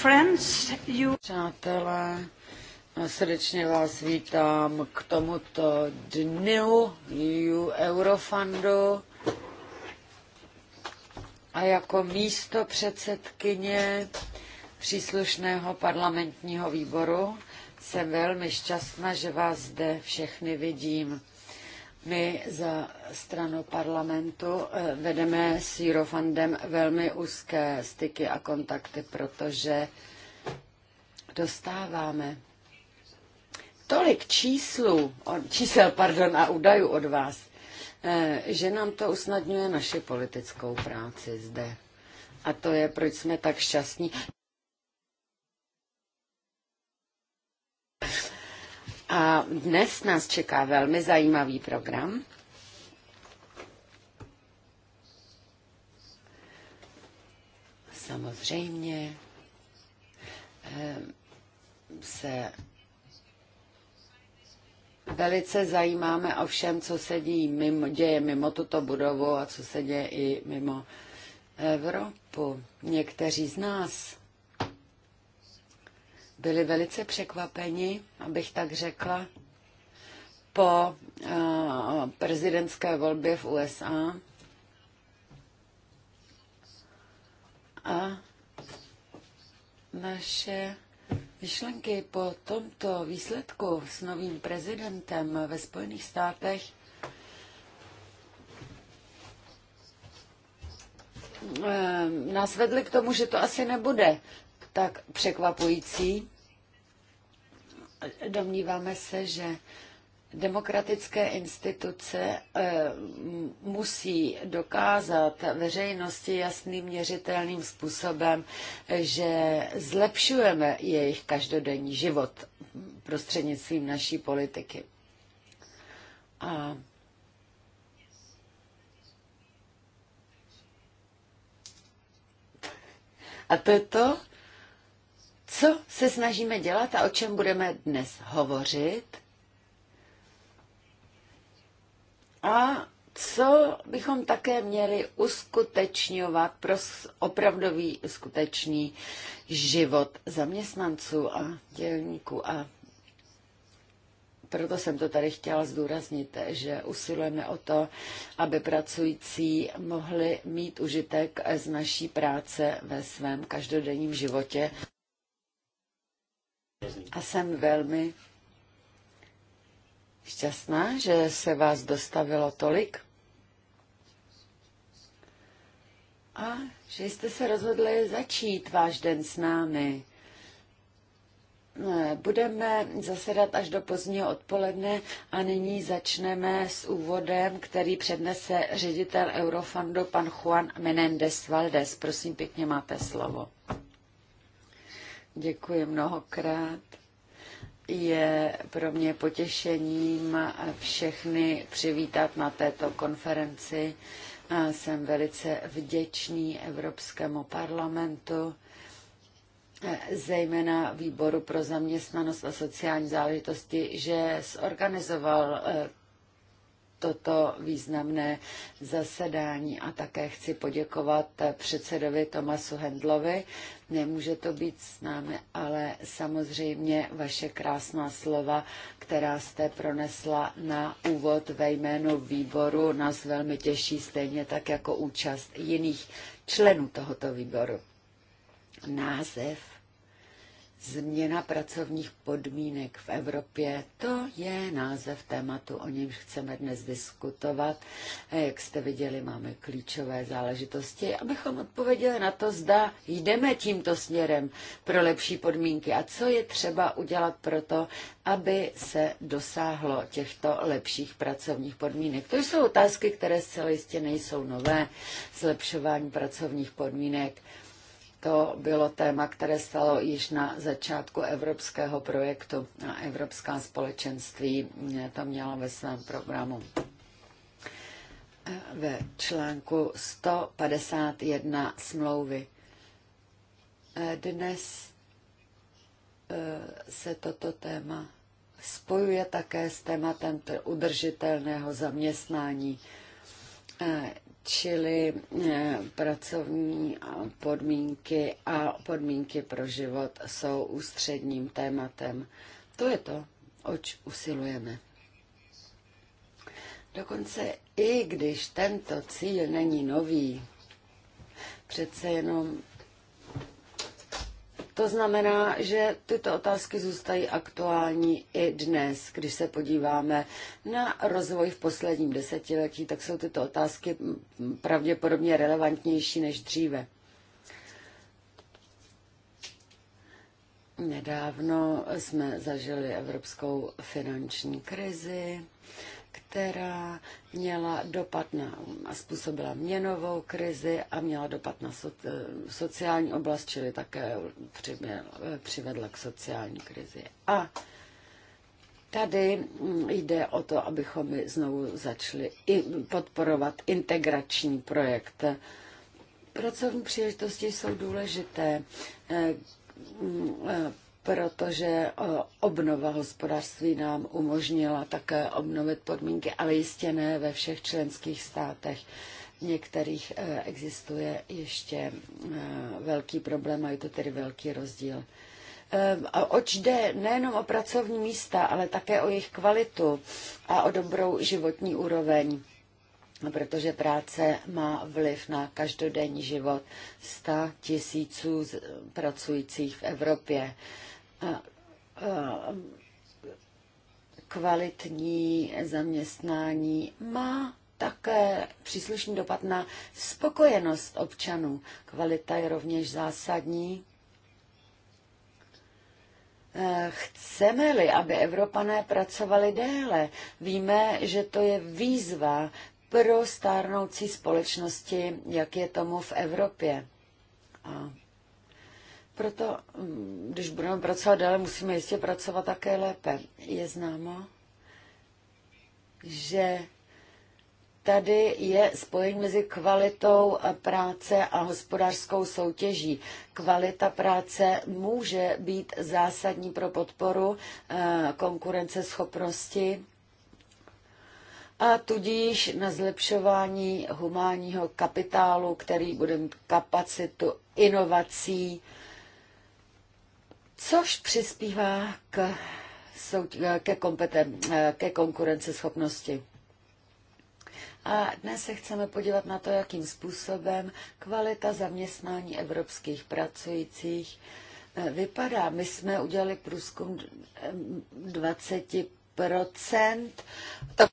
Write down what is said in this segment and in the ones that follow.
Friends, you... Přátelé, srdečně vás vítám k tomuto dnu EU Eurofundu. A jako místo předsedkyně příslušného parlamentního výboru jsem velmi šťastná, že vás zde všechny vidím. My za stranu parlamentu eh, vedeme s Eurofundem velmi úzké styky a kontakty, protože dostáváme tolik číslu, čísel pardon, a údajů od vás, eh, že nám to usnadňuje naši politickou práci zde. A to je, proč jsme tak šťastní. A dnes nás čeká velmi zajímavý program. Samozřejmě eh, se velice zajímáme o všem, co se děje mimo, děje mimo tuto budovu a co se děje i mimo Evropu. Někteří z nás byli velice překvapeni, abych tak řekla, po eh, prezidentské volbě v USA. A naše myšlenky po tomto výsledku s novým prezidentem ve Spojených státech eh, nás vedly k tomu, že to asi nebude tak překvapující. Domníváme se, že demokratické instituce eh, musí dokázat veřejnosti jasným měřitelným způsobem, že zlepšujeme jejich každodenní život prostřednictvím naší politiky. A A to je to, co se snažíme dělat a o čem budeme dnes hovořit a co bychom také měli uskutečňovat pro opravdový skutečný život zaměstnanců a dělníků a proto jsem to tady chtěla zdůraznit, že usilujeme o to, aby pracující mohli mít užitek z naší práce ve svém každodenním životě. A jsem velmi šťastná, že se vás dostavilo tolik a že jste se rozhodli začít váš den s námi. Budeme zasedat až do pozdního odpoledne a nyní začneme s úvodem, který přednese ředitel Eurofondu pan Juan Menendez Valdez. Prosím, pěkně máte slovo. Děkuji mnohokrát. Je pro mě potěšením všechny přivítat na této konferenci. Jsem velice vděčný Evropskému parlamentu, zejména výboru pro zaměstnanost a sociální záležitosti, že zorganizoval eh, toto významné zasedání a také chci poděkovat předsedovi Tomasu Hendlovi. Nemůže to být s námi, ale samozřejmě vaše krásná slova, která jste pronesla na úvod ve jménu výboru, nás velmi těší stejně tak jako účast jiných členů tohoto výboru. Název Změna pracovních podmínek v Evropě, to je název tématu, o němž chceme dnes diskutovat. Jak jste viděli, máme klíčové záležitosti, abychom odpověděli na to, zda jdeme tímto směrem pro lepší podmínky a co je třeba udělat pro to, aby se dosáhlo těchto lepších pracovních podmínek. To jsou otázky, které zcela jistě nejsou nové. Zlepšování pracovních podmínek to bylo téma, které stalo již na začátku evropského projektu a Evropská společenství to měla ve svém programu. Ve článku 151 smlouvy. Dnes eh, se toto téma spojuje také s tématem udržitelného zaměstnání eh, čili eh, pracovní podmínky a podmínky pro život jsou ústředním tématem. To je to, oč usilujeme. Dokonce i když tento cíl není nový, přece jenom to znamená, že tyto otázky zůstají aktuální i dnes. Když se podíváme na rozvoj v posledním desetiletí, tak jsou tyto otázky pravděpodobně relevantnější než dříve. Nedávno jsme zažili evropskou finanční krizi která měla dopad na a způsobila měnovou krizi a měla dopad na so, eh, sociální oblast, čili také eh, přivedla k sociální krizi. A Tady mm, jde o to, abychom znovu začali podporovat integrační projekt. Pracovní příležitosti jsou důležité eh, mm, protože eh, obnova hospodářství nám umožnila také obnovit podmínky, ale jistě ne ve všech členských státech. V některých eh, existuje ještě eh, velký problém a je to tedy velký rozdíl. Oč jde nejenom o pracovní místa, ale také o jejich kvalitu a o dobrou životní úroveň, protože práce má vliv na každodenní život 100 tisíců pracujících v Evropě kvalitní zaměstnání má také příslušný dopad na spokojenost občanů. Kvalita je rovněž zásadní. Eh, chceme-li, aby Evropané pracovali déle, víme, že to je výzva pro stárnoucí společnosti, jak je tomu v Evropě. A proto, mm, když budeme pracovat dále, musíme jistě pracovat také lépe. Je známo, že tady je spojení mezi kvalitou práce a hospodářskou soutěží. Kvalita práce může být zásadní pro podporu eh, konkurenceschopnosti a tudíž na zlepšování humánního kapitálu, který bude mít kapacitu inovací, což přispívá k, ke, kompeten, ke konkurenceschopnosti. A dnes se chceme podívat na to, jakým způsobem kvalita zaměstnání evropských pracujících eh, vypadá. My jsme udělali průzkum 20%. To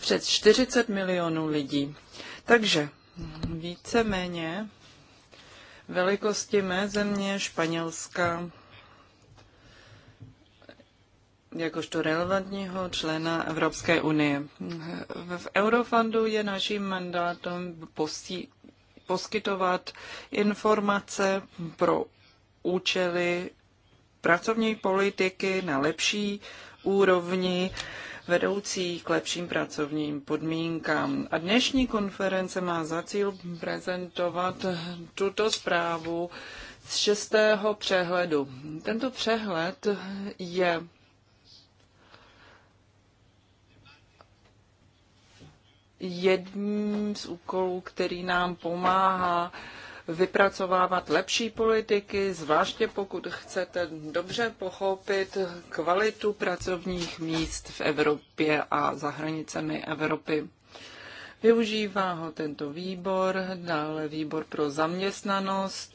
před 40 milionů lidí. Takže víceméně velikosti mé země, Španělska, jakožto relevantního člena Evropské unie. V Eurofondu je naším mandátem poskytovat informace pro účely pracovní politiky na lepší úrovni vedoucí k lepším pracovním podmínkám. A dnešní konference má za cíl prezentovat tuto zprávu z šestého přehledu. Tento přehled je jedním z úkolů, který nám pomáhá vypracovávat lepší politiky, zvláště pokud chcete dobře pochopit kvalitu pracovních míst v Evropě a za hranicemi Evropy. Využívá ho tento výbor, dále výbor pro zaměstnanost,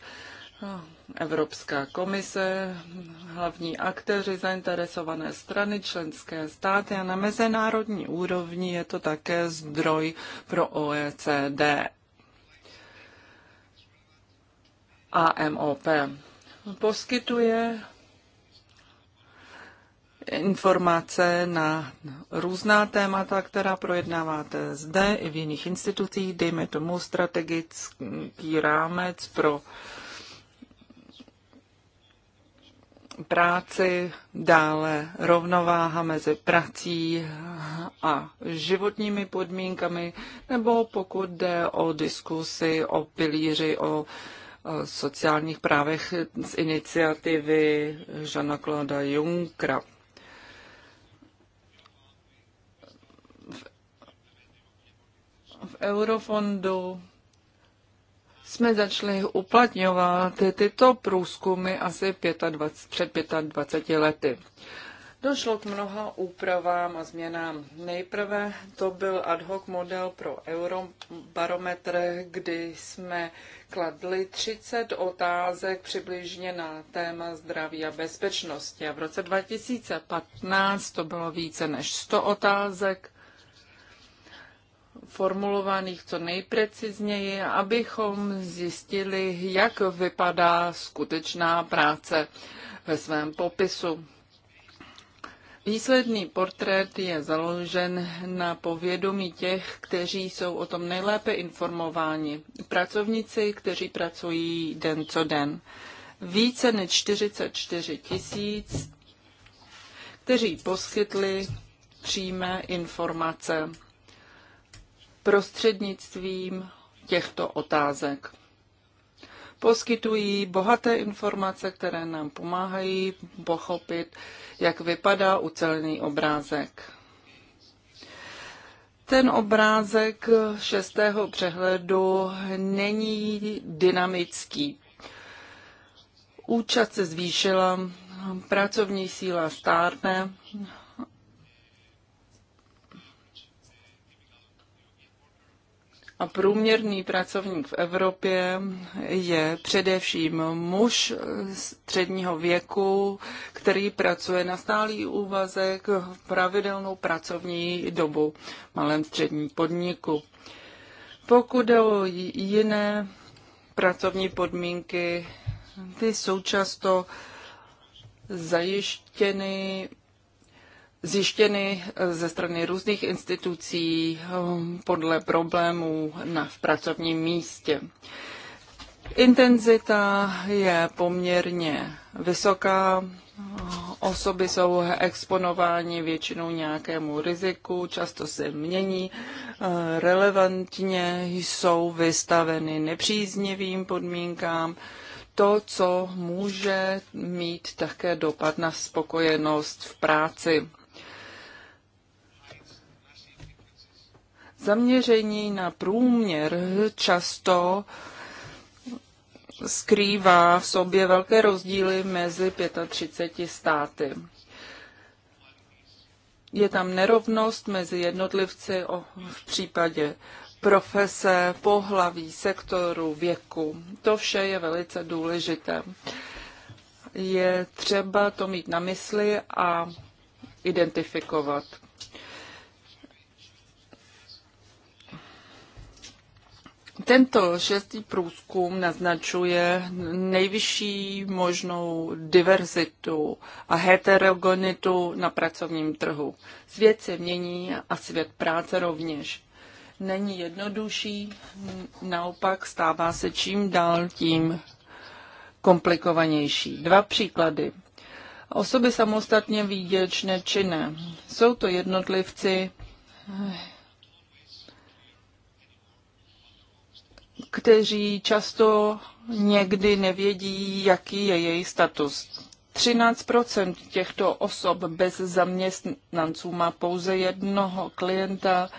Evropská komise, hlavní aktéři, zainteresované strany, členské státy a na mezinárodní úrovni je to také zdroj pro OECD. AMOP. Poskytuje informace na různá témata, která projednáváte zde i v jiných institucích, dejme tomu strategický rámec pro práci, dále rovnováha mezi prací a životními podmínkami, nebo pokud jde o diskusy o pilíři, o sociálních právech z iniciativy Žana Klauda Junkra. V Eurofondu jsme začali uplatňovat tyto průzkumy asi 25, před 25 lety. Došlo k mnoha úpravám a změnám. Nejprve to byl ad hoc model pro eurobarometr, kdy jsme kladli 30 otázek přibližně na téma zdraví a bezpečnosti. A v roce 2015 to bylo více než 100 otázek formulovaných co nejprecizněji, abychom zjistili, jak vypadá skutečná práce ve svém popisu. Výsledný portrét je založen na povědomí těch, kteří jsou o tom nejlépe informováni. Pracovníci, kteří pracují den co den. Více než 44 tisíc, kteří poskytli přímé informace prostřednictvím těchto otázek poskytují bohaté informace, které nám pomáhají pochopit, jak vypadá ucelený obrázek. Ten obrázek šestého přehledu není dynamický. Účast se zvýšila, pracovní síla stárne, A průměrný pracovník v Evropě je především muž středního věku, který pracuje na stálý úvazek v pravidelnou pracovní dobu v malém středním podniku. Pokud jde o jiné pracovní podmínky, ty jsou často zajištěny zjištěny eh, ze strany různých institucí hm, podle problémů na, v pracovním místě. Intenzita je poměrně vysoká, osoby jsou exponovány většinou nějakému riziku, často se mění, eh, relevantně jsou vystaveny nepříznivým podmínkám, to, co může mít také dopad na spokojenost v práci. Zaměření na průměr často skrývá v sobě velké rozdíly mezi 35 státy. Je tam nerovnost mezi jednotlivci v případě profese, pohlaví, sektoru, věku. To vše je velice důležité. Je třeba to mít na mysli a identifikovat. Tento šestý průzkum naznačuje nejvyšší možnou diverzitu a heterogenitu na pracovním trhu. Svět se mění a svět práce rovněž. Není jednodušší, naopak stává se čím dál tím komplikovanější. Dva příklady. Osoby samostatně výdělečné činné. Jsou to jednotlivci, kteří často někdy nevědí, jaký je její status. 13 těchto osob bez zaměstnanců má pouze jednoho klienta,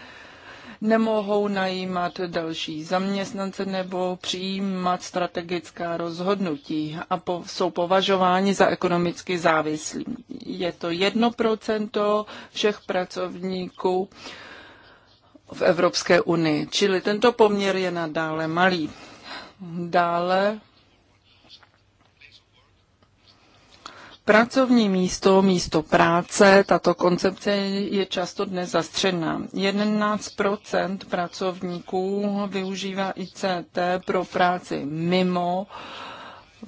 nemohou najímat další zaměstnance nebo přijímat strategická rozhodnutí a po, jsou považováni za ekonomicky závislí. Je to 1% všech pracovníků v Evropské unii. Čili tento poměr je nadále malý. Dále Pracovní místo, místo práce, tato koncepce je často dnes zastřená. 11 pracovníků využívá ICT pro práci mimo uh,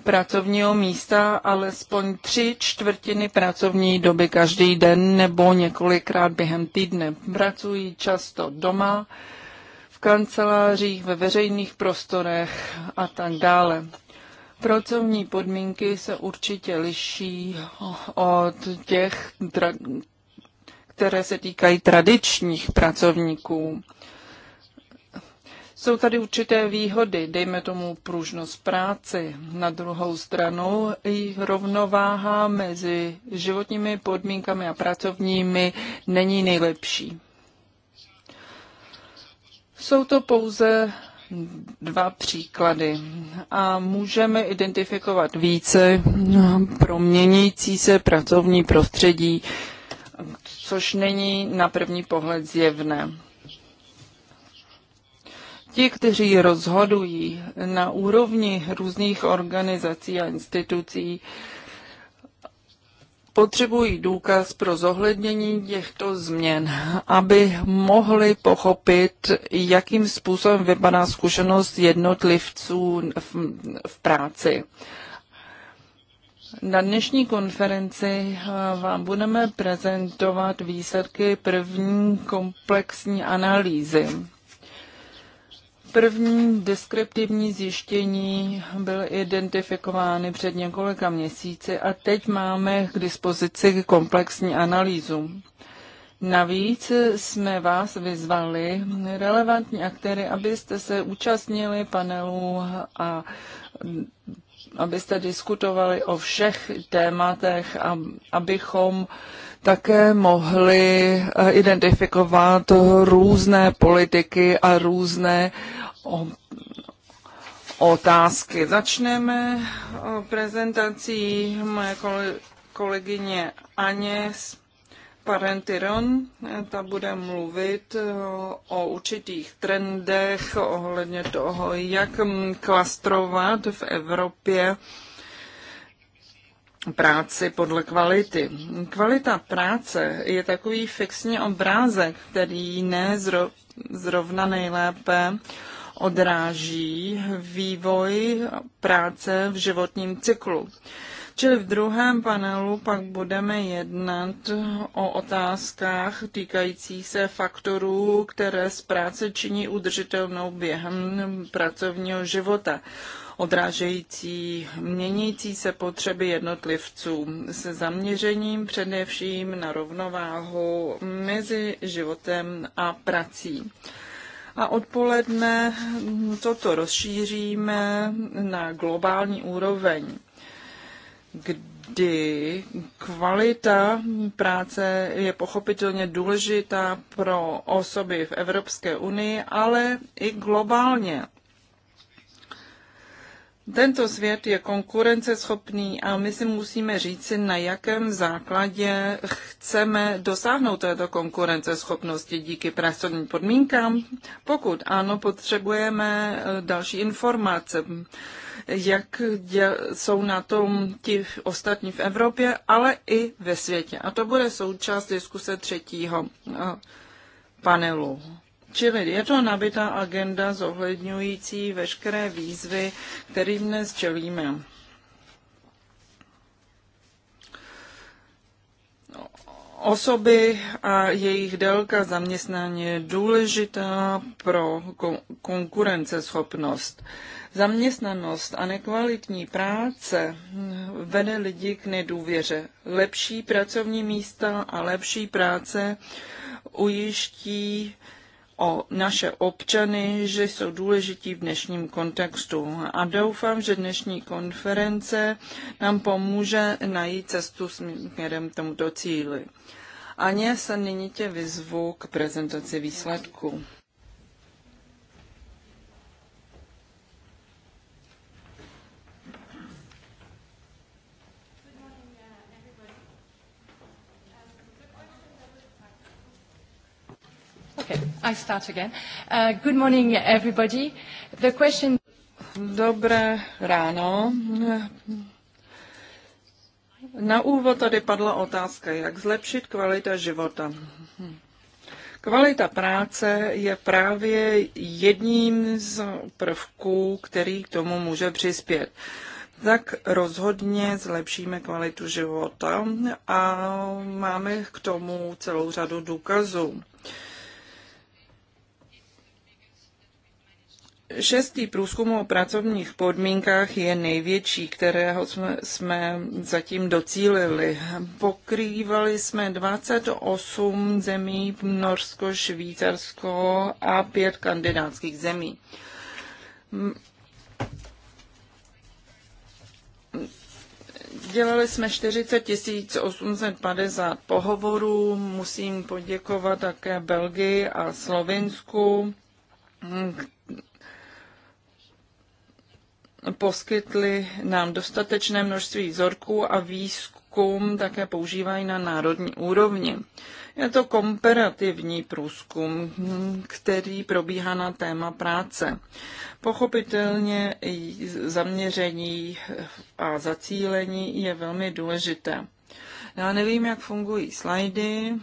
pracovního místa alespoň tři čtvrtiny pracovní doby každý den nebo několikrát během týdne. Pracují často doma, v kancelářích, ve veřejných prostorech a tak dále. Pracovní podmínky se určitě liší od těch, které se týkají tradičních pracovníků. Jsou tady určité výhody, dejme tomu pružnost práce. Na druhou stranu i rovnováha mezi životními podmínkami a pracovními není nejlepší. Jsou to pouze dva příklady a můžeme identifikovat více proměnící se pracovní prostředí, což není na první pohled zjevné. Ti, kteří rozhodují na úrovni různých organizací a institucí, potřebují důkaz pro zohlednění těchto změn, aby mohli pochopit, jakým způsobem vypadá zkušenost jednotlivců v, v práci. Na dnešní konferenci eh, vám budeme prezentovat výsledky první komplexní analýzy První deskriptivní zjištění byly identifikovány před několika měsíci a teď máme k dispozici komplexní analýzu. Navíc jsme vás vyzvali, relevantní aktéry, abyste se účastnili panelů a abyste diskutovali o všech tématech, a abychom také mohli eh, identifikovat různé politiky a různé o, otázky. Začneme prezentací moje kolegyně Aněs Parentiron. Ta bude mluvit o určitých trendech ohledně toho, jak klastrovat v Evropě práci podle kvality. Kvalita práce je takový fixní obrázek, který ne zrovna nejlépe uh, odráží vývoj práce v životním cyklu. Čili v druhém panelu pak budeme jednat o otázkách týkajících se faktorů, které z práce činí udržitelnou během pracovního života odrážející měnící se potřeby jednotlivců se zaměřením především na rovnováhu mezi životem a prací. A odpoledne toto rozšíříme na globální úroveň, kdy kvalita práce je pochopitelně důležitá pro osoby v Evropské unii, ale i globálně. Tento svět je konkurenceschopný a my si musíme říci, na jakém základě chceme dosáhnout této konkurenceschopnosti díky pracovním podmínkám. Pokud ano, potřebujeme eh, další informace, jak jsou na tom ti ostatní v Evropě, ale i ve světě. A to bude součást diskuse třetího eh, panelu. Čili je to nabitá agenda zohledňující veškeré výzvy, kterým dnes čelíme. Osoby a jejich délka zaměstnání je důležitá pro konkurenceschopnost. Zaměstnanost a nekvalitní práce vede lidi k nedůvěře. Lepší pracovní místa a lepší práce ujiští o naše občany, že jsou důležití v dnešním kontextu. A doufám, že dnešní konference nám pomůže najít cestu směrem k tomuto cíli. Aně se nyní tě vyzvu k prezentaci výsledku. Okay, I start again. Uh, good morning, everybody. The question... Dobré ráno. Na úvod tady padla otázka, jak zlepšit kvalita života. Kvalita práce je právě jedním z prvků, který k tomu může přispět. Tak rozhodně zlepšíme kvalitu života a máme k tomu celou řadu důkazů. Šestý průzkum o pracovních podmínkách je největší, kterého jsme, jsme zatím docílili. Pokrývali jsme 28 zemí, Norsko, Švýcarsko a pět kandidátských zemí. Dělali jsme 40 850 pohovorů, musím poděkovat také Belgii a Slovinsku, poskytli nám dostatečné množství vzorků a výzkum také používají na národní úrovni. Je to komparativní průzkum, který probíhá na téma práce. Pochopitelně zaměření a zacílení je velmi důležité. Já nevím, jak fungují slajdy,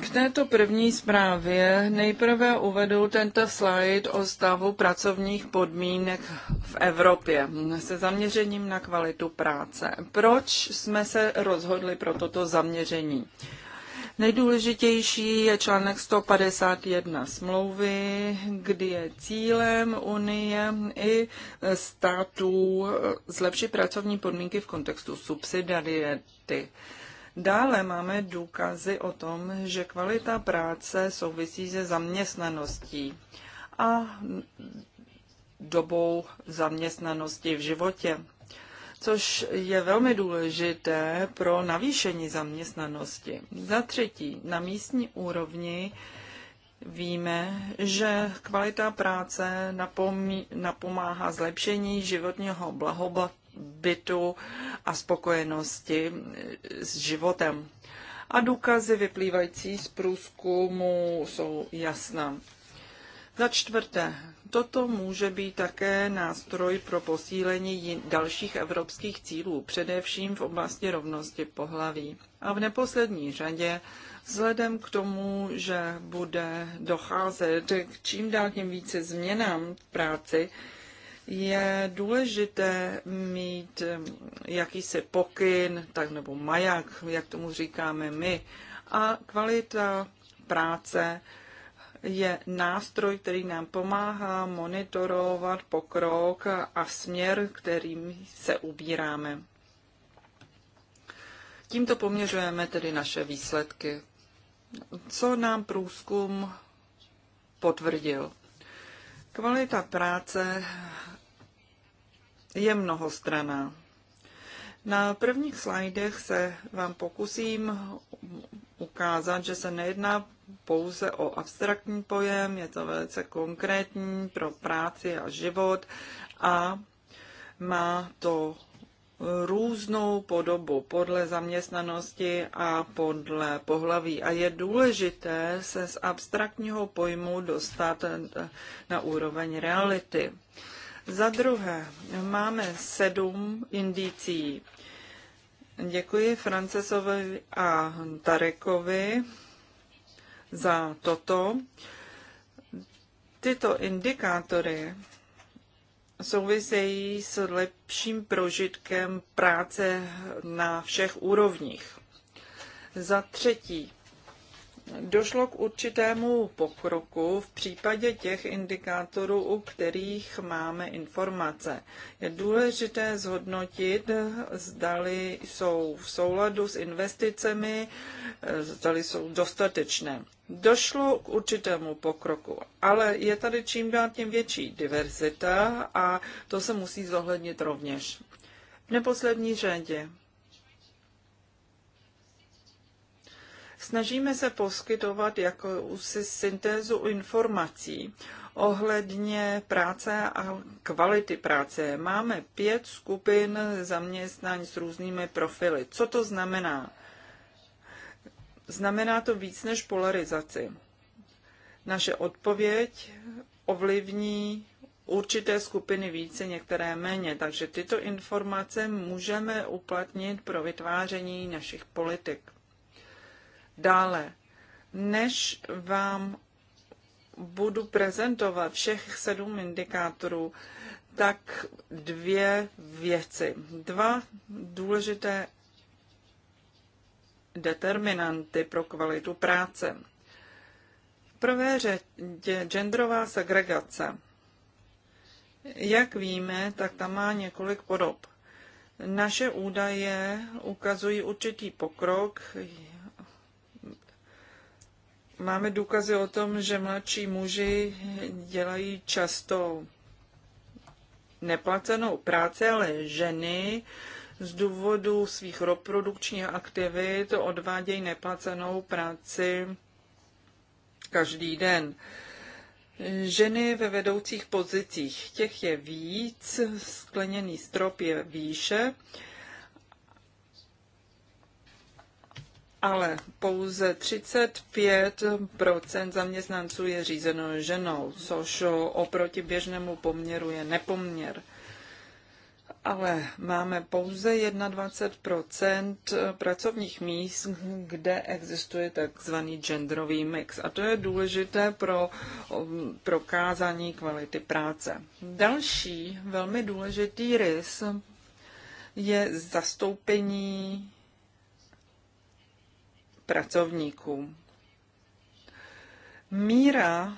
K této první zprávě nejprve uvedu tento slide o stavu pracovních podmínek v Evropě se zaměřením na kvalitu práce. Proč jsme se rozhodli pro toto zaměření? Nejdůležitější je článek 151 smlouvy, kdy je cílem Unie i států zlepšit pracovní podmínky v kontextu subsidiarity. Dále máme důkazy o tom, že kvalita práce souvisí se zaměstnaností a dobou zaměstnanosti v životě, což je velmi důležité pro navýšení zaměstnanosti. Za třetí, na místní úrovni víme, že kvalita práce napomí, napomáhá zlepšení životního blahobytu bytu a spokojenosti s životem. A důkazy vyplývající z průzkumu jsou jasná. Za čtvrté, toto může být také nástroj pro posílení dalších evropských cílů, především v oblasti rovnosti pohlaví. A v neposlední řadě, vzhledem k tomu, že bude docházet k čím dál tím více změnám v práci, je důležité mít eh, jakýsi pokyn, tak nebo maják, jak tomu říkáme my. A kvalita práce je nástroj, který nám pomáhá monitorovat pokrok a směr, kterým se ubíráme. Tímto poměřujeme tedy naše výsledky. Co nám průzkum potvrdil? Kvalita práce je mnohostraná. Na prvních slajdech se vám pokusím ukázat, že se nejedná pouze o abstraktní pojem, je to velice konkrétní pro práci a život a má to různou podobu podle zaměstnanosti a podle pohlaví. A je důležité se z abstraktního pojmu dostat na úroveň reality. Za druhé, máme sedm indicí. Děkuji Francesovi a Tarekovi za toto. Tyto indikátory souvisejí s lepším prožitkem práce na všech úrovních. Za třetí, došlo k určitému pokroku v případě těch indikátorů, u kterých máme informace. Je důležité zhodnotit, zdali jsou v souladu s investicemi, zdali jsou dostatečné. Došlo k určitému pokroku, ale je tady čím dál tím větší diverzita a to se musí zohlednit rovněž. V neposlední řadě Snažíme se poskytovat jakousi syntézu informací ohledně práce a kvality práce. Máme pět skupin zaměstnání s různými profily. Co to znamená? Znamená to víc než polarizaci. Naše odpověď ovlivní určité skupiny více, některé méně. Takže tyto informace můžeme uplatnit pro vytváření našich politik. Dále, než vám budu prezentovat všech sedm indikátorů, tak dvě věci. Dva důležité determinanty pro kvalitu práce. V prvé řadě genderová segregace. Jak víme, tak tam má několik podob. Naše údaje ukazují určitý pokrok, Máme důkazy o tom, že mladší muži dělají často neplacenou práci, ale ženy z důvodu svých reprodukčních aktivit odvádějí neplacenou práci každý den. Ženy ve vedoucích pozicích, těch je víc, skleněný strop je výše ale pouze 35 zaměstnanců je řízeno ženou, což oproti běžnému poměru je nepoměr. Ale máme pouze 21 pracovních míst, kde existuje takzvaný genderový mix. A to je důležité pro prokázání kvality práce. Další velmi důležitý rys je zastoupení pracovníků. Míra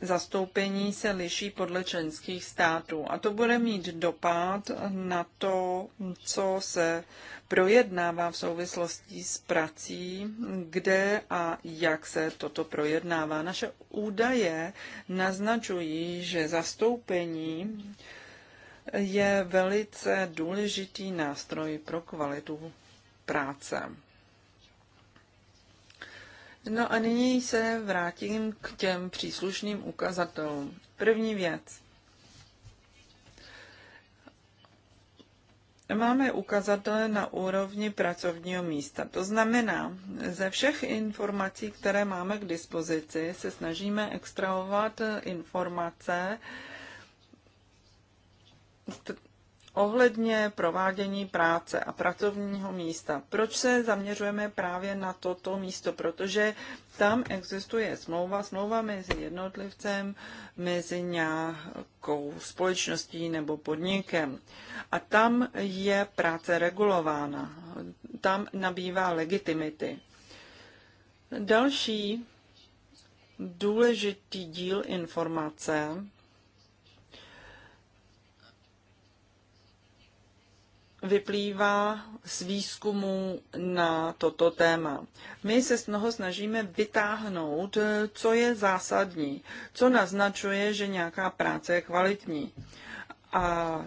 zastoupení se liší podle členských států a to bude mít dopad na to, co se projednává v souvislosti s prací, kde a jak se toto projednává. Naše údaje naznačují, že zastoupení je velice důležitý nástroj pro kvalitu práce. No a nyní se vrátím k těm příslušným ukazatelům. První věc. Máme ukazatele na úrovni pracovního místa. To znamená, ze všech informací, které máme k dispozici, se snažíme extrahovat informace, ohledně provádění práce a pracovního místa. Proč se zaměřujeme právě na toto místo? Protože tam existuje smlouva, smlouva mezi jednotlivcem, mezi nějakou společností nebo podnikem. A tam je práce regulována, tam nabývá legitimity. Další důležitý díl informace vyplývá z výzkumu na toto téma. My se z toho snažíme vytáhnout, co je zásadní, co naznačuje, že nějaká práce je kvalitní. A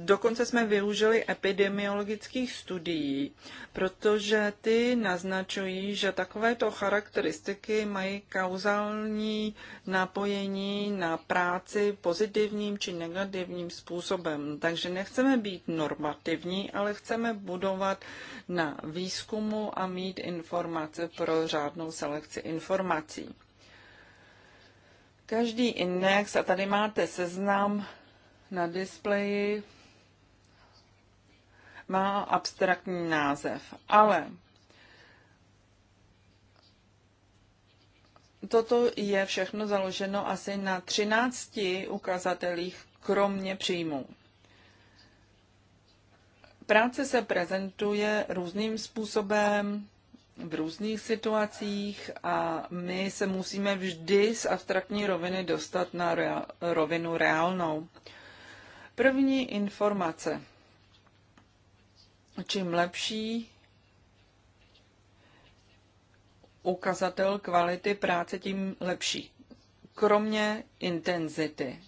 Dokonce jsme využili epidemiologických studií, protože ty naznačují, že takovéto charakteristiky mají kauzální napojení na práci pozitivním či negativním způsobem. Takže nechceme být normativní, ale chceme budovat na výzkumu a mít informace pro řádnou selekci informací. Každý index, a tady máte seznam na displeji, má abstraktní název. Ale toto je všechno založeno asi na 13 ukazatelích, kromě příjmů. Práce se prezentuje různým způsobem, v různých situacích a my se musíme vždy z abstraktní roviny dostat na rovinu reálnou. První informace čím lepší ukazatel kvality práce, tím lepší. Kromě intenzity.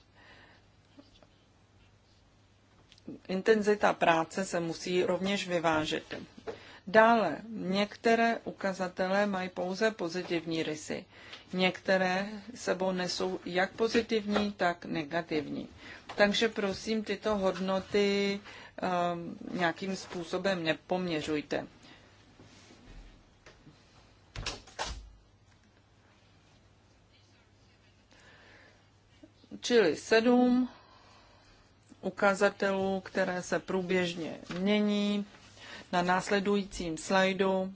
Intenzita práce se musí rovněž vyvážet. Dále, některé ukazatele mají pouze pozitivní rysy. Některé sebou nesou jak pozitivní, tak negativní. Takže prosím tyto hodnoty Ehm, nějakým způsobem nepoměřujte. Čili sedm ukazatelů, které se průběžně mění. Na následujícím slajdu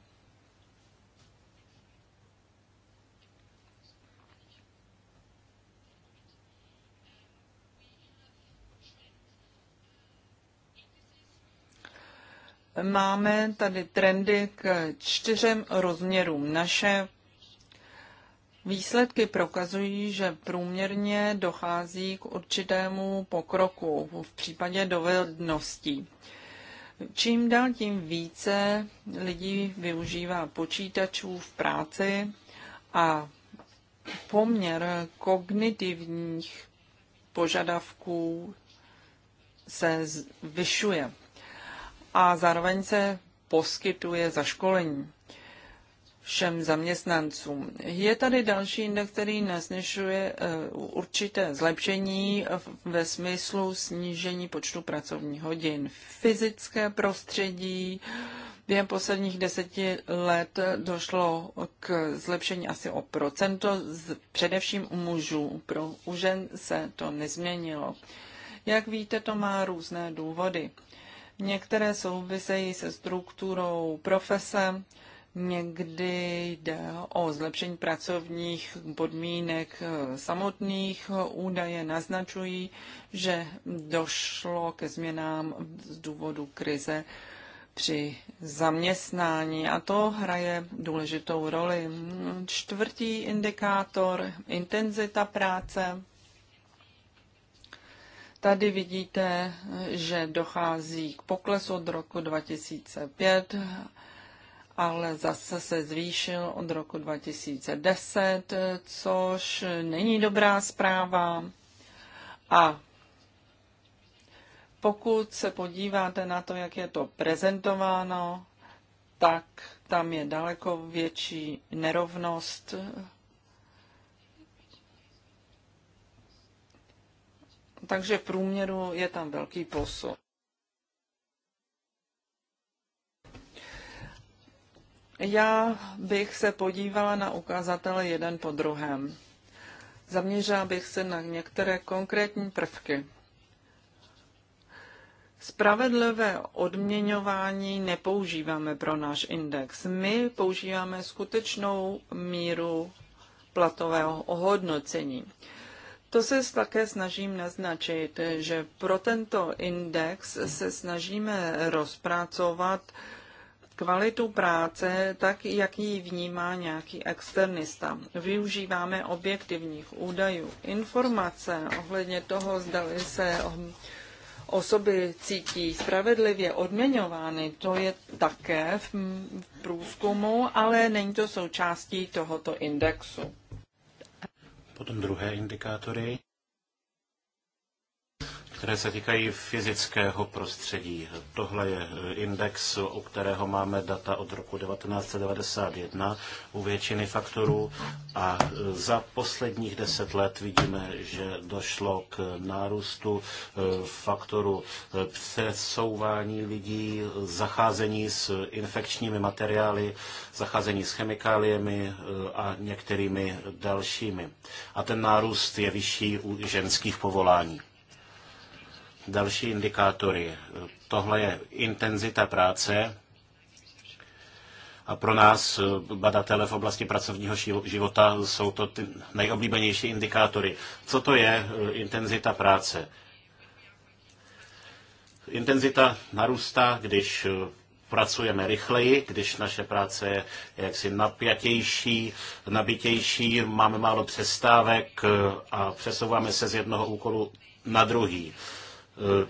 Máme tady trendy k čtyřem rozměrům. Naše výsledky prokazují, že průměrně dochází k určitému pokroku v případě dovedností. Čím dál tím více lidí využívá počítačů v práci a poměr kognitivních požadavků se zvyšuje a zároveň se poskytuje zaškolení všem zaměstnancům. Je tady další index, který nasnešuje eh, určité zlepšení ve smyslu snížení počtu pracovních hodin. Fyzické prostředí, Během posledních deseti let došlo k zlepšení asi o procento, především u mužů. Pro u žen se to nezměnilo. Jak víte, to má různé důvody. Některé souvisejí se strukturou profese, někdy jde o zlepšení pracovních podmínek eh, samotných. Údaje naznačují, že došlo ke změnám z důvodu krize při zaměstnání a to hraje důležitou roli. Čtvrtý indikátor, intenzita práce. Tady vidíte, že dochází k poklesu od roku 2005, ale zase se zvýšil od roku 2010, což není dobrá zpráva. A pokud se podíváte na to, jak je to prezentováno, tak tam je daleko větší nerovnost takže v průměru je tam velký posun. Já bych se podívala na ukazatele jeden po druhém. Zaměřila bych se na některé konkrétní prvky. Spravedlivé odměňování nepoužíváme pro náš index. My používáme skutečnou míru platového ohodnocení. To se také snažím naznačit, že pro tento index se snažíme rozpracovat kvalitu práce tak, jak ji vnímá nějaký externista. Využíváme objektivních údajů, informace ohledně toho, zda se osoby cítí spravedlivě odměňovány, to je také v průzkumu, ale není to součástí tohoto indexu. Potom druhé indikátory které se týkají fyzického prostředí. Tohle je eh, index, u kterého máme data od roku 1991 u většiny faktorů a eh, za posledních deset let vidíme, že došlo k nárůstu eh, faktoru přesouvání lidí, zacházení s infekčními materiály, zacházení s chemikáliemi a některými dalšími. A ten nárůst je vyšší u ženských povolání. Další indikátory. Tohle je intenzita práce, a pro nás, badatele v oblasti pracovního života, jsou to ty nejoblíbenější indikátory. Co to je eh, intenzita práce? Intenzita narůstá, když eh, pracujeme rychleji, když naše práce je jaksi napjatější, nabitější, máme málo přestávek eh, a přesouváme se z jednoho úkolu na druhý. Eh,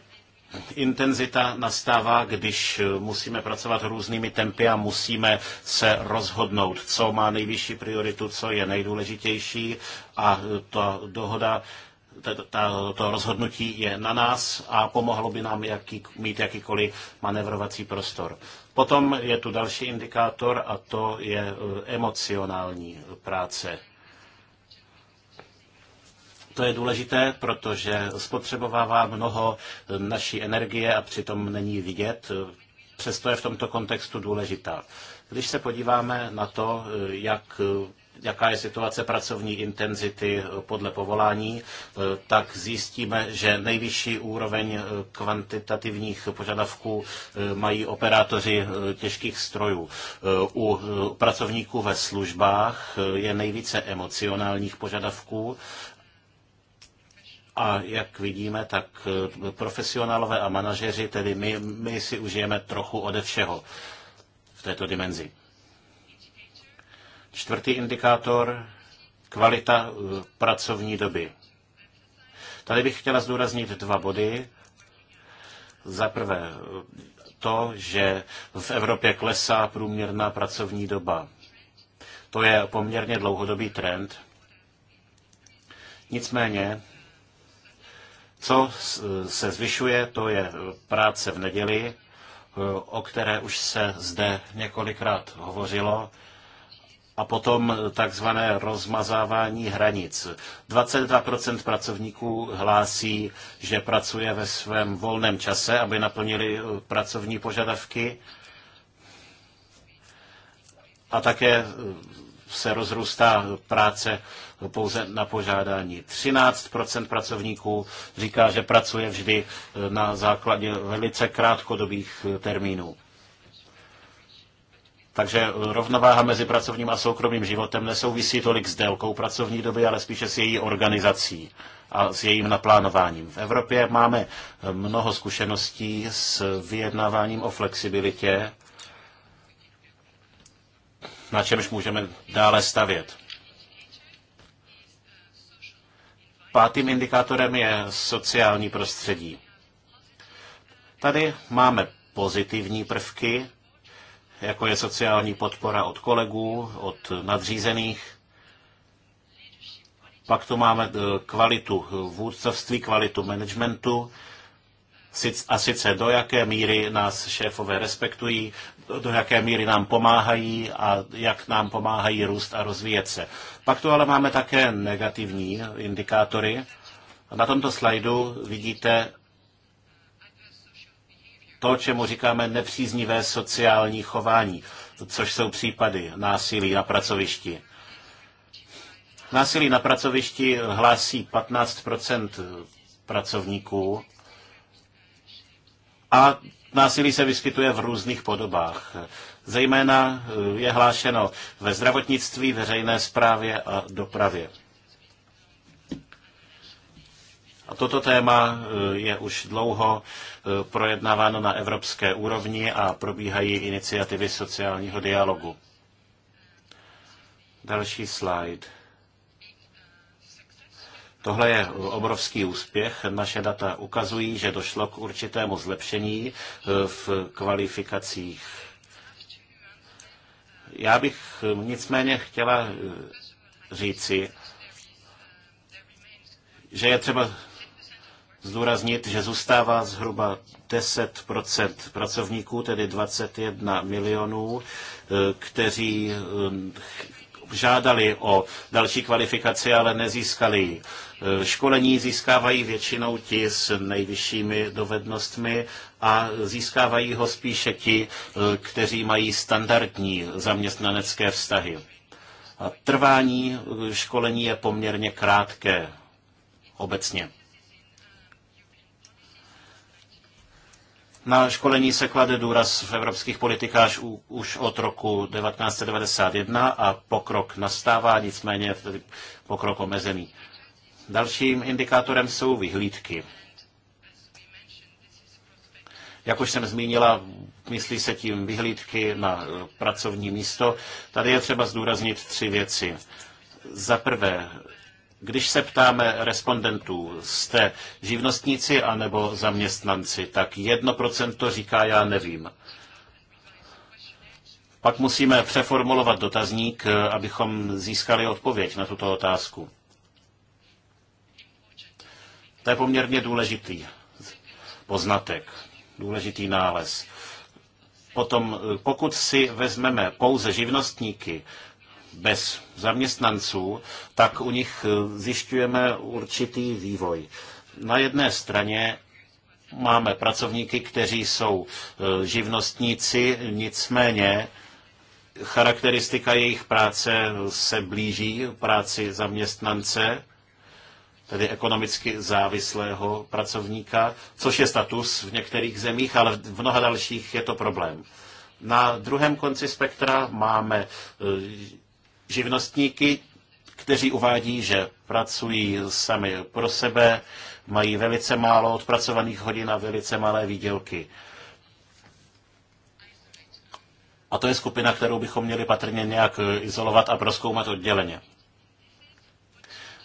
intenzita nastává, když eh, musíme pracovat různými tempy a musíme se rozhodnout, co má nejvyšší prioritu, co je nejdůležitější a eh, to dohoda, to rozhodnutí je na nás a pomohlo by nám jaký, mít jakýkoliv manevrovací prostor. Potom je tu další indikátor a to je emocionální práce to je důležité, protože spotřebovává mnoho naší energie a přitom není vidět, přesto je v tomto kontextu důležitá. Když se podíváme na to, jak jaká je situace pracovní intenzity podle povolání, tak zjistíme, že nejvyšší úroveň kvantitativních požadavků mají operátoři těžkých strojů. U pracovníků ve službách je nejvíce emocionálních požadavků a jak vidíme, tak eh, profesionálové a manažeři, tedy my, my si užijeme trochu ode všeho v této dimenzi. Čtvrtý indikátor, kvalita eh, pracovní doby. Tady bych chtěla zdůraznit dva body. Za prvé eh, to, že v Evropě klesá průměrná pracovní doba. To je poměrně dlouhodobý trend. Nicméně co se zvyšuje, to je práce v neděli, o které už se zde několikrát hovořilo, a potom takzvané rozmazávání hranic. 22% pracovníků hlásí, že pracuje ve svém volném čase, aby naplnili eh, pracovní požadavky. A také eh, se rozrůstá práce pouze na požádání. 13% pracovníků říká, že pracuje vždy e, na základě velice krátkodobých e, termínů. Takže e, rovnováha mezi pracovním a soukromým životem nesouvisí tolik s délkou pracovní doby, ale spíše s její organizací a s jejím naplánováním. V Evropě máme mnoho zkušeností s vyjednáváním o flexibilitě na čemž můžeme dále stavět. Pátým indikátorem je sociální prostředí. Tady máme pozitivní prvky, jako je sociální podpora od kolegů, od nadřízených. Pak tu máme e, kvalitu vůdcovství, kvalitu managementu, a sice do jaké míry nás šéfové respektují, do jaké míry nám pomáhají a jak nám pomáhají růst a rozvíjet se. Pak tu ale máme také negativní indikátory. Na tomto slajdu vidíte to, čemu říkáme nepříznivé sociální chování, což jsou případy násilí na pracovišti. Násilí na pracovišti hlásí 15 pracovníků a Násilí se vyskytuje v různých podobách. Zejména eh, je hlášeno ve zdravotnictví, veřejné správě a dopravě. A toto téma eh, je už dlouho eh, projednáváno na evropské úrovni a probíhají iniciativy sociálního dialogu. Další slide. Tohle je obrovský úspěch. Naše data ukazují, že došlo k určitému zlepšení eh, v kvalifikacích. Já bych eh, nicméně chtěla eh, říci, že je třeba zdůraznit, že zůstává zhruba 10 pracovníků, tedy 21 milionů, kteří žádali o další kvalifikaci, ale nezískali ji. E, školení získávají většinou ti s nejvyššími dovednostmi a získávají ho spíše ti, e, kteří mají standardní zaměstnanecké vztahy. A trvání e, školení je poměrně krátké obecně. Na školení se klade důraz v evropských politikách už od roku 1991 a pokrok nastává, nicméně tedy pokrok omezený. Dalším indikátorem jsou vyhlídky. Jak už jsem zmínila, myslí se tím vyhlídky na eh, pracovní místo. Tady je třeba zdůraznit tři věci. Za prvé, když se ptáme respondentů, jste živnostníci anebo zaměstnanci, tak jedno procento říká já nevím. Pak musíme přeformulovat dotazník, abychom získali odpověď na tuto otázku. To je poměrně důležitý poznatek, důležitý nález. Potom, pokud si vezmeme pouze živnostníky, bez zaměstnanců, tak u nich eh, zjišťujeme určitý vývoj. Na jedné straně máme pracovníky, kteří jsou eh, živnostníci, nicméně charakteristika jejich práce se blíží práci zaměstnance, tedy ekonomicky závislého pracovníka, což je status v některých zemích, ale v mnoha dalších je to problém. Na druhém konci spektra máme eh, živnostníky, kteří uvádí, že pracují sami pro sebe, mají velice málo odpracovaných hodin a velice malé výdělky. A to je skupina, kterou bychom měli patrně nějak izolovat a proskoumat odděleně.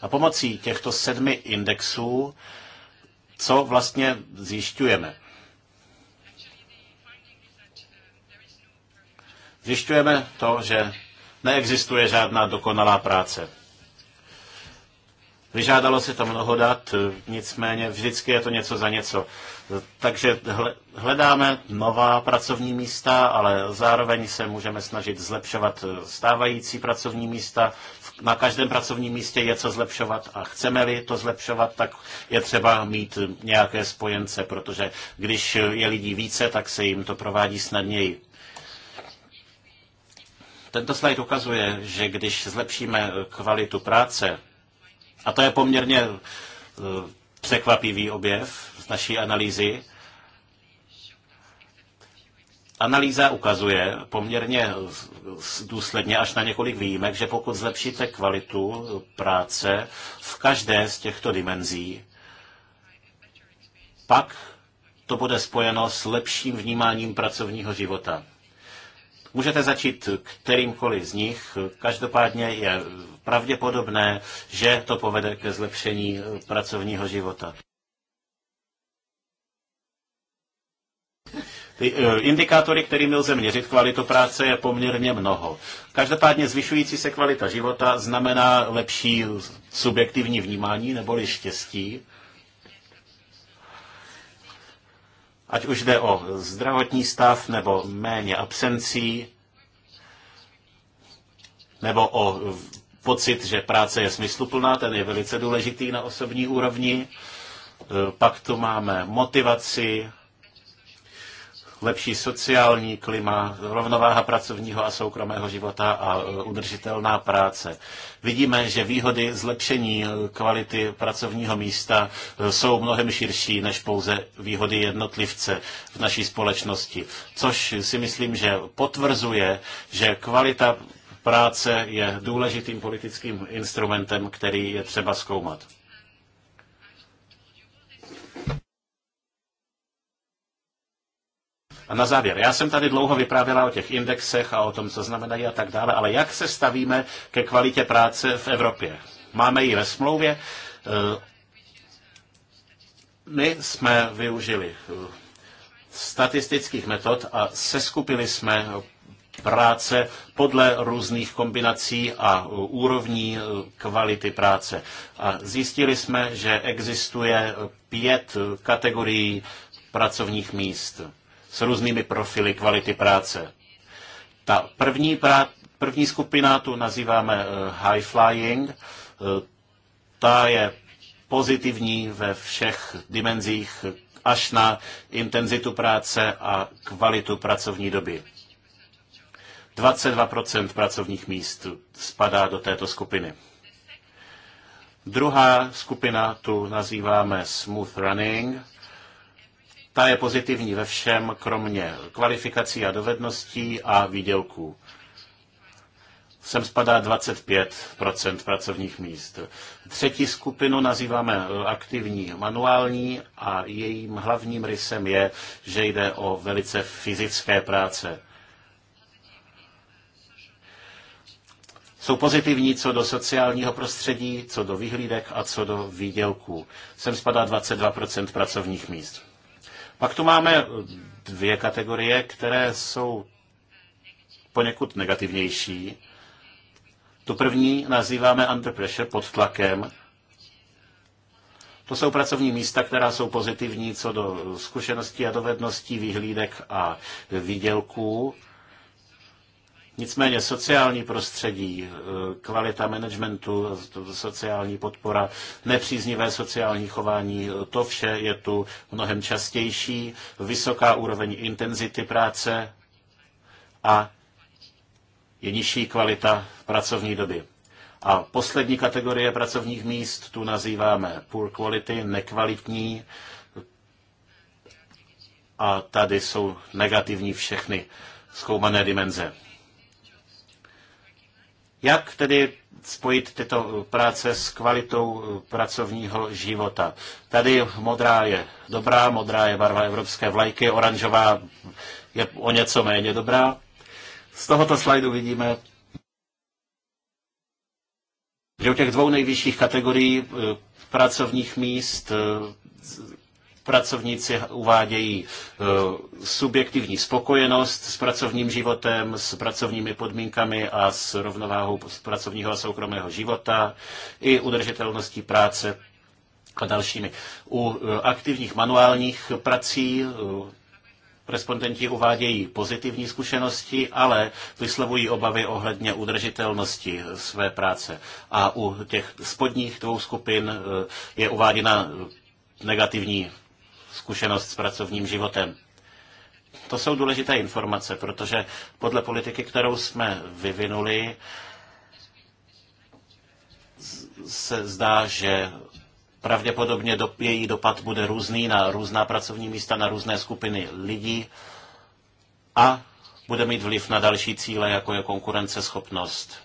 A pomocí těchto sedmi indexů, co vlastně zjišťujeme? Zjišťujeme to, že Neexistuje žádná dokonalá práce. Vyžádalo se to mnoho dat, nicméně vždycky je to něco za něco. Takže hledáme nová pracovní místa, ale zároveň se můžeme snažit zlepšovat eh, stávající pracovní místa. Na každém pracovním místě je co zlepšovat a chceme-li to zlepšovat, tak je třeba mít nějaké spojence, protože když je lidí více, tak se jim to provádí snadněji. Tento slide ukazuje, že když zlepšíme eh, kvalitu práce, a to je poměrně eh, překvapivý objev z naší analýzy, Analýza ukazuje poměrně eh, důsledně až na několik výjimek, že pokud zlepšíte kvalitu práce v každé z těchto dimenzí, pak to bude spojeno s lepším vnímáním pracovního života. Můžete začít kterýmkoliv z nich. Každopádně je pravděpodobné, že to povede ke zlepšení pracovního života. Ty eh, indikátory, kterými lze měřit kvalitu práce, je poměrně mnoho. Každopádně zvyšující se kvalita života znamená lepší subjektivní vnímání neboli štěstí. ať už jde o zdravotní stav nebo méně absencí, nebo o pocit, že práce je smysluplná, ten je velice důležitý na osobní úrovni. E, pak tu máme motivaci, lepší sociální klima, rovnováha pracovního a soukromého života a e, udržitelná práce. Vidíme, že výhody zlepšení e, kvality pracovního místa e, jsou mnohem širší než pouze výhody jednotlivce v naší společnosti, což si myslím, že potvrzuje, že kvalita práce je důležitým politickým instrumentem, který je třeba zkoumat. A na závěr, já jsem tady dlouho vyprávěla o těch indexech a o tom, co znamenají a tak dále, ale jak se stavíme ke kvalitě práce v Evropě? Máme ji ve smlouvě. Eh, my jsme využili eh, statistických metod a seskupili jsme práce podle různých kombinací a eh, úrovní kvality práce. A zjistili jsme, že existuje pět kategorií pracovních míst s různými profily kvality práce. Ta první, pra, první skupina tu nazýváme eh, high flying. Eh, ta je pozitivní ve všech dimenzích až na intenzitu práce a kvalitu pracovní doby. 22% pracovních míst spadá do této skupiny. Druhá skupina tu nazýváme smooth running. Ta je pozitivní ve všem, kromě kvalifikací a dovedností a výdělků. Sem spadá 25 pracovních míst. Třetí skupinu nazýváme aktivní manuální a jejím hlavním rysem je, že jde o velice fyzické práce. jsou pozitivní co do sociálního prostředí, co do vyhlídek a co do výdělků. Sem spadá 22 pracovních míst. Pak tu máme dvě kategorie, které jsou poněkud negativnější. Tu první nazýváme under pressure, pod tlakem. To jsou pracovní místa, která jsou pozitivní co do zkušeností a dovedností, výhlídek a výdělků. Nicméně sociální prostředí, eh, kvalita managementu, sociální podpora, nepříznivé sociální chování, eh, to vše je tu mnohem častější, vysoká úroveň intenzity práce a je nižší kvalita pracovní doby. A poslední kategorie pracovních míst tu nazýváme poor quality, nekvalitní. A tady jsou negativní všechny zkoumané dimenze. Jak tedy spojit tyto práce s kvalitou pracovního života? Tady modrá je dobrá, modrá je barva evropské vlajky, oranžová je o něco méně dobrá. Z tohoto slajdu vidíme, že u těch dvou nejvyšších kategorií eh, pracovních míst eh, Pracovníci uvádějí e, subjektivní spokojenost s pracovním životem, s pracovními podmínkami a s rovnováhou pracovního a soukromého života i udržitelností práce a dalšími. U e, aktivních manuálních prací e, Respondenti uvádějí pozitivní zkušenosti, ale vyslovují obavy ohledně udržitelnosti své práce. A u těch spodních dvou skupin je uváděna negativní zkušenost s pracovním životem. To jsou důležité informace, protože podle politiky, kterou jsme vyvinuli, se zdá, že pravděpodobně do, její dopad bude různý na různá pracovní místa, na různé skupiny lidí a bude mít vliv na další cíle, jako je konkurenceschopnost.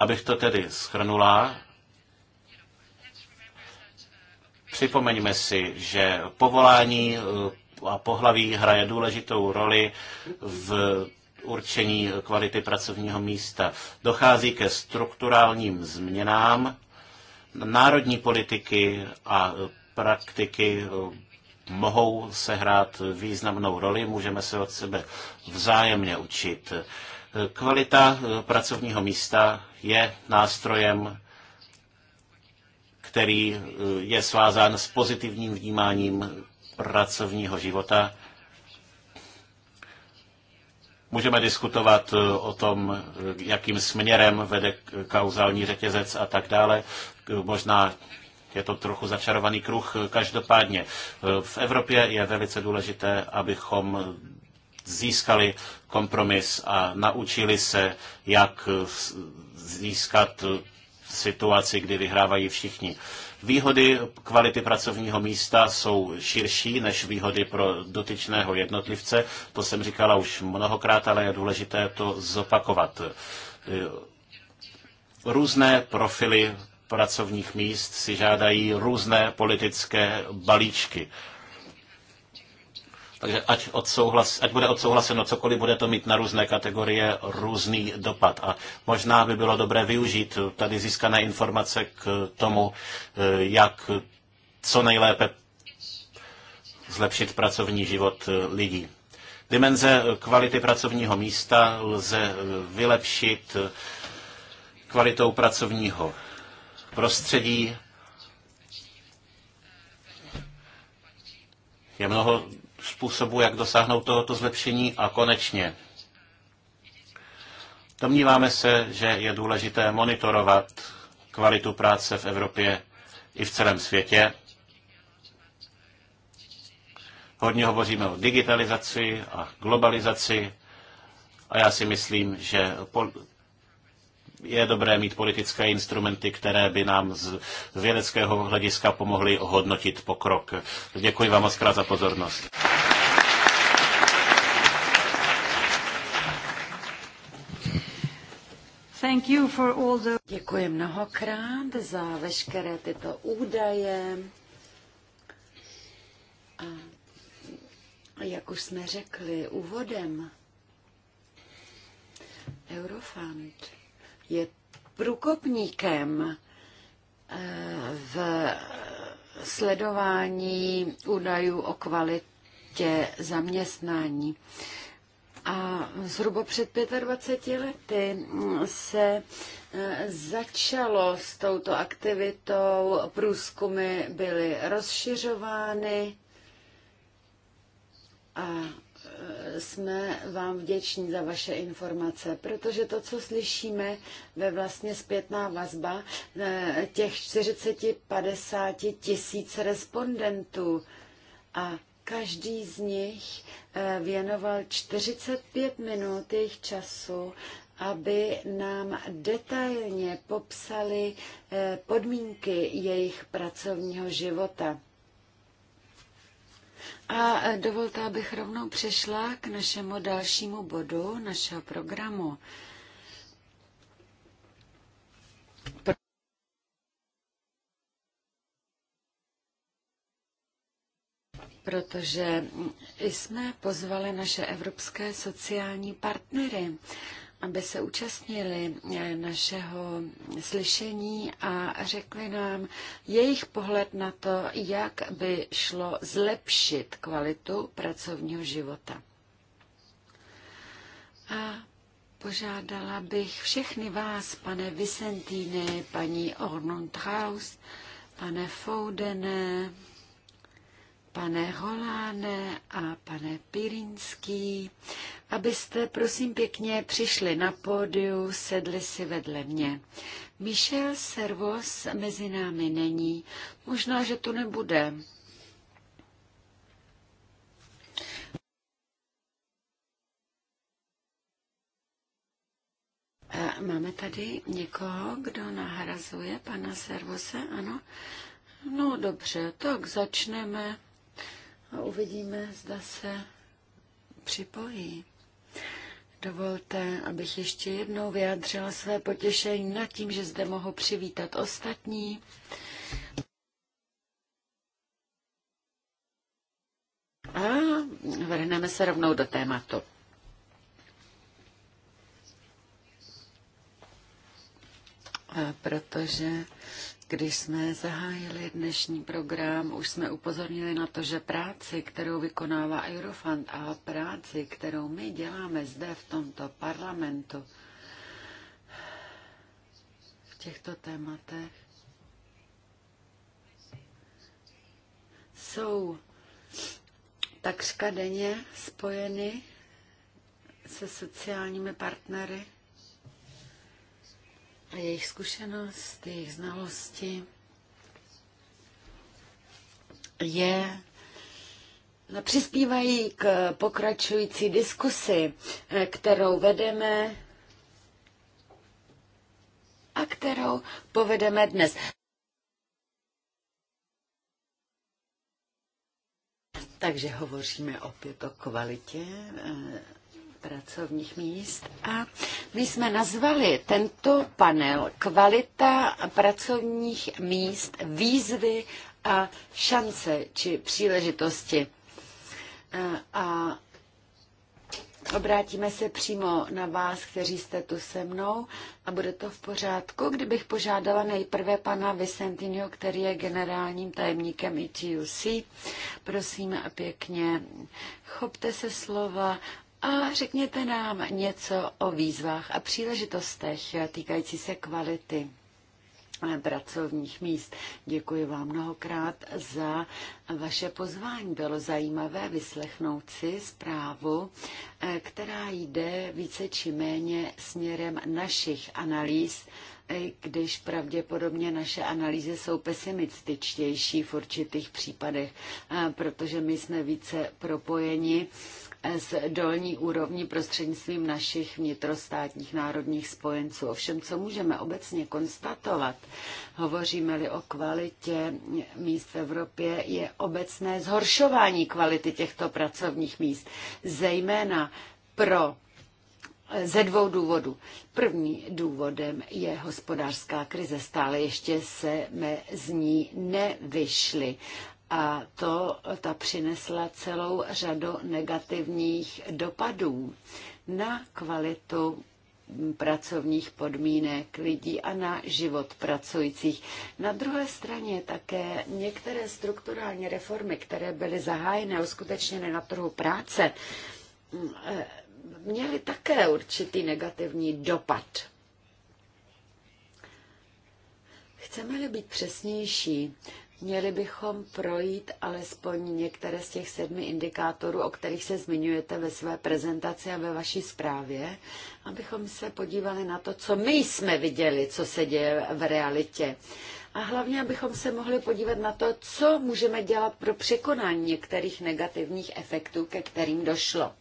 Abych to tedy schrnula, Připomeňme si, že povolání eh, a pohlaví hraje důležitou roli v určení kvality pracovního místa. Dochází ke strukturálním změnám národní politiky a praktiky eh, mohou sehrát významnou roli, můžeme se od sebe vzájemně učit. Eh, kvalita pracovního místa je nástrojem který eh, je svázán s pozitivním vnímáním pracovního života. Můžeme diskutovat eh, o tom, eh, jakým směrem vede kauzální řetězec a tak dále. Možná je to trochu začarovaný kruh. Každopádně v Evropě je velice důležité, abychom získali kompromis a naučili se, jak získat situaci, kdy vyhrávají všichni. Výhody kvality pracovního místa jsou širší než výhody pro dotyčného jednotlivce. To jsem říkala už mnohokrát, ale je důležité to zopakovat. E, různé profily pracovních míst si žádají různé politické balíčky. Takže ať, odsouhlas, ať bude odsouhlaseno cokoliv, bude to mít na různé kategorie různý dopad. A možná by bylo dobré využít tady získané informace k tomu, eh, jak co nejlépe zlepšit pracovní život eh, lidí. Dimenze eh, kvality pracovního místa lze vylepšit kvalitou pracovního prostředí. Je mnoho způsobů, jak dosáhnout tohoto zlepšení a konečně Domníváme se, že je důležité monitorovat kvalitu práce v Evropě i v celém světě. Hodně hovoříme o digitalizaci a globalizaci a já si myslím, že je dobré mít politické instrumenty, které by nám z vědeckého hlediska pomohly hodnotit pokrok. Děkuji vám moc krát za pozornost. Thank you for all the... Děkuji mnohokrát za veškeré tyto údaje. A jak už jsme řekli úvodem, Eurofund je průkopníkem eh, v sledování údajů o kvalitě zaměstnání. A zhruba před 25 lety mm, se eh, začalo s touto aktivitou, průzkumy byly rozšiřovány a jsme vám vděční za vaše informace, protože to, co slyšíme ve vlastně zpětná vazba eh, těch 40-50 tisíc respondentů a každý z nich eh, věnoval 45 minut jejich času, aby nám detailně popsali eh, podmínky jejich pracovního života. A dovolte, abych rovnou přešla k našemu dalšímu bodu našeho programu. Protože jsme pozvali naše evropské sociální partnery aby se účastnili eh, našeho slyšení a řekli nám jejich pohled na to, jak by šlo zlepšit kvalitu pracovního života. A požádala bych všechny vás, pane Vicentíny, paní Ornund House, pane Foudene, pane Holáne a pane Pirinský, abyste prosím pěkně přišli na pódiu, sedli si vedle mě. Michel Servos mezi námi není, možná, že tu nebude. Máme tady někoho, kdo nahrazuje pana Servose, ano? No dobře, tak začneme a uvidíme, zda se připojí. Dovolte, abych ještě jednou vyjádřila své potěšení nad tím, že zde mohu přivítat ostatní. A vrhneme se rovnou do tématu. protože když jsme zahájili dnešní program, už jsme upozornili na to, že práci, kterou vykonává Eurofund a práci, kterou my děláme zde v tomto parlamentu, v těchto tématech, jsou takřka denně spojeny se sociálními partnery jejich zkušenost, jejich znalosti je no, přispívají k pokračující diskusi, eh, kterou vedeme a kterou povedeme dnes. Takže hovoříme opět o kvalitě eh, pracovních míst. A my jsme nazvali tento panel Kvalita pracovních míst, výzvy a šance či příležitosti. A obrátíme se přímo na vás, kteří jste tu se mnou a bude to v pořádku, kdybych požádala nejprve pana Vicentinho, který je generálním tajemníkem ITUC. Prosím a pěkně, chopte se slova a řekněte nám něco o výzvách a příležitostech týkající se kvality pracovních míst. Děkuji vám mnohokrát za vaše pozvání. Bylo zajímavé vyslechnout si zprávu, která jde více či méně směrem našich analýz, když pravděpodobně naše analýzy jsou pesimističtější v určitých případech, protože my jsme více propojeni z dolní úrovní prostřednictvím našich vnitrostátních národních spojenců. Ovšem, co můžeme obecně konstatovat, hovoříme-li o kvalitě míst v Evropě, je obecné zhoršování kvality těchto pracovních míst, zejména pro eh, ze dvou důvodů. První důvodem je hospodářská krize. Stále ještě se z ní nevyšly. A to ta přinesla celou řadu negativních dopadů na kvalitu pracovních podmínek lidí a na život pracujících. Na druhé straně také některé strukturální reformy, které byly zahájeny a uskutečněny na trhu práce, měly také určitý negativní dopad. Chceme-li být přesnější, Měli bychom projít alespoň některé z těch sedmi indikátorů, o kterých se zmiňujete ve své prezentaci a ve vaší zprávě, abychom se podívali na to, co my jsme viděli, co se děje v realitě. A hlavně, abychom se mohli podívat na to, co můžeme dělat pro překonání některých negativních efektů, ke kterým došlo.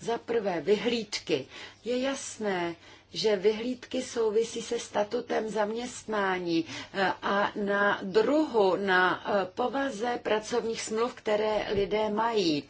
Za prvé, vyhlídky. Je jasné, že vyhlídky souvisí se statutem zaměstnání eh, a na druhu, na eh, povaze pracovních smluv, které lidé mají.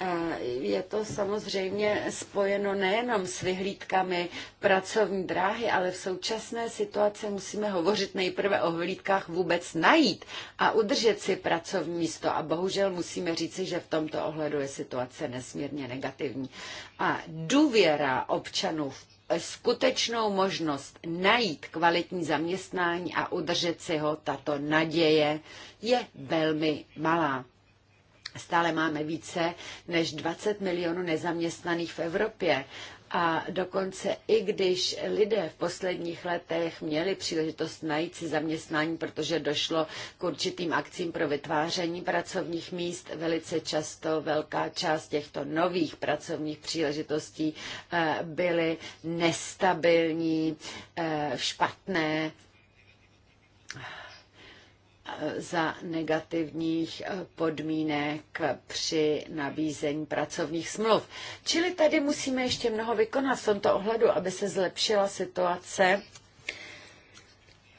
Eh, je to samozřejmě spojeno nejenom s vyhlídkami pracovní dráhy, ale v současné situaci musíme hovořit nejprve o vyhlídkách vůbec najít a udržet si pracovní místo. A bohužel musíme říci, že v tomto ohledu je situace nesmírně negativní. A důvěra občanů v skutečnou možnost najít kvalitní zaměstnání a udržet si ho, tato naděje je velmi malá. Stále máme více než 20 milionů nezaměstnaných v Evropě a dokonce i když lidé v posledních letech měli příležitost najít si zaměstnání, protože došlo k určitým akcím pro vytváření pracovních míst, velice často velká část těchto nových pracovních příležitostí eh, byly nestabilní, eh, špatné za negativních eh, podmínek při nabízení pracovních smluv. Čili tady musíme ještě mnoho vykonat v tomto ohledu, aby se zlepšila situace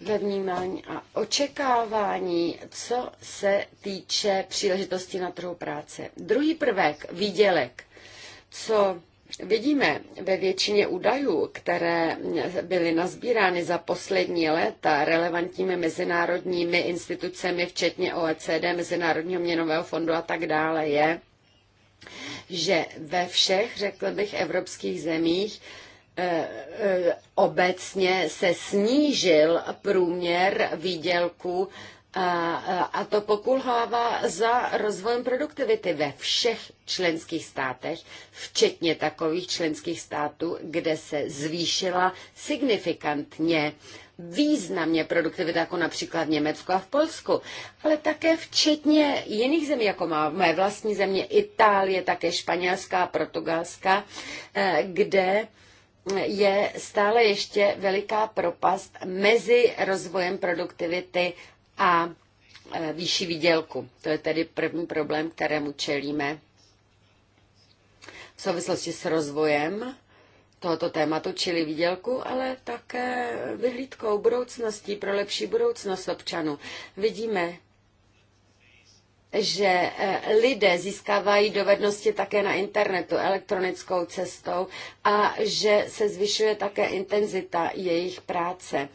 ve vnímání a očekávání, co se týče příležitosti na trhu práce. Druhý prvek, výdělek, co Vidíme ve většině údajů, které byly nazbírány za poslední léta relevantními mezinárodními institucemi, včetně OECD, Mezinárodního měnového fondu a tak dále, je, že ve všech, řekl bych, evropských zemích eh, eh, obecně se snížil průměr výdělku a to pokulhává za rozvojem produktivity ve všech členských státech, včetně takových členských států, kde se zvýšila signifikantně významně produktivita, jako například v Německu a v Polsku, ale také včetně jiných zemí, jako má moje vlastní země Itálie, také španělská, portugalská, e, kde je stále ještě veliká propast mezi rozvojem produktivity a e, výši výdělku. To je tedy první problém, kterému čelíme v souvislosti s rozvojem tohoto tématu, čili výdělku, ale také vyhlídkou budoucností pro lepší budoucnost občanů. Vidíme, že e, lidé získávají dovednosti také na internetu elektronickou cestou a že se zvyšuje také intenzita jejich práce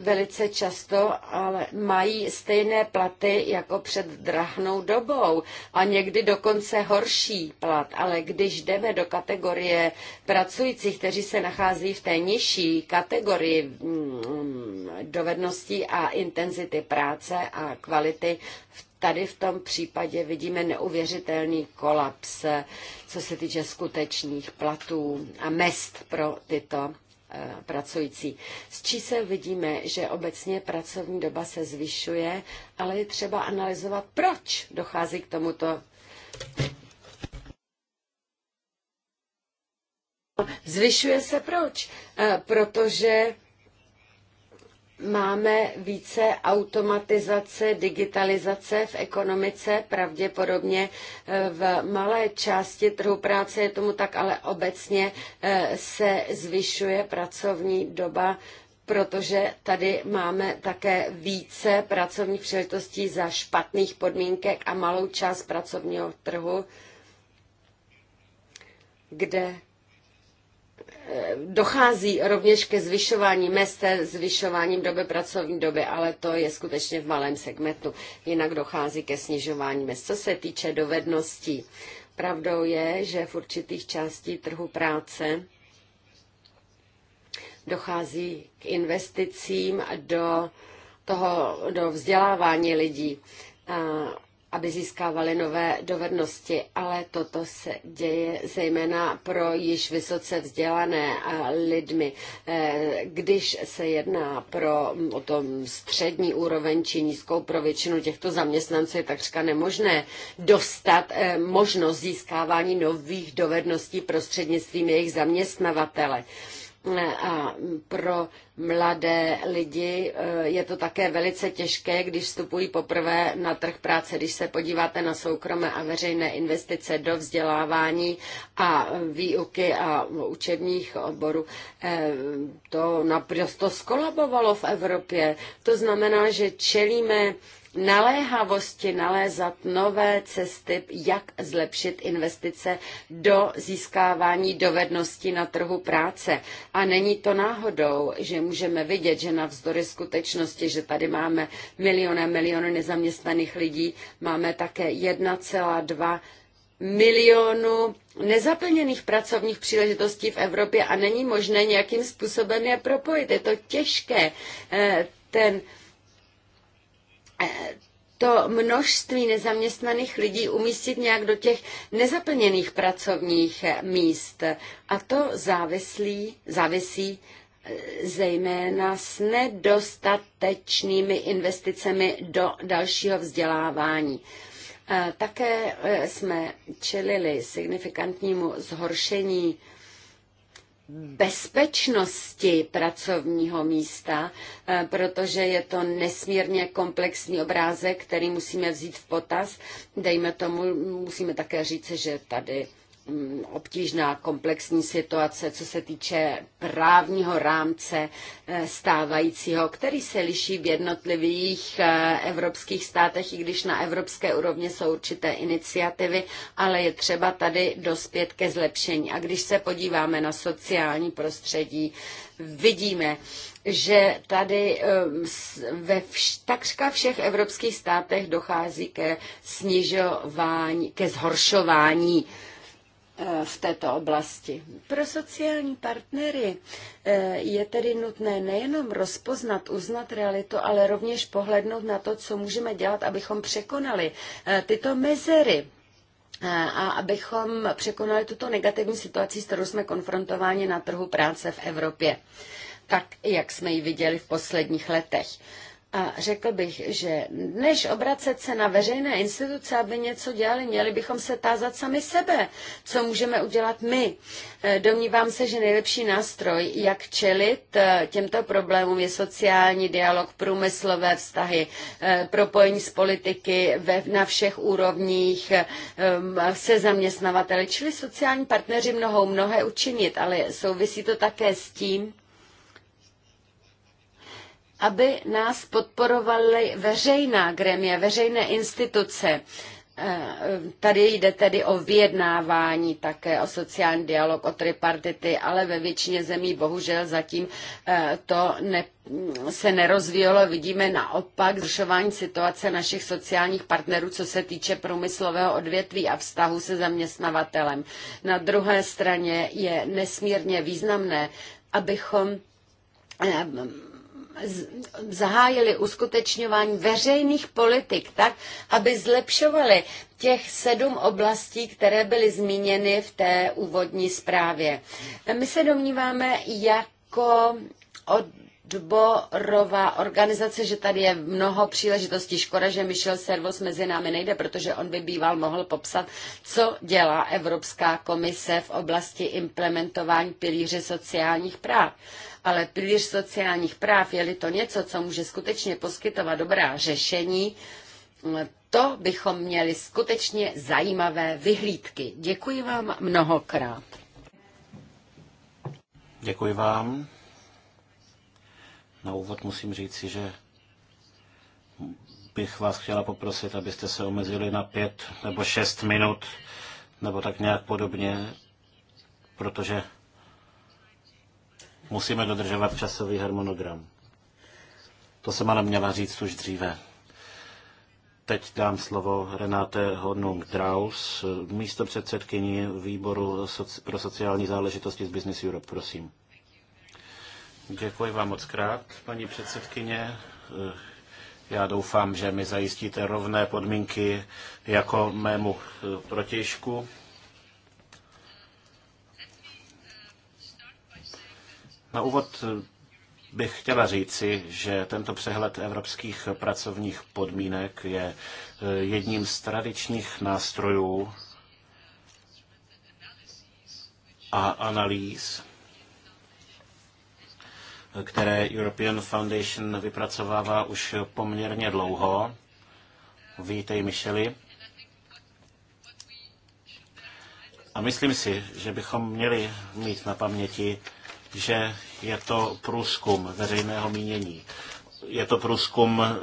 velice často ale mají stejné platy jako před drahnou dobou a někdy dokonce horší plat. Ale když jdeme do kategorie pracujících, kteří se nachází v té nižší kategorii mm, dovedností a intenzity práce a kvality, tady v tom případě vidíme neuvěřitelný kolaps, co se týče skutečných platů a mest pro tyto Eh, pracující. Z čísel vidíme, že obecně pracovní doba se zvyšuje, ale je třeba analyzovat, proč dochází k tomuto Zvyšuje se proč? Eh, protože máme více automatizace, digitalizace v ekonomice, pravděpodobně eh, v malé části trhu práce je tomu tak, ale obecně eh, se zvyšuje pracovní doba protože tady máme také více pracovních příležitostí za špatných podmínek a malou část pracovního trhu, kde dochází rovněž ke zvyšování mest, zvyšováním doby pracovní doby, ale to je skutečně v malém segmentu. Jinak dochází ke snižování mest. Co se týče dovedností, pravdou je, že v určitých částí trhu práce dochází k investicím do toho do vzdělávání lidí. A aby získávali nové dovednosti, ale toto se děje zejména pro již vysoce vzdělané lidmi. Eh, když se jedná pro mm, o tom střední úroveň či nízkou pro většinu těchto zaměstnanců, je takřka nemožné dostat eh, možnost získávání nových dovedností prostřednictvím jejich zaměstnavatele a pro mladé lidi eh, je to také velice těžké, když vstupují poprvé na trh práce. Když se podíváte na soukromé a veřejné investice do vzdělávání a výuky a učebních oborů, eh, to naprosto skolabovalo v Evropě. To znamená, že čelíme naléhavosti nalézat nové cesty, jak zlepšit investice do získávání dovedností na trhu práce. A není to náhodou, že můžeme vidět, že navzdory skutečnosti, že tady máme miliony a miliony nezaměstnaných lidí, máme také 1,2 milionu nezaplněných pracovních příležitostí v Evropě a není možné nějakým způsobem je propojit. Je to těžké. Eh, ten to množství nezaměstnaných lidí umístit nějak do těch nezaplněných pracovních eh, míst. A to závislí, závisí eh, zejména s nedostatečnými investicemi do dalšího vzdělávání. Eh, také jsme čelili signifikantnímu zhoršení bezpečnosti pracovního místa, eh, protože je to nesmírně komplexní obrázek, který musíme vzít v potaz. Dejme tomu, musíme také říct, že tady Mm, obtížná komplexní situace, co se týče právního rámce eh, stávajícího, který se liší v jednotlivých eh, evropských státech, i když na evropské úrovni jsou určité iniciativy, ale je třeba tady dospět ke zlepšení. A když se podíváme na sociální prostředí, vidíme, že tady eh, ve vš- takřka všech evropských státech dochází ke snižování, ke zhoršování Eh, v této oblasti. Pro sociální partnery eh, je tedy nutné nejenom rozpoznat, uznat realitu, ale rovněž pohlednout na to, co můžeme dělat, abychom překonali eh, tyto mezery a abychom překonali tuto negativní situaci, s kterou jsme konfrontováni na trhu práce v Evropě, tak jak jsme ji viděli v posledních letech. A řekl bych, že než obracet se na veřejné instituce, aby něco dělali, měli bychom se tázat sami sebe, co můžeme udělat my. E, domnívám se, že nejlepší nástroj, jak čelit e, těmto problémům, je sociální dialog, průmyslové vztahy, e, propojení s politiky ve, na všech úrovních, se zaměstnavateli. Čili sociální partneři mnohou mnohé učinit, ale souvisí to také s tím, aby nás podporovaly veřejná gremia, veřejné instituce. Eh, tady jde tedy o vyjednávání také, o sociální dialog, o tripartity, ale ve většině zemí bohužel zatím eh, to ne, se nerozvíjelo. Vidíme naopak zrušování situace našich sociálních partnerů, co se týče průmyslového odvětví a vztahu se zaměstnavatelem. Na druhé straně je nesmírně významné, abychom eh, zahájili uskutečňování veřejných politik tak, aby zlepšovali těch sedm oblastí, které byly zmíněny v té úvodní zprávě. My se domníváme jako od odborová organizace, že tady je mnoho příležitostí. Škoda, že Michel Servos mezi námi nejde, protože on by býval mohl popsat, co dělá Evropská komise v oblasti implementování pilíře sociálních práv ale pilíř sociálních práv, je-li to něco, co může skutečně poskytovat dobrá řešení, to bychom měli skutečně zajímavé vyhlídky. Děkuji vám mnohokrát. Děkuji vám. Na úvod musím říci, že bych vás chtěla poprosit, abyste se omezili na pět nebo šest minut, nebo tak nějak podobně, protože Musíme dodržovat časový harmonogram. To jsem ale měla říct už dříve. Teď dám slovo Renáte Hornung Draus, místo předsedkyni výboru pro sociální záležitosti z Business Europe. Prosím. Děkuji vám moc krát, paní předsedkyně. Já doufám, že mi zajistíte rovné podmínky jako mému protěžku. Na úvod eh, bych chtěla říci, že tento přehled evropských pracovních podmínek je eh, jedním z tradičních nástrojů a analýz, které European Foundation vypracovává už poměrně dlouho. Vítej, Micheli. A myslím si, že bychom měli mít na paměti, že je to průzkum veřejného mínění. Je to průzkum eh,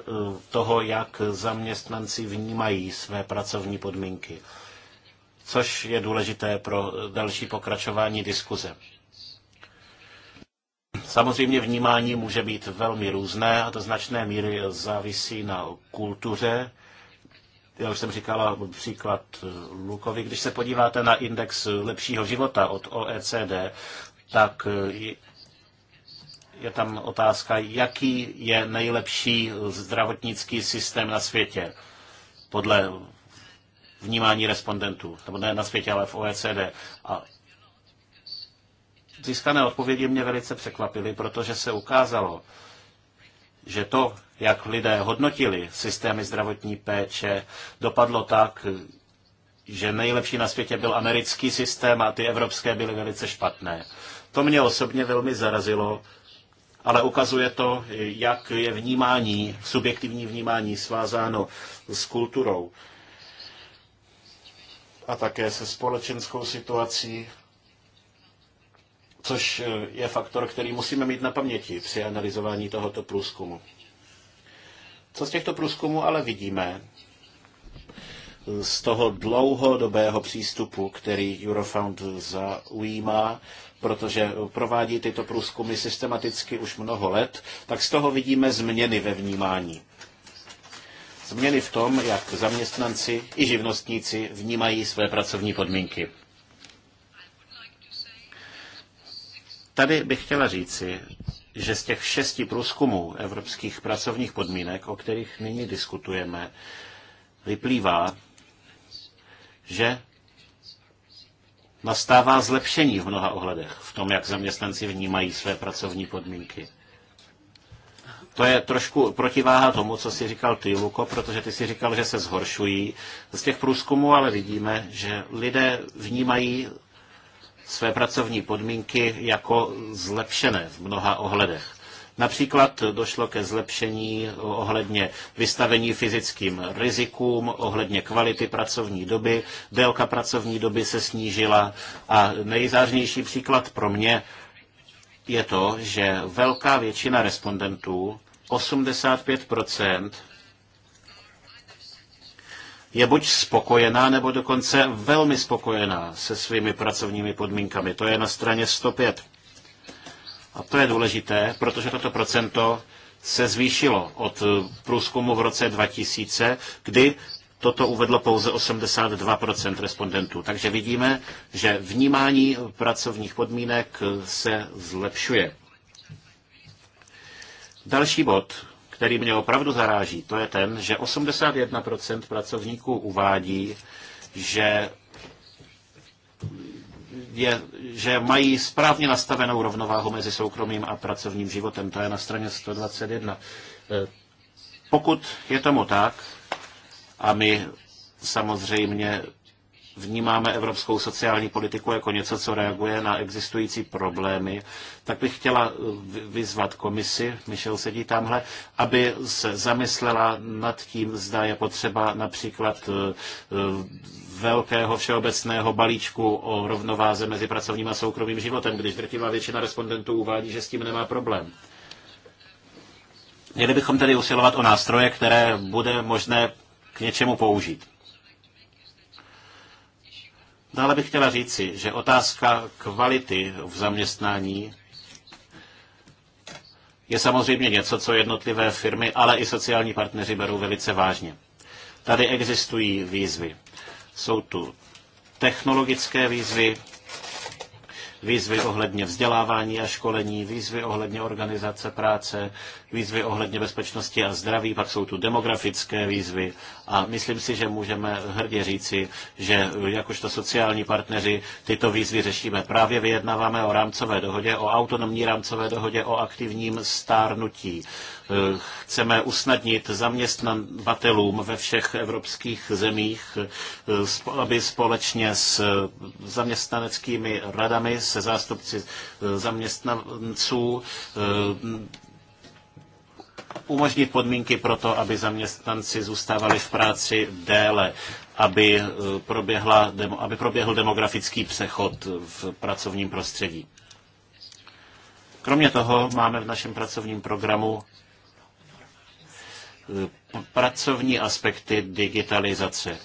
toho, jak zaměstnanci vnímají své pracovní podmínky, což je důležité pro další pokračování diskuze. Samozřejmě vnímání může být velmi různé a to značné míry závisí na kultuře. Já už jsem říkala příklad Lukovi, když se podíváte na index lepšího života od OECD, tak eh, je tam otázka, jaký je nejlepší zdravotnický systém na světě podle vnímání respondentů, nebo ne na světě, ale v OECD. A získané odpovědi mě velice překvapily, protože se ukázalo, že to, jak lidé hodnotili systémy zdravotní péče, dopadlo tak, že nejlepší na světě byl americký systém a ty evropské byly velice špatné. To mě osobně velmi zarazilo, ale ukazuje to, jak je vnímání, subjektivní vnímání svázáno s kulturou a také se společenskou situací, což je faktor, který musíme mít na paměti při analyzování tohoto průzkumu. Co z těchto průzkumů ale vidíme, z toho dlouhodobého přístupu, který Eurofound zaujímá, protože provádí tyto průzkumy systematicky už mnoho let, tak z toho vidíme změny ve vnímání. Změny v tom, jak zaměstnanci i živnostníci vnímají své pracovní podmínky. Tady bych chtěla říci, že z těch šesti průzkumů evropských pracovních podmínek, o kterých nyní diskutujeme, vyplývá, že nastává zlepšení v mnoha ohledech v tom, jak zaměstnanci vnímají své pracovní podmínky. To je trošku protiváha tomu, co si říkal ty, Luko, protože ty si říkal, že se zhoršují. Z těch průzkumů ale vidíme, že lidé vnímají své pracovní podmínky jako zlepšené v mnoha ohledech. Například došlo ke zlepšení ohledně vystavení fyzickým rizikům, ohledně kvality pracovní doby, délka pracovní doby se snížila a nejzářnější příklad pro mě je to, že velká většina respondentů, 85 je buď spokojená, nebo dokonce velmi spokojená se svými pracovními podmínkami. To je na straně 105. A to je důležité, protože toto procento se zvýšilo od eh, průzkumu v roce 2000, kdy toto uvedlo pouze 82% respondentů. Takže vidíme, že vnímání pracovních podmínek eh, se zlepšuje. Další bod, který mě opravdu zaráží, to je ten, že 81% pracovníků uvádí, že je, že mají správně nastavenou rovnováhu mezi soukromým a pracovním životem. To je na straně 121. E, pokud je tomu tak, a my samozřejmě vnímáme evropskou sociální politiku jako něco, co reaguje na existující problémy, tak bych chtěla e, vyzvat komisi, Michel sedí tamhle, aby se zamyslela nad tím, zda je potřeba například e, velkého všeobecného balíčku o rovnováze mezi pracovním a soukromým životem, když drtivá většina respondentů uvádí, že s tím nemá problém. Měli bychom tedy usilovat o nástroje, které bude možné k něčemu použít. Dále bych chtěla říci, že otázka kvality v zaměstnání je samozřejmě něco, co jednotlivé firmy, ale i sociální partneři berou velice vážně. Tady existují výzvy. Jsou tu technologické výzvy, výzvy ohledně vzdělávání a školení, výzvy ohledně organizace práce, výzvy ohledně bezpečnosti a zdraví, pak jsou tu demografické výzvy a myslím si, že můžeme hrdě říci, že jakožto sociální partneři tyto výzvy řešíme. Právě vyjednáváme o rámcové dohodě, o autonomní rámcové dohodě, o aktivním stárnutí. Chceme usnadnit zaměstnavatelům ve všech evropských zemích, aby společně s zaměstnaneckými radami, s se zástupci e, zaměstnanců e, umožnit podmínky pro to, aby zaměstnanci zůstávali v práci déle, aby, e, proběhla, aby proběhl demografický přechod v pracovním prostředí. Kromě toho máme v našem pracovním programu pracovní aspekty digitalizace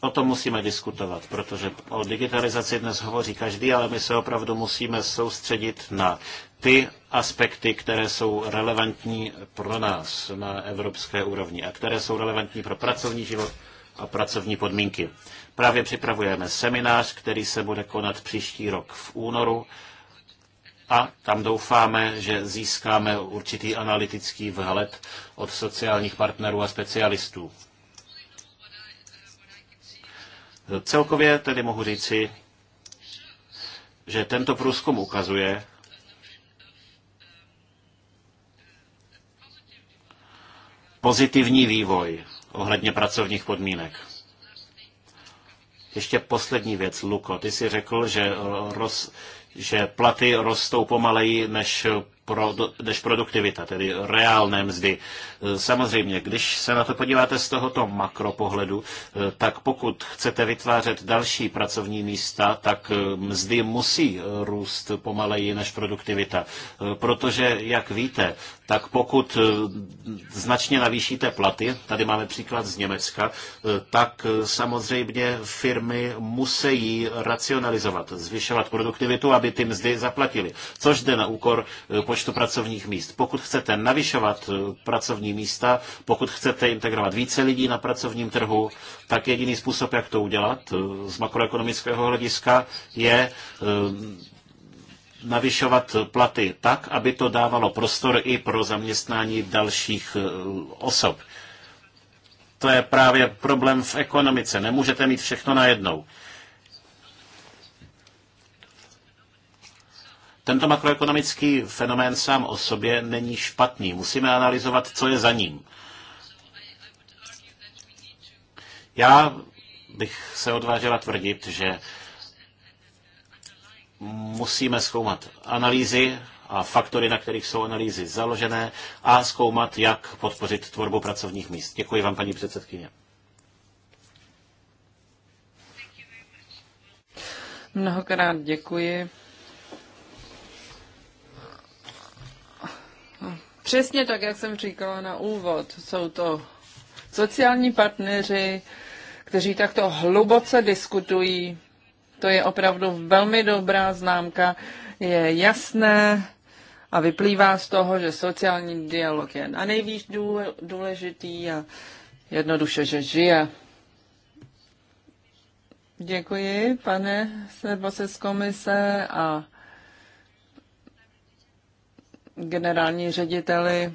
o tom musíme diskutovat, protože o digitalizaci dnes hovoří každý, ale my se opravdu musíme soustředit na ty aspekty, které jsou relevantní pro nás na evropské úrovni a které jsou relevantní pro pracovní život a pracovní podmínky. Právě připravujeme seminář, který se bude konat příští rok v únoru a tam doufáme, že získáme určitý analytický vhled od sociálních partnerů a specialistů Celkově tedy mohu říci, že tento průzkum ukazuje, pozitivní vývoj ohledně pracovních podmínek. Ještě poslední věc, Luko. Ty jsi řekl, že, roz, že platy rostou pomaleji než pro, než produktivita, tedy reálné mzdy. E, samozřejmě, když se na to podíváte z tohoto makropohledu, e, tak pokud chcete vytvářet další pracovní místa, tak e, mzdy musí růst pomaleji než produktivita. Protože, jak víte, tak pokud eh, značně navýšíte platy, tady máme příklad z Německa, eh, tak eh, samozřejmě firmy musí racionalizovat, zvyšovat produktivitu, aby ty mzdy zaplatili, což jde na úkor počtu pracovních míst. Pokud chcete navyšovat pracovní místa, pokud chcete integrovat více lidí na pracovním trhu, tak jediný způsob, jak to udělat z makroekonomického hlediska, je navyšovat platy tak, aby to dávalo prostor i pro zaměstnání dalších eh, osob. To je právě problém v ekonomice. Nemůžete mít všechno najednou. Tento makroekonomický fenomén sám o sobě není špatný. Musíme analyzovat, co je za ním. Já bych se odvážela tvrdit, že musíme zkoumat analýzy a faktory, na kterých jsou analýzy založené a zkoumat, jak podpořit tvorbu pracovních míst. Děkuji vám, paní předsedkyně. Mnohokrát děkuji. Přesně tak, jak jsem říkala na úvod, jsou to sociální partneři, kteří takto hluboce diskutují to je opravdu velmi dobrá známka. Je jasné a vyplývá z toho, že sociální dialog je na nejvíc důležitý a jednoduše, že žije. Děkuji, pane Sebose z komise a generální řediteli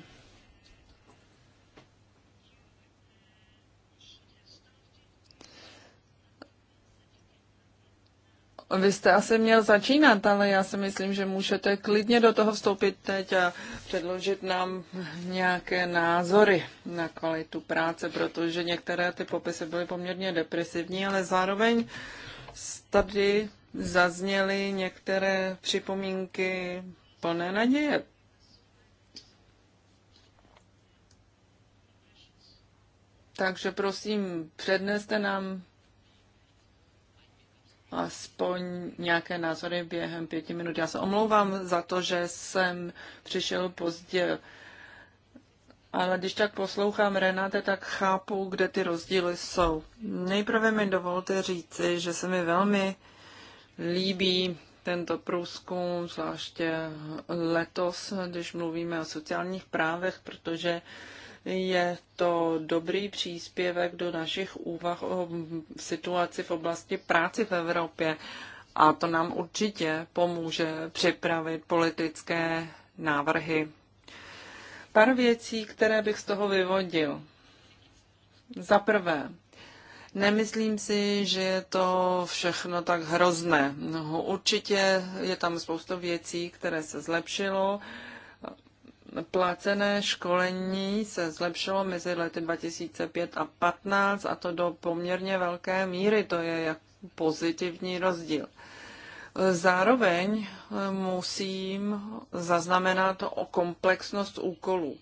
Vy jste asi měl začínat, ale já si myslím, že můžete klidně do toho vstoupit teď a předložit nám nějaké názory na kvalitu práce, protože některé ty popisy byly poměrně depresivní, ale zároveň tady zazněly některé připomínky plné naděje. Takže prosím, předneste nám aspoň nějaké názory během pěti minut. Já se omlouvám za to, že jsem přišel pozdě, ale když tak poslouchám Renate, tak chápu, kde ty rozdíly jsou. Nejprve mi dovolte říci, že se mi velmi líbí tento průzkum, zvláště letos, když mluvíme o sociálních právech, protože uh, je to dobrý příspěvek do našich úvah o situaci v oblasti práci v Evropě a to nám určitě pomůže připravit politické návrhy. Pár věcí, které bych z toho vyvodil. Za prvé, Nemyslím si, že je to všechno tak hrozné. No, určitě je tam spousta věcí, které se zlepšilo. Placené školení se zlepšilo mezi lety 2005 a 2015 a to do poměrně velké míry. To je jak pozitivní rozdíl. Zároveň eh, musím zaznamenat o komplexnost úkolů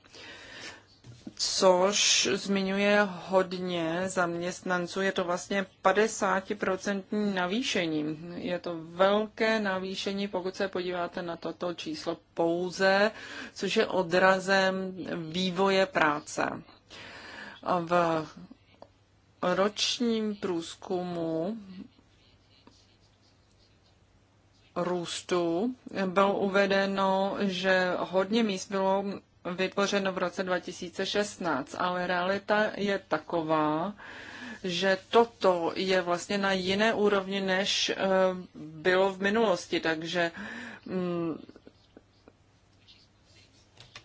což zmiňuje hodně zaměstnanců. Je to vlastně 50% navýšení. Je to velké navýšení, pokud se podíváte na toto číslo pouze, což je odrazem vývoje práce. V ročním průzkumu růstu bylo uvedeno, že hodně míst bylo vytvořeno v roce 2016, ale realita je taková, že toto je vlastně na jiné úrovni, než eh, bylo v minulosti, takže mm,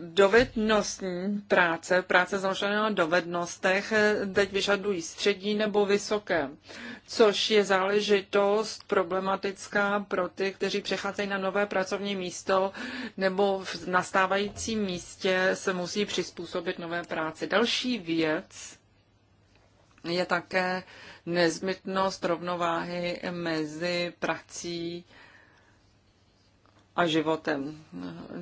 dovednostní práce, práce založené na dovednostech, teď vyžadují střední nebo vysoké, což je záležitost problematická pro ty, kteří přecházejí na nové pracovní místo nebo v nastávajícím místě se musí přizpůsobit nové práci. Další věc je také nezbytnost rovnováhy mezi prací a životem.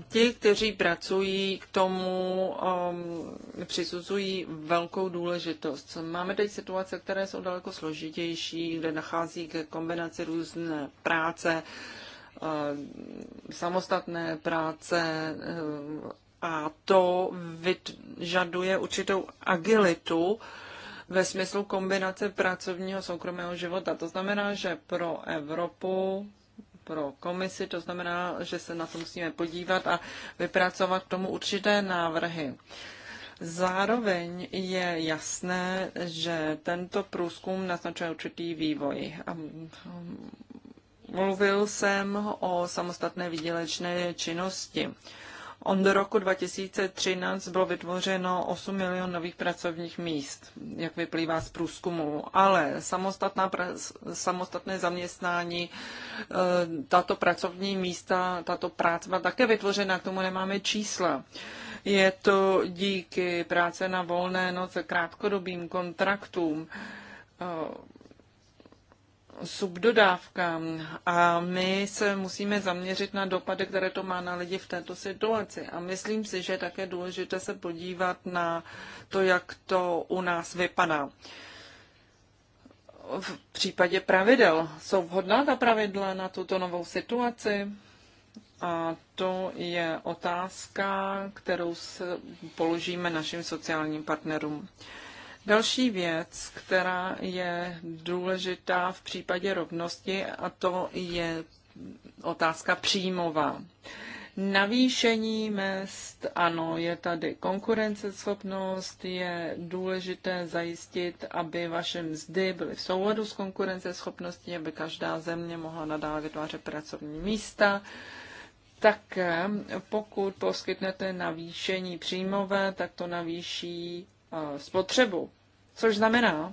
Ti, kteří pracují, k tomu um, přisuzují velkou důležitost. Máme teď situace, které jsou daleko složitější, kde nachází ke kombinaci různé práce, um, samostatné práce um, a to vyžaduje určitou agilitu ve smyslu kombinace pracovního soukromého života. To znamená, že pro Evropu pro komisi, to znamená, že se na to musíme podívat a vypracovat k tomu určité návrhy. Zároveň je jasné, že tento průzkum naznačuje určitý vývoj. Mluvil jsem o samostatné výdělečné činnosti. Od roku 2013 bylo vytvořeno 8 milionů nových pracovních míst, jak vyplývá z průzkumu, ale samostatná, samostatné zaměstnání, eh, tato pracovní místa, tato práce byla také vytvořena, k tomu nemáme čísla. Je to díky práce na volné noce, krátkodobým kontraktům, eh, subdodávkám a my se musíme zaměřit na dopady, které to má na lidi v této situaci. A myslím si, že je také důležité se podívat na to, jak to u nás vypadá. V případě pravidel jsou vhodná ta pravidla na tuto novou situaci? A to je otázka, kterou se položíme našim sociálním partnerům. Další věc, která je důležitá v případě rovnosti, a to je otázka příjmová. Navýšení mest, ano, je tady konkurenceschopnost, je důležité zajistit, aby vaše mzdy byly v souladu s konkurenceschopností, aby každá země mohla nadále vytvářet pracovní místa. Tak pokud poskytnete navýšení příjmové, tak to navýší spotřebu, což znamená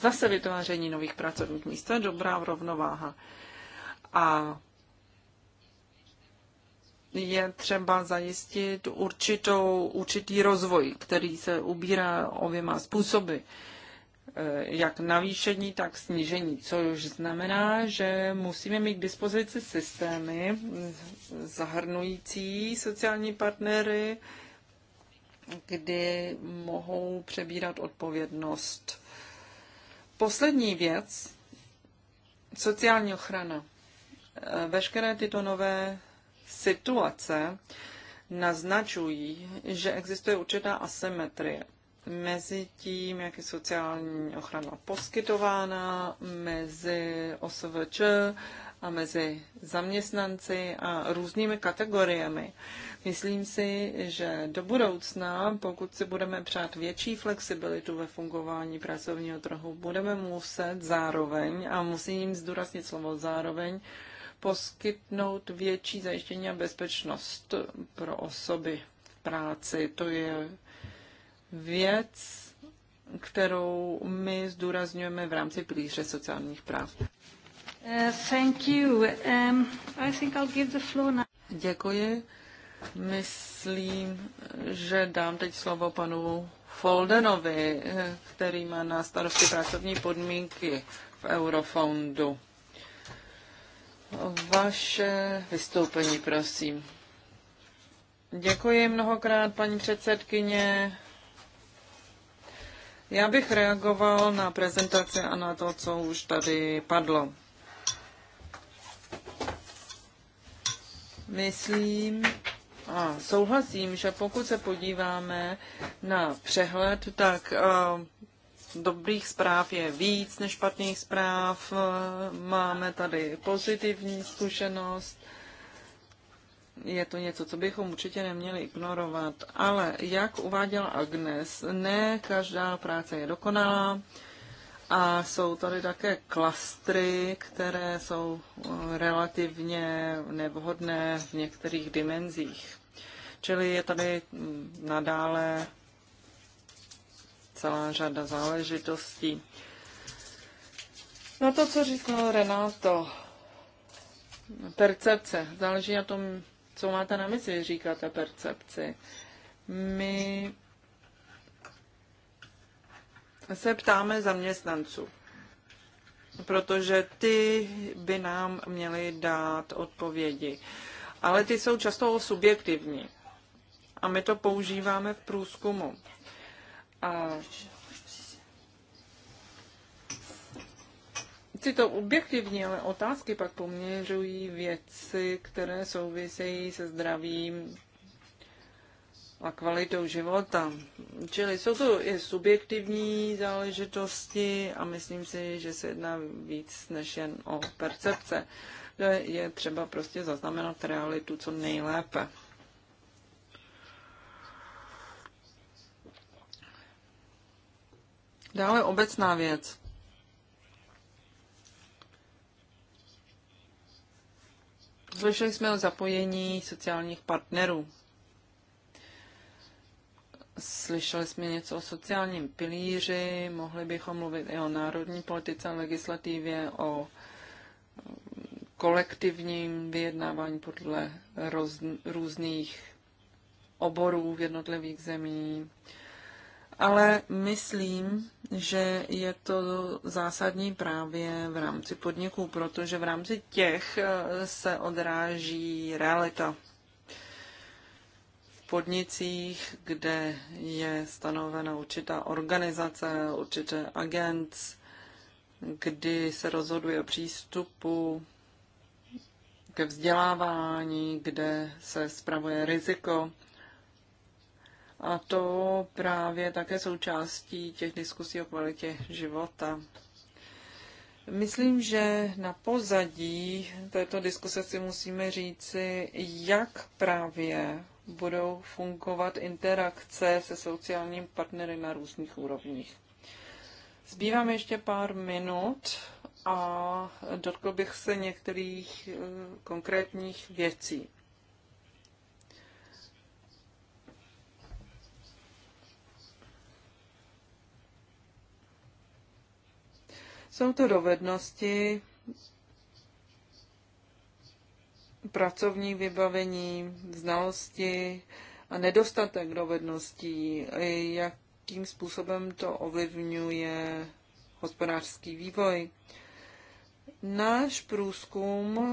zase vytváření nových pracovních míst. To je dobrá rovnováha. A je třeba zajistit určitou, určitý rozvoj, který se ubírá oběma způsoby e, jak navýšení, tak snížení, což znamená, že musíme mít k dispozici systémy zahrnující sociální partnery, kdy mohou přebírat odpovědnost. Poslední věc, sociální ochrana. Eh, veškeré tyto nové situace naznačují, že existuje určitá asymetrie mezi tím, jak je sociální ochrana poskytována, mezi OSVČ a mezi zaměstnanci a různými kategoriemi. Myslím si, že do budoucna, pokud si budeme přát větší flexibilitu ve fungování pracovního trhu, budeme muset zároveň, a musím zdůraznit slovo zároveň, poskytnout větší zajištění a bezpečnost pro osoby v práci. To je věc, kterou my zdůrazňujeme v rámci pilíře sociálních práv. Uh, thank you. Um, I think I'll give the floor now. Děkuji. Myslím, že dám teď slovo panu Foldenovi, který má na starosti pracovní podmínky v Eurofondu. Vaše vystoupení, prosím. Děkuji mnohokrát, paní předsedkyně. Já bych reagoval na prezentaci a na to, co už tady padlo. myslím a souhlasím, že pokud se podíváme na přehled, tak eh, dobrých zpráv je víc než špatných zpráv. Eh, máme tady pozitivní zkušenost. Je to něco, co bychom určitě neměli ignorovat. Ale jak uváděla Agnes, ne každá práce je dokonalá. A jsou tady také klastry, které jsou eh, relativně nevhodné v některých dimenzích. Čili je tady mm, nadále celá řada záležitostí. Na to, co říkal Renato, percepce. Záleží na tom, co máte na mysli, říkáte percepci. My se ptáme zaměstnanců, protože ty by nám měly dát odpovědi. Ale ty jsou často subjektivní a my to používáme v průzkumu. A tyto objektivní ale otázky pak poměřují věci, které souvisejí se zdravím a kvalitou života. Čili jsou to i subjektivní záležitosti a myslím si, že se jedná víc než jen o percepce. Že je třeba prostě zaznamenat realitu co nejlépe. Dále obecná věc. Slyšeli jsme o zapojení sociálních partnerů. Slyšeli jsme něco o sociálním pilíři, mohli bychom mluvit i o národní politice a legislativě, o kolektivním vyjednávání podle roz, různých oborů v jednotlivých zemí. Ale myslím, že je to zásadní právě v rámci podniků, protože v rámci těch eh, se odráží realita podnicích, kde je stanovena určitá organizace, určité agent, kdy se rozhoduje o přístupu ke vzdělávání, kde se spravuje riziko. A to právě také součástí těch diskusí o kvalitě života. Myslím, že na pozadí této diskuse si musíme říci, jak právě budou fungovat interakce se sociálními partnery na různých úrovních. Zbývá mi ještě pár minut a dotkl bych se některých eh, konkrétních věcí. Jsou to dovednosti, pracovní vybavení, znalosti a nedostatek dovedností, jakým způsobem to ovlivňuje hospodářský vývoj. Náš průzkum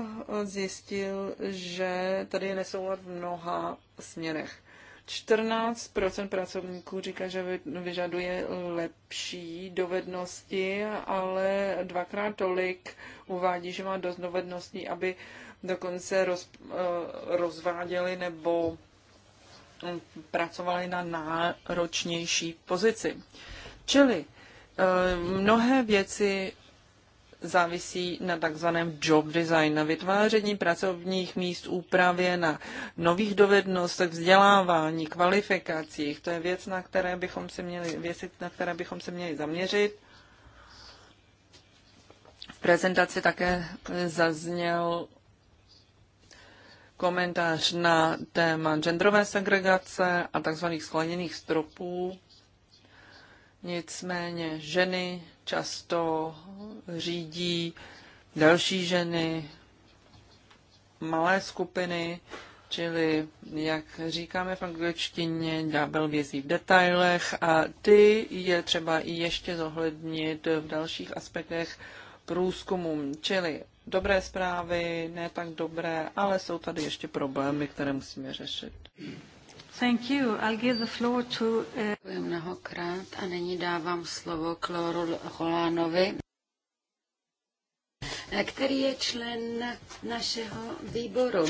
zjistil, že tady je nesoulad v mnoha směrech. 14 pracovníků říká, že vyžaduje lepší dovednosti, ale dvakrát tolik uvádí, že má dost dovedností, aby dokonce roz, eh, rozváděli nebo hm, pracovali na náročnější pozici. Čili eh, mnohé věci závisí na takzvaném job design, na vytváření pracovních míst, úpravě, na nových dovednostech, vzdělávání, kvalifikacích. To je věc, na které bychom se měli, věci, na které bychom se měli zaměřit. V prezentaci také zazněl komentář na téma genderové segregace a tzv. skleněných stropů. Nicméně ženy často řídí další ženy, malé skupiny, čili, jak říkáme v angličtině, ďábel vězí v detailech a ty je třeba i ještě zohlednit v dalších aspektech průzkumu. Čili dobré zprávy, ne tak dobré, ale jsou tady ještě problémy, které musíme řešit. Thank you. I'll give the floor to... Uh... mnohokrát a nyní dávám slovo Kloru Holánovi eh, který je člen našeho výboru.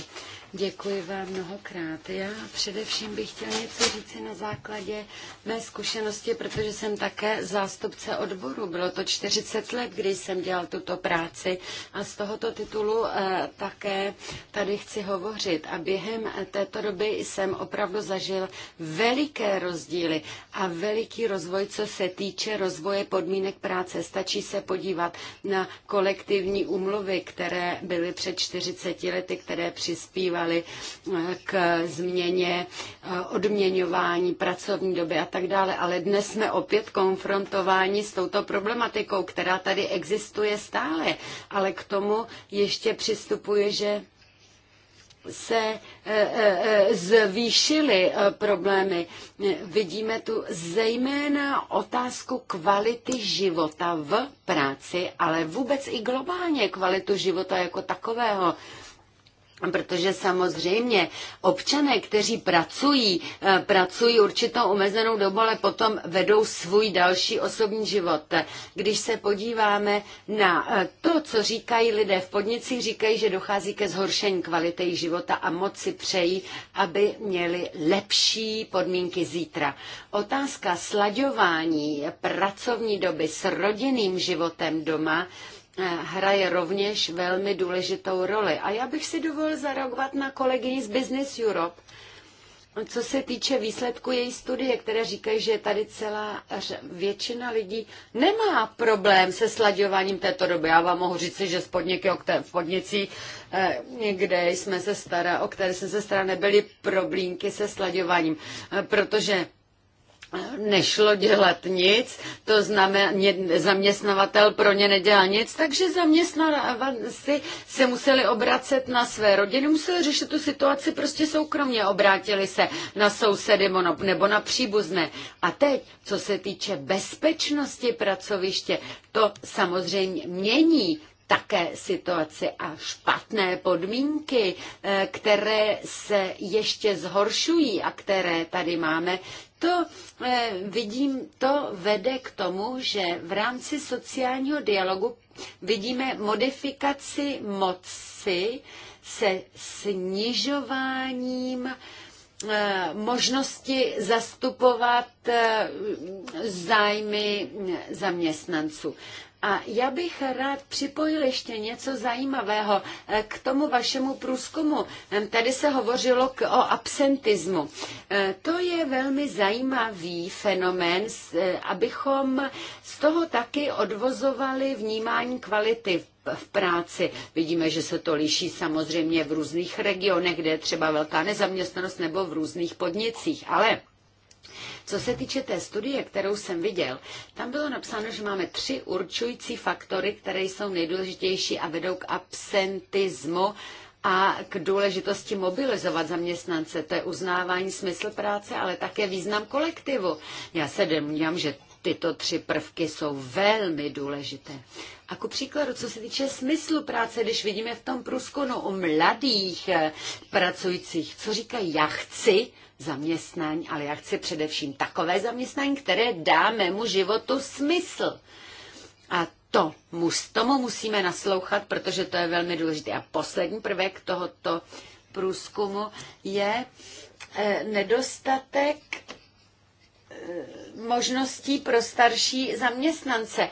Děkuji vám mnohokrát. Já především bych chtěl něco říci na základě mé zkušenosti, protože jsem také zástupce odboru. Bylo to 40 let, kdy jsem dělal tuto práci a z tohoto titulu eh, také tady chci hovořit. A během této doby jsem opravdu zažil veliké rozdíly a veliký rozvoj, co se týče rozvoje podmínek práce. Stačí se podívat na kolektivní umluvy, které byly před 40 lety, které přispívají vyzývali eh, k změně eh, odměňování, pracovní doby a tak dále. Ale dnes jsme opět konfrontováni s touto problematikou, která tady existuje stále. Ale k tomu ještě přistupuje, že se eh, zvýšily problémy. Vidíme tu zejména otázku kvality života v práci, ale vůbec i globálně kvalitu života jako takového. Protože samozřejmě občané, kteří pracují, eh, pracují určitou omezenou dobu, ale potom vedou svůj další osobní život. Když se podíváme na eh, to, co říkají lidé v podnicích, říkají, že dochází ke zhoršení kvality jejich života a moc si přejí, aby měli lepší podmínky zítra. Otázka slaďování pracovní doby s rodinným životem doma Eh, hraje rovněž velmi důležitou roli. A já bych si dovolil zareagovat na kolegyni z Business Europe, co se týče výsledku její studie, které říkají, že tady celá většina lidí nemá problém se slaďováním této doby. Já vám mohu říct, že v podnicích, eh, kde jsme se stará, o které jsme se stará, nebyly problémky se slaďováním, eh, protože nešlo dělat nic, to znamená, zaměstnavatel pro ně nedělal nic, takže zaměstnavatelci se museli obracet na své rodiny, museli řešit tu situaci prostě soukromně, obrátili se na sousedy nebo na příbuzné. A teď, co se týče bezpečnosti pracoviště, to samozřejmě mění také situaci a špatné podmínky, eh, které se ještě zhoršují a které tady máme, to eh, vidím, to vede k tomu, že v rámci sociálního dialogu vidíme modifikaci moci se snižováním eh, možnosti zastupovat zájmy mm, zaměstnanců. A já bych rád připojil ještě něco zajímavého eh, k tomu vašemu průzkumu. Tady se hovořilo k, o absentismu. Eh, to je velmi zajímavý fenomén, eh, abychom z toho taky odvozovali vnímání kvality v práci. Vidíme, že se to liší samozřejmě v různých regionech, kde je třeba velká nezaměstnanost nebo v různých podnicích. Ale co se týče té studie, kterou jsem viděl, tam bylo napsáno, že máme tři určující faktory, které jsou nejdůležitější a vedou k absentismu a k důležitosti mobilizovat zaměstnance. To je uznávání smysl práce, ale také význam kolektivu. Já se domnívám, že tyto tři prvky jsou velmi důležité. A ku příkladu, co se týče smyslu práce, když vidíme v tom průzkumu o mladých eh, pracujících, co říkají, já chci zaměstnání, ale já chci především takové zaměstnání, které dá mému životu smysl. A to, tomu musíme naslouchat, protože to je velmi důležité. A poslední prvek tohoto průzkumu je eh, nedostatek možností pro starší zaměstnance. E,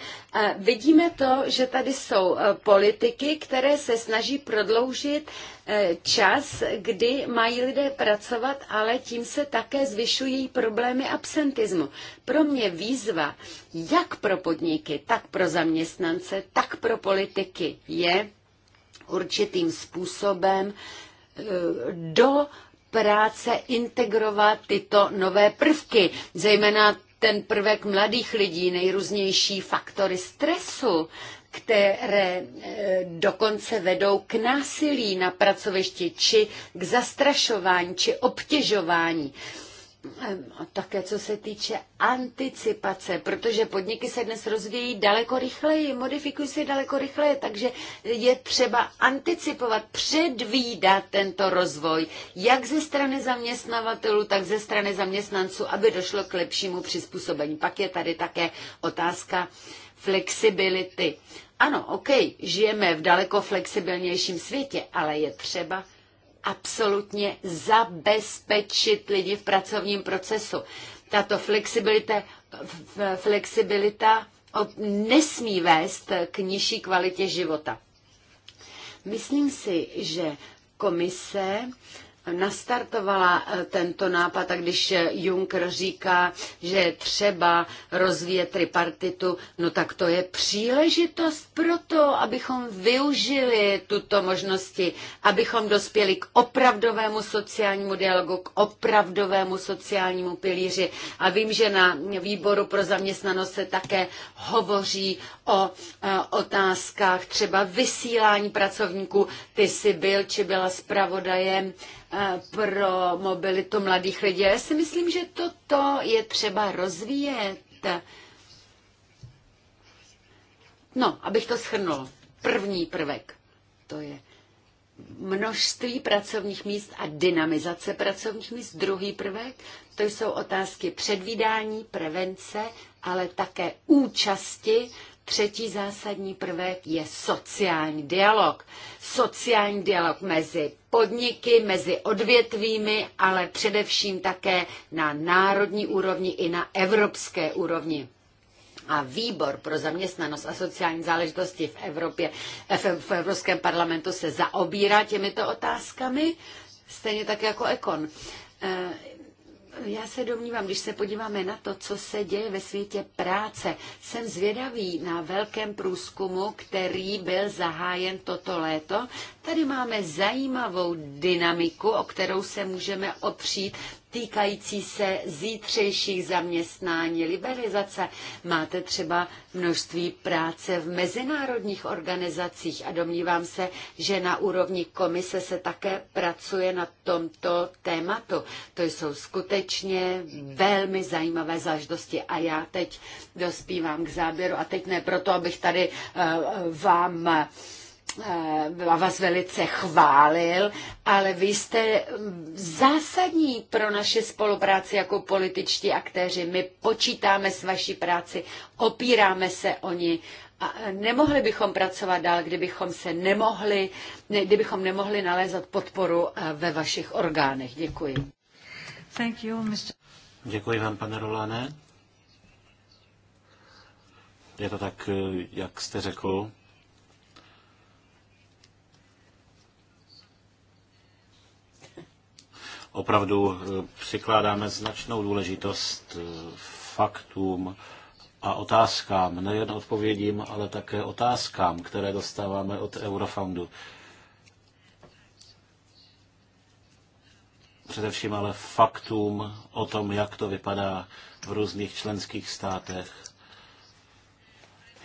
vidíme to, že tady jsou e, politiky, které se snaží prodloužit e, čas, kdy mají lidé pracovat, ale tím se také zvyšují problémy absentismu. Pro mě výzva jak pro podniky, tak pro zaměstnance, tak pro politiky je určitým způsobem do práce integrovat tyto nové prvky, zejména ten prvek mladých lidí, nejrůznější faktory stresu, které eh, dokonce vedou k násilí na pracovišti, či k zastrašování, či obtěžování. A také co se týče anticipace, protože podniky se dnes rozvíjí daleko rychleji, modifikují se daleko rychleji, takže je třeba anticipovat, předvídat tento rozvoj, jak ze strany zaměstnavatelů, tak ze strany zaměstnanců, aby došlo k lepšímu přizpůsobení. Pak je tady také otázka flexibility. Ano, OK, žijeme v daleko flexibilnějším světě, ale je třeba absolutně zabezpečit lidi v pracovním procesu. Tato flexibilita, flexibilita nesmí vést k nižší kvalitě života. Myslím si, že komise nastartovala eh, tento nápad a když eh, Juncker říká, že je třeba rozvíjet tripartitu, no tak to je příležitost pro to, abychom využili tuto možnosti, abychom dospěli k opravdovému sociálnímu dialogu, k opravdovému sociálnímu pilíři. A vím, že na výboru pro zaměstnanost se také hovoří o eh, otázkách třeba vysílání pracovníků. Ty jsi byl či byla zpravodajem Eh, pro mobilitu mladých lidí. Já si myslím, že toto je třeba rozvíjet. No, abych to schrnul. První prvek, to je množství pracovních míst a dynamizace pracovních míst. Druhý prvek, to jsou otázky předvídání, prevence, ale také účasti Třetí zásadní prvek je sociální dialog. Sociální dialog mezi podniky, mezi odvětvími, ale především také na národní úrovni i na evropské úrovni a výbor pro zaměstnanost a sociální záležitosti v Evropě, v, Evropském parlamentu se zaobírá těmito otázkami, stejně tak jako Ekon. Eh, já se domnívám, když se podíváme na to, co se děje ve světě práce, jsem zvědavý na velkém průzkumu, který byl zahájen toto léto. Tady máme zajímavou dynamiku, o kterou se můžeme opřít týkající se zítřejších zaměstnání, liberalizace. Máte třeba množství práce v mezinárodních organizacích a domnívám se, že na úrovni komise se také pracuje na tomto tématu. To jsou skutečně velmi zajímavé záždosti a já teď dospívám k záběru a teď ne proto, abych tady eh, eh, vám uh, Eh, vás velice chválil, ale vy jste zásadní pro naše spolupráci jako političtí aktéři. My počítáme s vaší práci, opíráme se o ní a nemohli bychom pracovat dál, kdybychom se nemohli, ne, kdybychom nemohli nalézat podporu eh, ve vašich orgánech. Děkuji. Thank you, Mr. Děkuji vám, pane Rolane. Je to tak, eh, jak jste řekl. opravdu eh, přikládáme značnou důležitost eh, faktům a otázkám, nejen odpovědím, ale také otázkám, které dostáváme od Eurofoundu. Především ale faktům o tom, jak to vypadá v různých členských státech,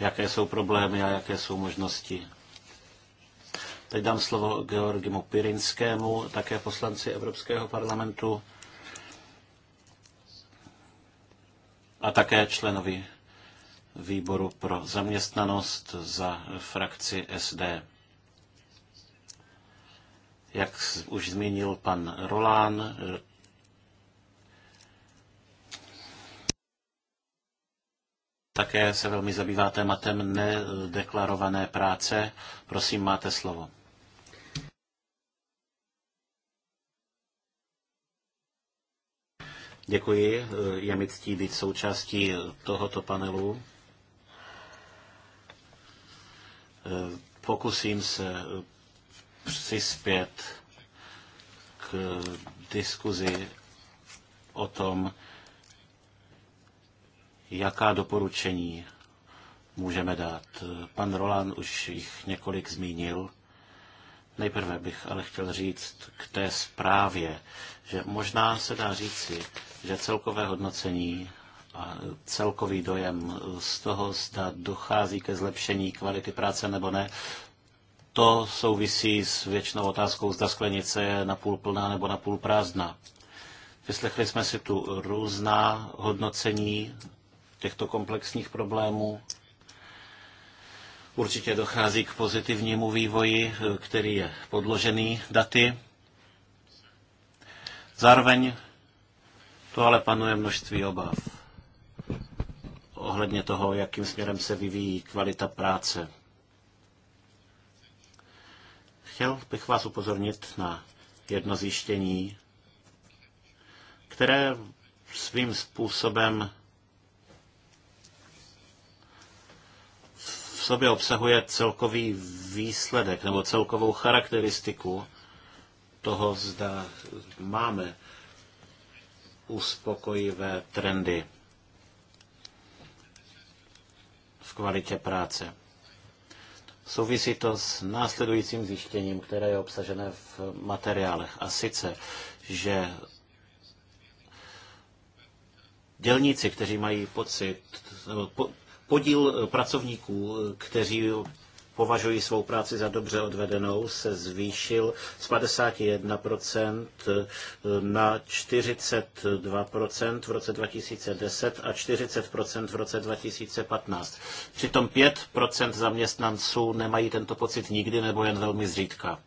jaké jsou problémy a jaké jsou možnosti. Teď dám slovo Georgimu Pirinskému, také poslanci Evropského parlamentu a také členovi výboru pro zaměstnanost za frakci SD. Jak už zmínil pan Rolán, také se velmi zabývá tématem nedeklarované práce. Prosím, máte slovo. Děkuji, je mi ctí být součástí tohoto panelu. Pokusím se přispět k diskuzi o tom, jaká doporučení můžeme dát. Pan Roland už jich několik zmínil. Nejprve bych ale chtěl říct k té zprávě, že možná se dá říci, že celkové hodnocení a celkový dojem z toho, zda dochází ke zlepšení kvality práce nebo ne, to souvisí s věčnou otázkou, zda sklenice je napůl plná nebo napůl prázdná. Vyslechli jsme si tu různá hodnocení těchto komplexních problémů. Určitě dochází k pozitivnímu vývoji, který je podložený daty. Zároveň tu ale panuje množství obav ohledně toho, jakým směrem se vyvíjí kvalita práce. Chtěl bych vás upozornit na jedno zjištění, které svým způsobem v sobě obsahuje celkový výsledek nebo celkovou charakteristiku toho, zda máme uspokojivé trendy v kvalitě práce. Souvisí to s následujícím zjištěním, které je obsažené v materiálech. A sice, že dělníci, kteří mají pocit, nebo podíl pracovníků, kteří považují svou práci za dobře odvedenou, se zvýšil z 51% eh, na 42% v roce 2010 a 40% v roce 2015. Přitom 5% zaměstnanců nemají tento pocit nikdy nebo jen velmi zřídka.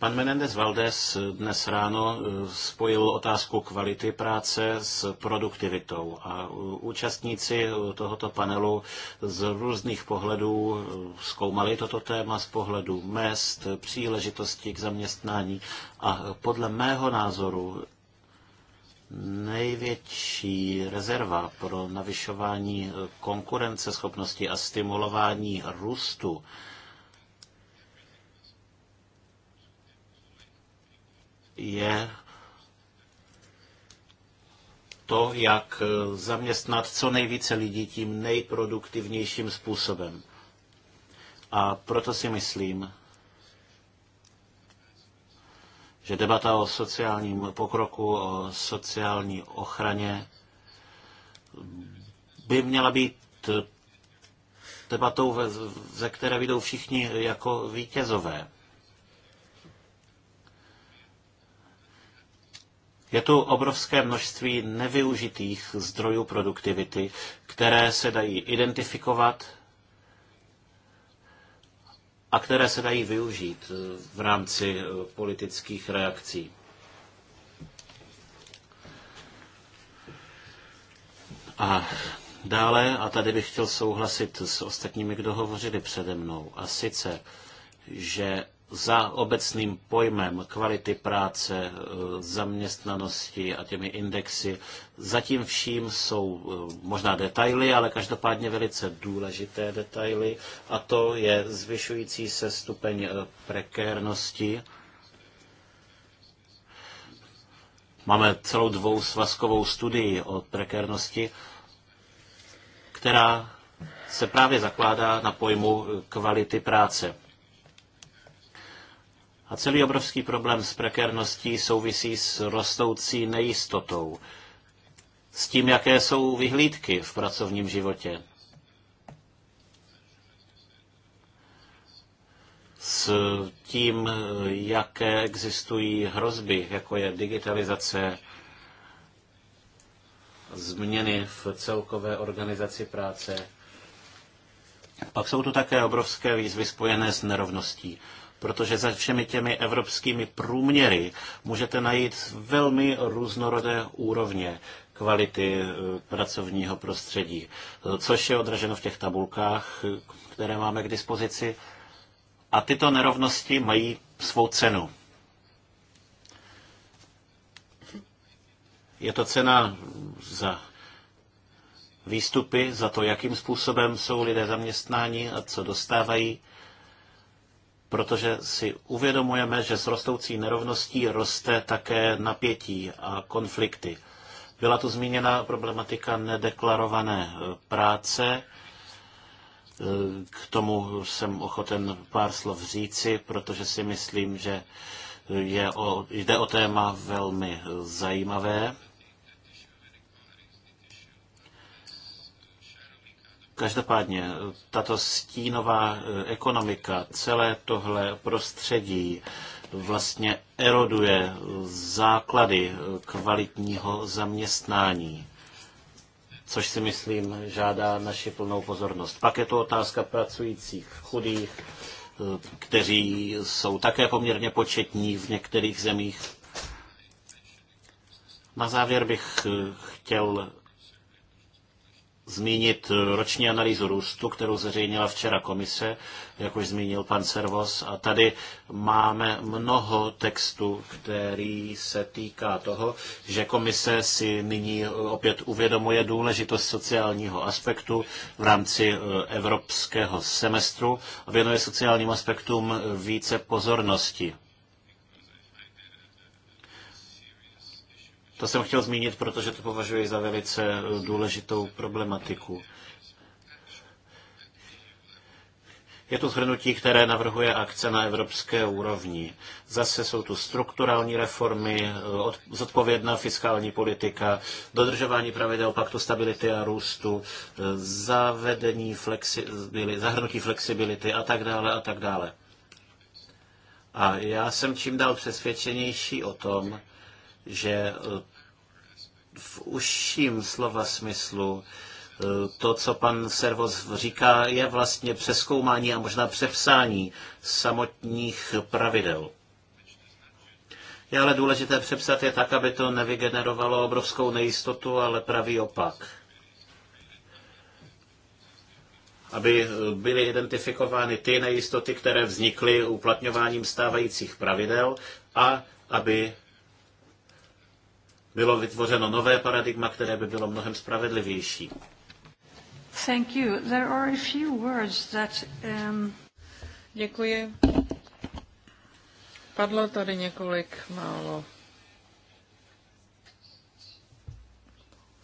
Pan Menendez Valdés dnes ráno eh, spojil otázku kvality práce s produktivitou a eh, účastníci eh, tohoto panelu z různých pohledů zkoumali toto téma z pohledu mest, příležitosti k zaměstnání a podle mého názoru největší rezerva pro navyšování konkurenceschopnosti a stimulování růstu je to, jak zaměstnat co nejvíce lidí tím nejproduktivnějším způsobem. A proto si myslím, že debata o sociálním pokroku, o sociální ochraně by měla být debatou, ze které vyjdou všichni jako vítězové. Je tu obrovské množství nevyužitých zdrojů produktivity, které se dají identifikovat a které se dají využít eh, v rámci eh, politických reakcí. A dále, a tady bych chtěl souhlasit s ostatními, kdo hovořili přede mnou, a sice, že za obecným pojmem kvality práce, e, zaměstnanosti a těmi indexy. Zatím vším jsou e, možná detaily, ale každopádně velice důležité detaily a to je zvyšující se stupeň e, prekérnosti. Máme celou dvou svazkovou studii o prekérnosti, která se právě zakládá na pojmu kvality práce. A celý obrovský problém s prekérností souvisí s rostoucí nejistotou, s tím, jaké jsou vyhlídky v pracovním životě. s tím, jaké existují hrozby, jako je digitalizace, změny v celkové organizaci práce. Pak jsou tu také obrovské výzvy spojené s nerovností protože za všemi těmi evropskými průměry můžete najít velmi různorodé úrovně kvality eh, pracovního prostředí, což je odraženo v těch tabulkách, které máme k dispozici. A tyto nerovnosti mají svou cenu. Je to cena za výstupy, za to, jakým způsobem jsou lidé zaměstnáni a co dostávají protože si uvědomujeme, že s rostoucí nerovností roste také napětí a konflikty. Byla tu zmíněna problematika nedeklarované eh, práce. Eh, k tomu jsem ochoten pár slov říci, protože si myslím, že je o, jde o téma velmi eh, zajímavé. Každopádně tato stínová eh, ekonomika, celé tohle prostředí vlastně eroduje základy eh, kvalitního zaměstnání což si myslím žádá naši plnou pozornost. Pak je to otázka pracujících, chudých, eh, kteří jsou také poměrně početní v některých zemích. Na závěr bych chtěl zmínit eh, roční analýzu růstu, kterou zveřejnila včera komise, jak už zmínil pan Servos. A tady máme mnoho textu, který se týká toho, že komise si nyní eh, opět uvědomuje důležitost sociálního aspektu v rámci eh, evropského semestru a věnuje sociálním aspektům více pozornosti. To jsem chtěl zmínit, protože to považuji za velice eh, důležitou problematiku. Je to shrnutí, které navrhuje akce na evropské úrovni. Zase jsou tu strukturální reformy, eh, zodpovědná fiskální politika, dodržování pravidel paktu stability a růstu, eh, zavedení flexibility, zahrnutí flexibility a tak dále a tak dále. A já jsem čím dál přesvědčenější o tom, že eh, v užším slova smyslu eh, to, co pan Servos říká, je vlastně přeskoumání a možná přepsání samotních pravidel. Je ale důležité přepsat je tak, aby to nevygenerovalo obrovskou nejistotu, ale pravý opak. Aby eh, byly identifikovány ty nejistoty, které vznikly uplatňováním stávajících pravidel a aby bylo vytvořeno nové paradigma, které by bylo mnohem spravedlivější. Thank you. There are a few words that, um... Děkuji. Padlo tady několik málo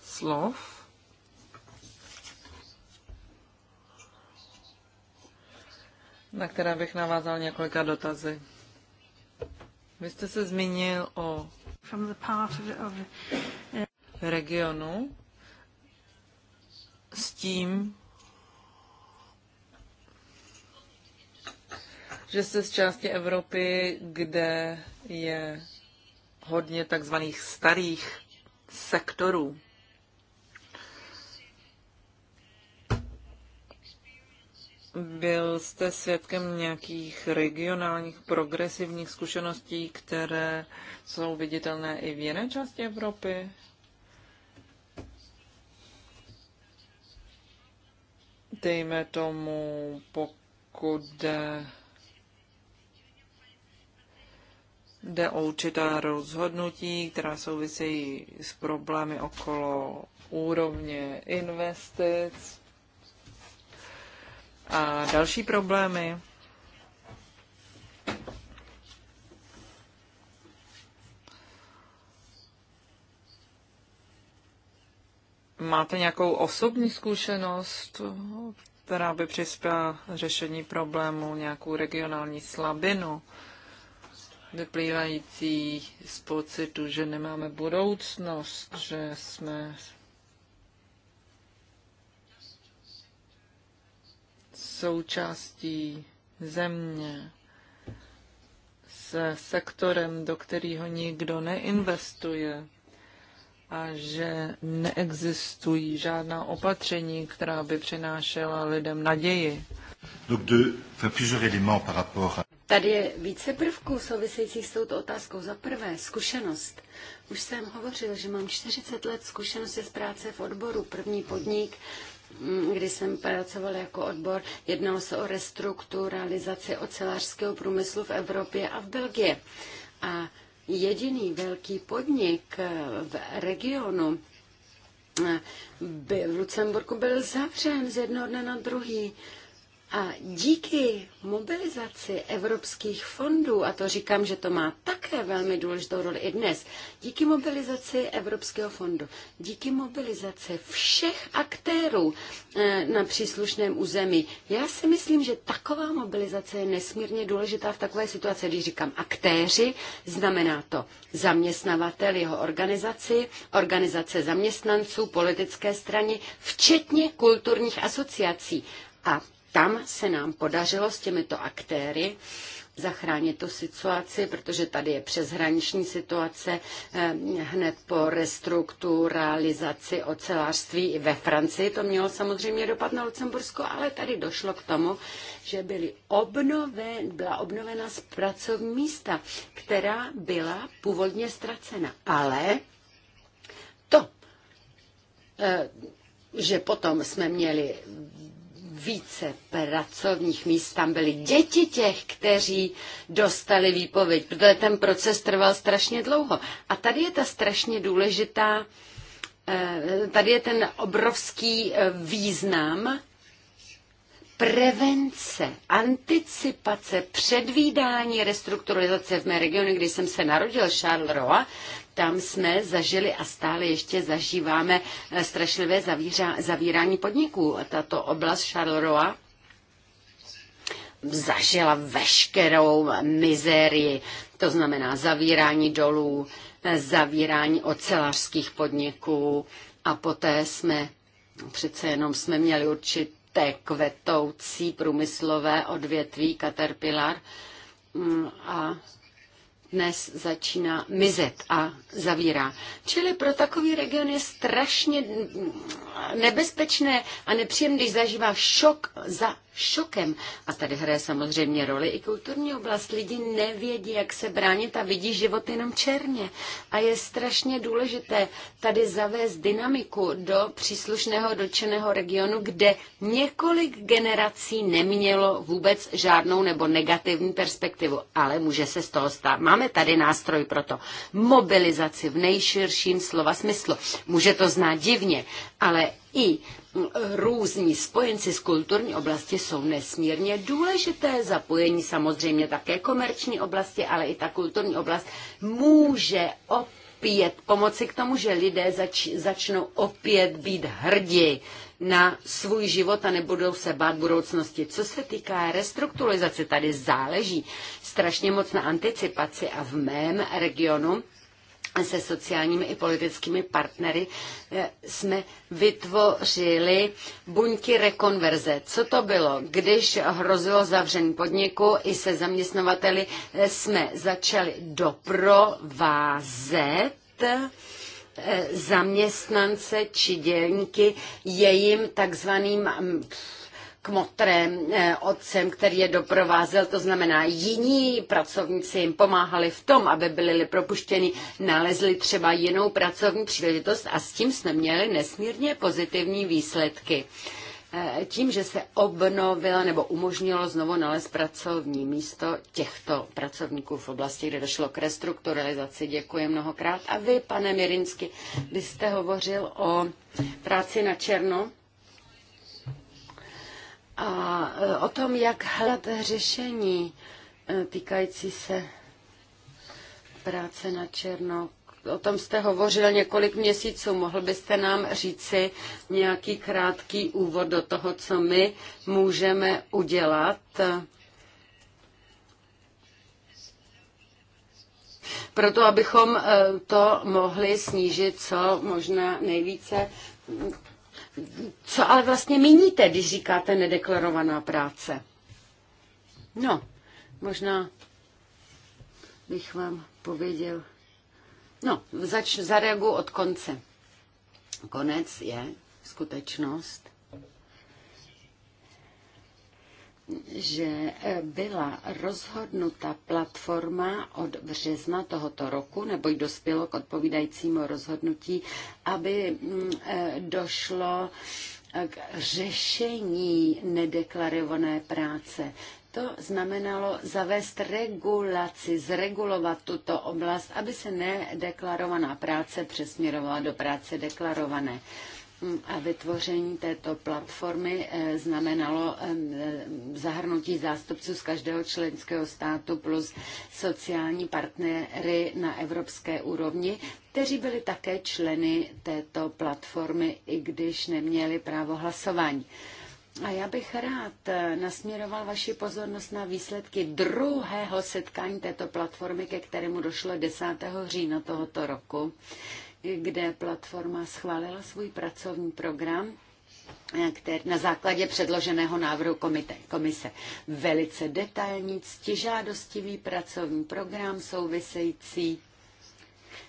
slov. na která bych navázal několika dotazy. Vy jste se zmínil o Uh, regionu s tím, že se z části Evropy, kde je hodně takzvaných starých sektorů, Byl jste svědkem nějakých regionálních progresivních zkušeností, které jsou viditelné i v jiné části Evropy? Dejme tomu, pokud jde, jde o určitá rozhodnutí, která souvisejí s problémy okolo úrovně investic, a další problémy. Máte nějakou osobní zkušenost, která by přispěla řešení problému, nějakou regionální slabinu, vyplývající z pocitu, že nemáme budoucnost, že jsme součástí země, se sektorem, do kterého nikdo neinvestuje a že neexistují žádná opatření, která by přinášela lidem naději. Tady je více prvků souvisejících s touto otázkou. Za prvé, zkušenost. Už jsem hovořil, že mám 40 let zkušenosti z práce v odboru. První podnik kdy jsem pracoval jako odbor, jednalo se o restrukturalizaci ocelářského průmyslu v Evropě a v Belgii. A jediný velký podnik eh, v regionu eh, byl, v Lucemburku byl zavřen z jednoho dne na druhý. A díky mobilizaci evropských fondů, a to říkám, že to má také velmi důležitou roli i dnes, díky mobilizaci Evropského fondu, díky mobilizaci všech aktérů eh, na příslušném území, já si myslím, že taková mobilizace je nesmírně důležitá v takové situaci. Když říkám aktéři, znamená to zaměstnavatel, jeho organizaci, organizace zaměstnanců, politické strany, včetně kulturních asociací. A tam se nám podařilo s těmito aktéry zachránit tu situaci, protože tady je přeshraniční situace eh, hned po restrukturalizaci ocelářství i ve Francii. To mělo samozřejmě dopad na Lucembursko, ale tady došlo k tomu, že byly obnoven, byla obnovena z pracovní místa, která byla původně ztracena. Ale to, eh, že potom jsme měli více pracovních míst tam byly děti těch, kteří dostali výpověď, protože ten proces trval strašně dlouho. A tady je ta strašně důležitá, eh, tady je ten obrovský eh, význam prevence, anticipace, předvídání restrukturalizace v mé regionu, kdy jsem se narodil Roa, tam jsme zažili a stále ještě zažíváme eh, strašlivé zavířa, zavírání podniků. Tato oblast Charleroi zažila veškerou mizérii, to znamená zavírání dolů, eh, zavírání ocelářských podniků a poté jsme, přece jenom jsme měli určité kvetoucí průmyslové odvětví Caterpillar mm, a dnes začíná mizet a zavírá. Čili pro takový region je strašně nebezpečné a nepříjemné, když zažívá šok za šokem. A tady hraje samozřejmě roli i kulturní oblast. Lidi nevědí, jak se bránit a vidí život jenom černě. A je strašně důležité tady zavést dynamiku do příslušného dotčeného regionu, kde několik generací nemělo vůbec žádnou nebo negativní perspektivu. Ale může se z toho stát. Máme tady nástroj pro to. Mobilizaci v nejširším slova smyslu. Může to znát divně, ale i různí spojenci z kulturní oblasti jsou nesmírně důležité. Zapojení samozřejmě také komerční oblasti, ale i ta kulturní oblast může opět pomoci k tomu, že lidé zač- začnou opět být hrdí na svůj život a nebudou se bát budoucnosti. Co se týká restrukturalizace, tady záleží strašně moc na anticipaci a v mém regionu se sociálními i politickými partnery eh, jsme vytvořili buňky rekonverze. Co to bylo? Když hrozilo zavření podniku i se zaměstnavateli, eh, jsme začali doprovázet eh, zaměstnance či dělníky jejím takzvaným mm, kmotrem, eh, otcem, který je doprovázel, to znamená jiní pracovníci jim pomáhali v tom, aby byli propuštěni, nalezli třeba jinou pracovní příležitost a s tím jsme měli nesmírně pozitivní výsledky. Eh, tím, že se obnovilo nebo umožnilo znovu nalézt pracovní místo těchto pracovníků v oblasti, kde došlo k restrukturalizaci, děkuji mnohokrát. A vy, pane Mirinsky, vy jste hovořil o práci na černo a e, o tom, jak hledat řešení e, týkající se práce na černo. O tom jste hovořil několik měsíců. Mohl byste nám říci nějaký krátký úvod do toho, co my můžeme udělat? Proto, abychom e, to mohli snížit co možná nejvíce co ale vlastně míníte, když říkáte nedeklarovaná práce? No, možná bych vám pověděl. No, zač, zareaguji od konce. Konec je skutečnost, že eh, byla rozhodnuta platforma od března tohoto roku, nebo dospělo k odpovídajícímu rozhodnutí, aby mm, eh, došlo eh, k řešení nedeklarované práce. To znamenalo zavést regulaci, zregulovat tuto oblast, aby se nedeklarovaná práce přesměrovala do práce deklarované a vytvoření této platformy eh, znamenalo zahrnutí zástupců z každého členského státu plus sociální partnery na evropské úrovni, kteří byli také členy této platformy, i když neměli právo hlasování. A já bych rád eh, nasměroval vaši pozornost na výsledky druhého setkání této platformy, ke kterému došlo 10. října tohoto roku kde platforma schválila svůj pracovní program který, na základě předloženého návrhu komite, komise. Velice detailní, ctižádostivý pracovní program související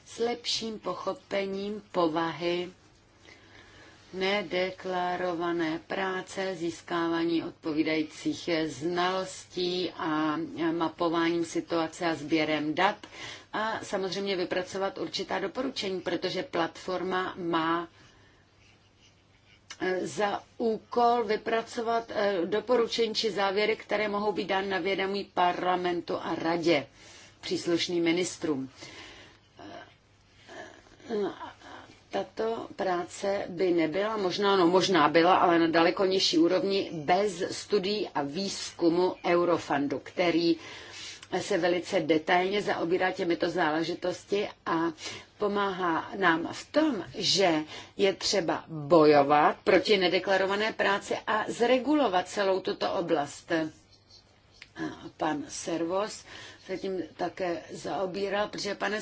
s lepším pochopením povahy nedeklarované práce, získávání odpovídajících znalostí a mapováním situace a sběrem dat a samozřejmě vypracovat určitá doporučení, protože platforma má eh, za úkol vypracovat eh, doporučení či závěry, které mohou být dány na vědomí parlamentu a radě příslušným ministrům. Eh, tato práce by nebyla, možná, no možná byla, ale na daleko nižší úrovni bez studií a výzkumu Eurofundu, který se velice detailně zaobírá těmito záležitosti a pomáhá nám v tom, že je třeba bojovat proti nedeklarované práci a zregulovat celou tuto oblast. A pan Servos se tím také zaobíral, protože pane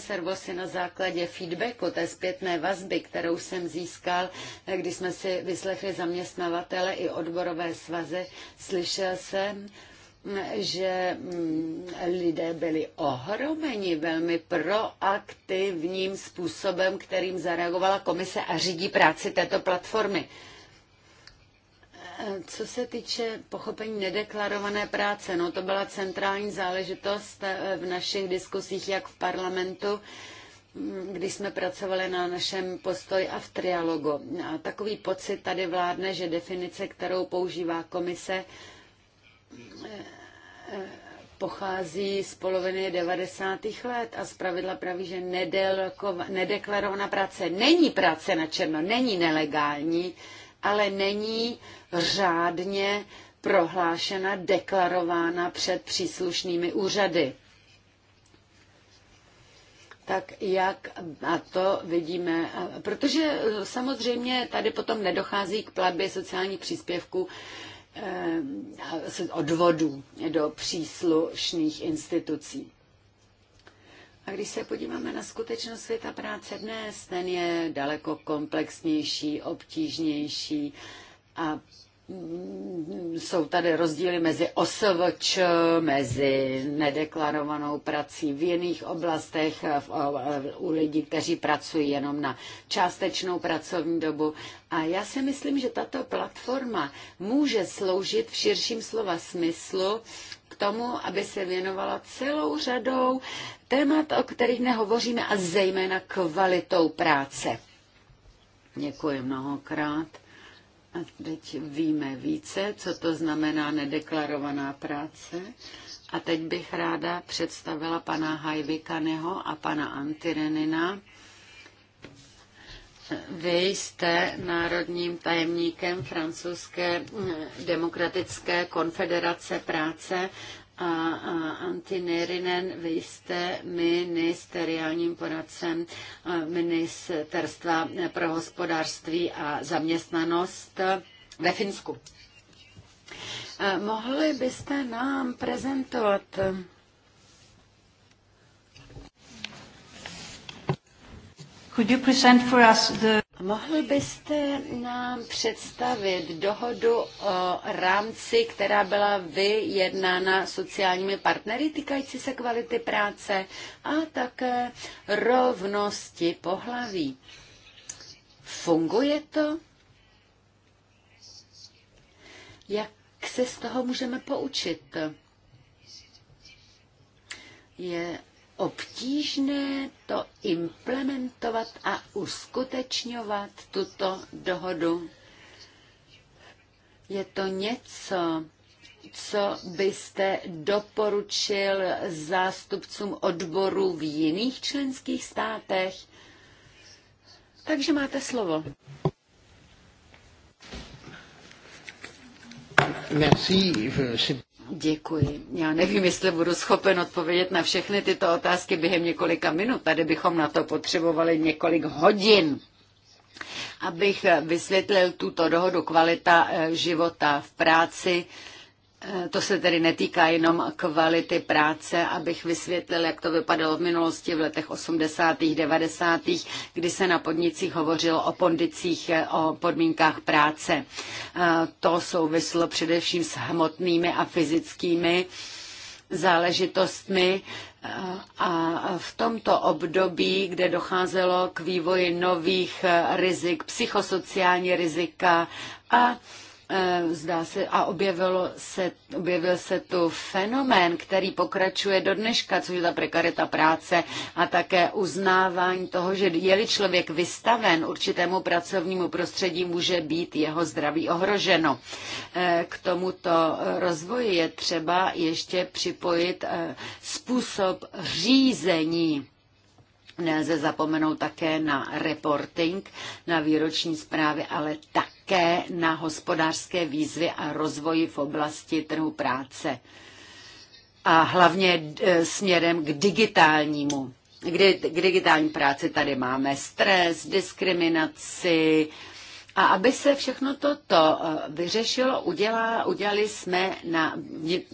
je na základě feedbacku, té zpětné vazby, kterou jsem získal, když jsme si vyslechli zaměstnavatele i odborové svazy, slyšel jsem, že mm, lidé byli ohromeni velmi proaktivním způsobem, kterým zareagovala komise a řídí práci této platformy. Eh, co se týče pochopení nedeklarované práce, no to byla centrální záležitost eh, v našich diskusích jak v parlamentu, mm, když jsme pracovali na našem postoji a v trialogu. A takový pocit tady vládne, že definice, kterou používá komise, pochází z poloviny 90. let a zpravidla praví, že nedeklarovaná práce není práce na černo, není nelegální, ale není řádně prohlášena, deklarována před příslušnými úřady. Tak jak a to vidíme, protože samozřejmě tady potom nedochází k platbě sociálních příspěvků, Eh, odvodů do příslušných institucí. A když se podíváme na skutečnost světa práce dnes, ten je daleko komplexnější, obtížnější a jsou tady rozdíly mezi OSVČ, mezi nedeklarovanou prací v jiných oblastech, u lidí, kteří pracují jenom na částečnou pracovní dobu. A já si myslím, že tato platforma může sloužit v širším slova smyslu k tomu, aby se věnovala celou řadou témat, o kterých nehovoříme, a zejména kvalitou práce. Děkuji mnohokrát. A teď víme více, co to znamená nedeklarovaná práce. A teď bych ráda představila pana Hajvikaneho a pana Antirenina. Vy jste národním tajemníkem Francouzské demokratické konfederace práce a, a Antinerinen, vy jste ministeriálním poradcem ministerstva pro hospodářství a zaměstnanost ve Finsku. Mohli byste nám prezentovat Could you present for us the... Mohl byste nám představit dohodu o rámci, která byla vyjednána sociálními partnery týkající se kvality práce a také rovnosti pohlaví? Funguje to? Jak se z toho můžeme poučit? Je obtížné to implementovat a uskutečňovat tuto dohodu. Je to něco, co byste doporučil zástupcům odborů v jiných členských státech? Takže máte slovo. Merci. Děkuji. Já nevím, jestli budu schopen odpovědět na všechny tyto otázky během několika minut. Tady bychom na to potřebovali několik hodin. Abych vysvětlil tuto dohodu kvalita eh, života v práci, Eh, to se tedy netýká jenom kvality práce, abych vysvětlil, jak to vypadalo v minulosti v letech 80. 90. kdy se na podnicích hovořilo o pondicích, eh, o podmínkách práce. Eh, to souvislo především s hmotnými a fyzickými záležitostmi a v tomto období, kde docházelo k vývoji nových rizik, psychosociální rizika a Eh, zdá se, a objevilo se, objevil se tu fenomén, který pokračuje do dneška, což je ta prekarita práce a také uznávání toho, že je-li člověk vystaven určitému pracovnímu prostředí, může být jeho zdraví ohroženo. Eh, k tomuto rozvoji je třeba ještě připojit eh, způsob řízení Nelze zapomenout také na reporting, na výroční zprávy, ale také na hospodářské výzvy a rozvoji v oblasti trhu práce. A hlavně eh, směrem k digitálnímu. K digitální práci tady máme stres, diskriminaci, a aby se všechno toto eh, vyřešilo, udělá, udělali jsme na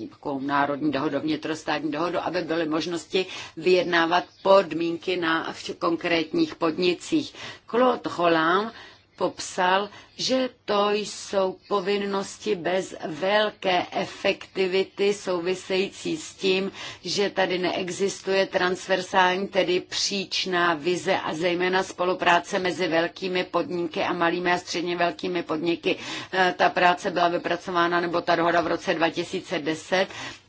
takovou národní dohodu, vnitrostátní dohodu, aby byly možnosti vyjednávat podmínky na konkrétních podnicích. Claude Holland popsal že to jsou povinnosti bez velké efektivity související s tím, že tady neexistuje transversální, tedy příčná vize a zejména spolupráce mezi velkými podniky a malými a středně velkými podniky. E, ta práce byla vypracována nebo ta dohoda v roce 2010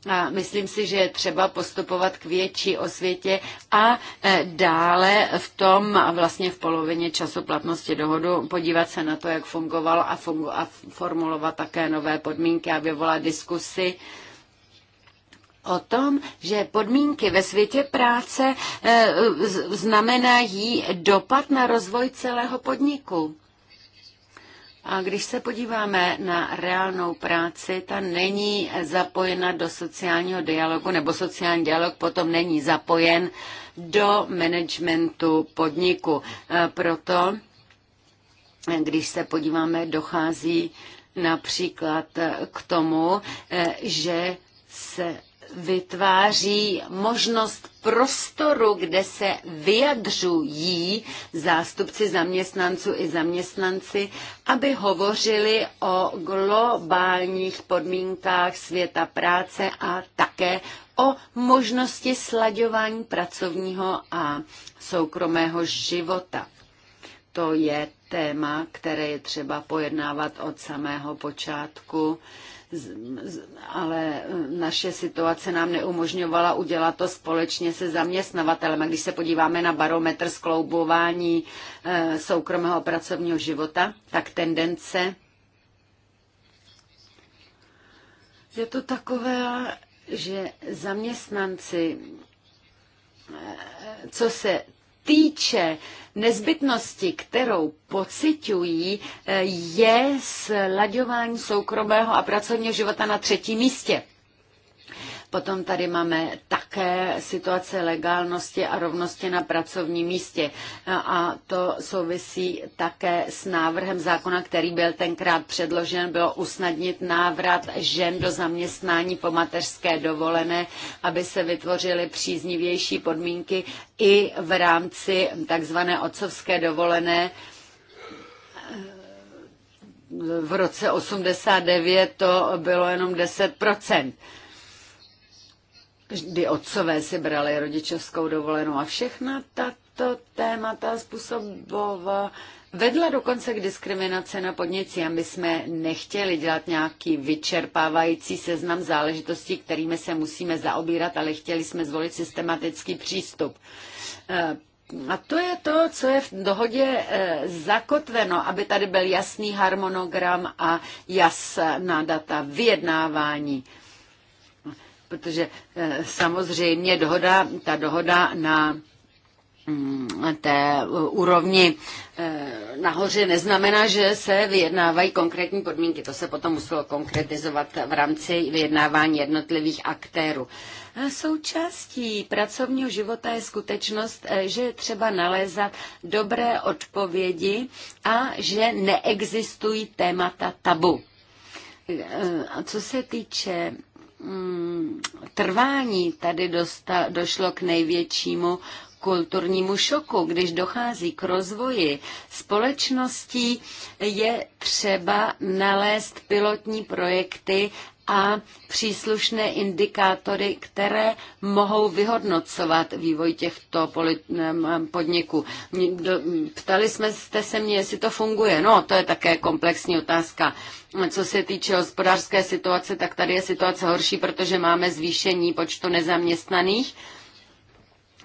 a myslím si, že je třeba postupovat k větší osvětě a e, dále v tom vlastně v polovině času platnosti dohodu podívat se na to, jak fungoval a, fungu- a formulovat také nové podmínky a vyvolat diskusy o tom, že podmínky ve světě práce eh, znamenají dopad na rozvoj celého podniku. A když se podíváme na reálnou práci, ta není zapojena do sociálního dialogu, nebo sociální dialog potom není zapojen do managementu podniku. Eh, proto když se podíváme, dochází například k tomu, eh, že se vytváří možnost prostoru, kde se vyjadřují zástupci zaměstnanců i zaměstnanci, aby hovořili o globálních podmínkách světa práce a také o možnosti slaďování pracovního a soukromého života. To je téma, které je třeba pojednávat od samého počátku, ale naše situace nám neumožňovala udělat to společně se zaměstnavatelem. A když se podíváme na barometr skloubování eh, soukromého pracovního života, tak tendence je to takové, že zaměstnanci, eh, co se týče nezbytnosti, kterou pocitují, eh, je slaďování soukromého a pracovního života na třetím místě. Potom tady máme také situace legálnosti a rovnosti na pracovním místě. A to souvisí také s návrhem zákona, který byl tenkrát předložen, bylo usnadnit návrat žen do zaměstnání po mateřské dovolené, aby se vytvořily příznivější podmínky i v rámci takzvané otcovské dovolené, eh, v roce 89 to bylo jenom 10% kdy otcové si brali rodičovskou dovolenou a všechna tato témata způsobová vedla dokonce k diskriminaci na podnici a my jsme nechtěli dělat nějaký vyčerpávající seznam záležitostí, kterými se musíme zaobírat, ale chtěli jsme zvolit systematický přístup. Eh, a to je to, co je v dohodě eh, zakotveno, aby tady byl jasný harmonogram a jasná data vyjednávání protože eh, samozřejmě dohoda, ta dohoda na mm, té eh, úrovni eh, nahoře neznamená, že se vyjednávají konkrétní podmínky. To se potom muselo konkretizovat v rámci vyjednávání jednotlivých aktérů. Součástí pracovního života je skutečnost, že je třeba nalézat dobré odpovědi a že neexistují témata tabu. A co se týče Mm, trvání tady dosta, došlo k největšímu kulturnímu šoku, když dochází k rozvoji společností, je třeba nalézt pilotní projekty a příslušné indikátory, které mohou vyhodnocovat vývoj těchto podniků. Ptali jsme jste se mě, jestli to funguje. No, to je také komplexní otázka. Co se týče hospodářské situace, tak tady je situace horší, protože máme zvýšení počtu nezaměstnaných.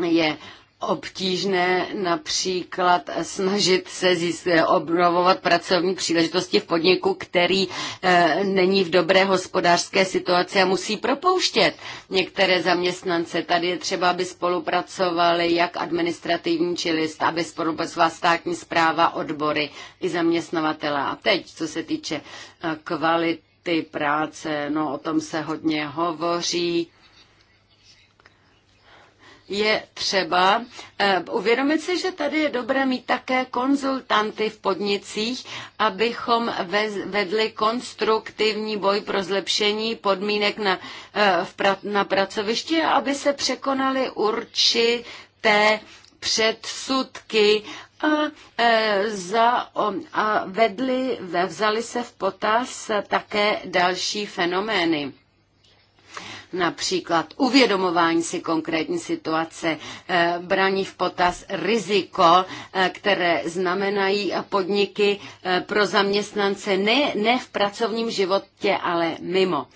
Je obtížné například snažit se obnovovat pracovní příležitosti v podniku, který eh, není v dobré hospodářské situaci a musí propouštět některé zaměstnance. Tady je třeba, aby spolupracovali jak administrativní čili aby spolupracovala státní zpráva, odbory i zaměstnavatele. A teď, co se týče eh, kvality práce, no o tom se hodně hovoří je třeba eh, uvědomit si, že tady je dobré mít také konzultanty v podnicích, abychom vedli konstruktivní boj pro zlepšení podmínek na, eh, na pracovišti aby se překonaly určité předsudky a, e, za, a vedli, vzali se v potaz také další fenomény například uvědomování si konkrétní situace, eh, braní v potaz riziko, eh, které znamenají podniky eh, pro zaměstnance ne, ne v pracovním životě, ale mimo.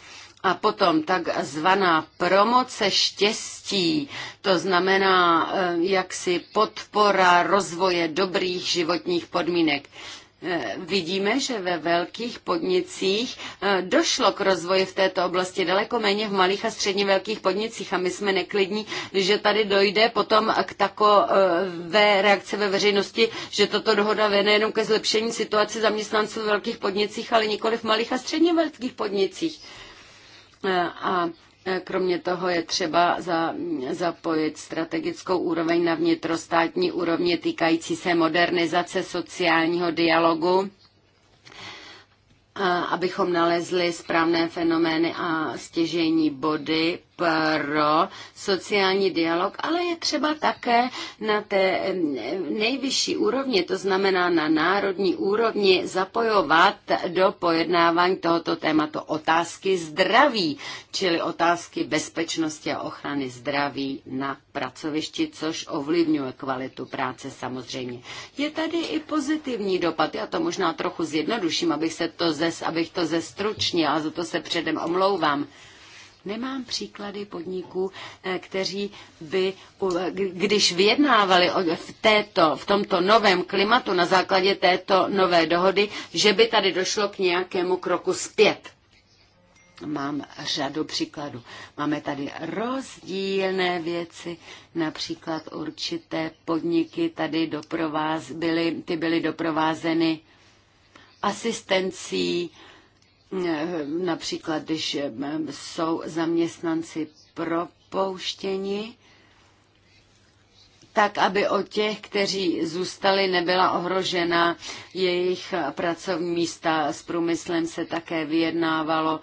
A potom takzvaná promoce štěstí, to znamená jaksi podpora rozvoje dobrých životních podmínek. Eh, vidíme, že ve velkých podnicích eh, došlo k rozvoji v této oblasti daleko méně v malých a středně velkých podnicích a my jsme neklidní, že tady dojde potom k takové reakce ve veřejnosti, že toto dohoda vede nejenom ke zlepšení situace zaměstnanců v velkých podnicích, ale nikoli v malých a středně velkých podnicích. Eh, a Eh, kromě toho je třeba za, zapojit strategickou úroveň na vnitrostátní úrovni týkající se modernizace sociálního dialogu, abychom nalezli správné fenomény a stěžení body pro sociální dialog, ale je třeba také na té nejvyšší úrovni, to znamená na národní úrovni, zapojovat do pojednávání tohoto tématu otázky zdraví, čili otázky bezpečnosti a ochrany zdraví na pracovišti, což ovlivňuje kvalitu práce samozřejmě. Je tady i pozitivní dopad, já to možná trochu zjednoduším, abych, se to zes, abych to zestručnil a za to se předem omlouvám. Nemám příklady podniků, eh, kteří by, když vyjednávali v, této, v tomto novém klimatu na základě této nové dohody, že by tady došlo k nějakému kroku zpět. Mám řadu příkladů. Máme tady rozdílné věci, například určité podniky tady doprováz, byly, ty byly doprovázeny asistencí, Eh, například když eh, jsou zaměstnanci propouštěni, tak aby o těch, kteří zůstali, nebyla ohrožena jejich pracovní místa. S průmyslem se také vyjednávalo,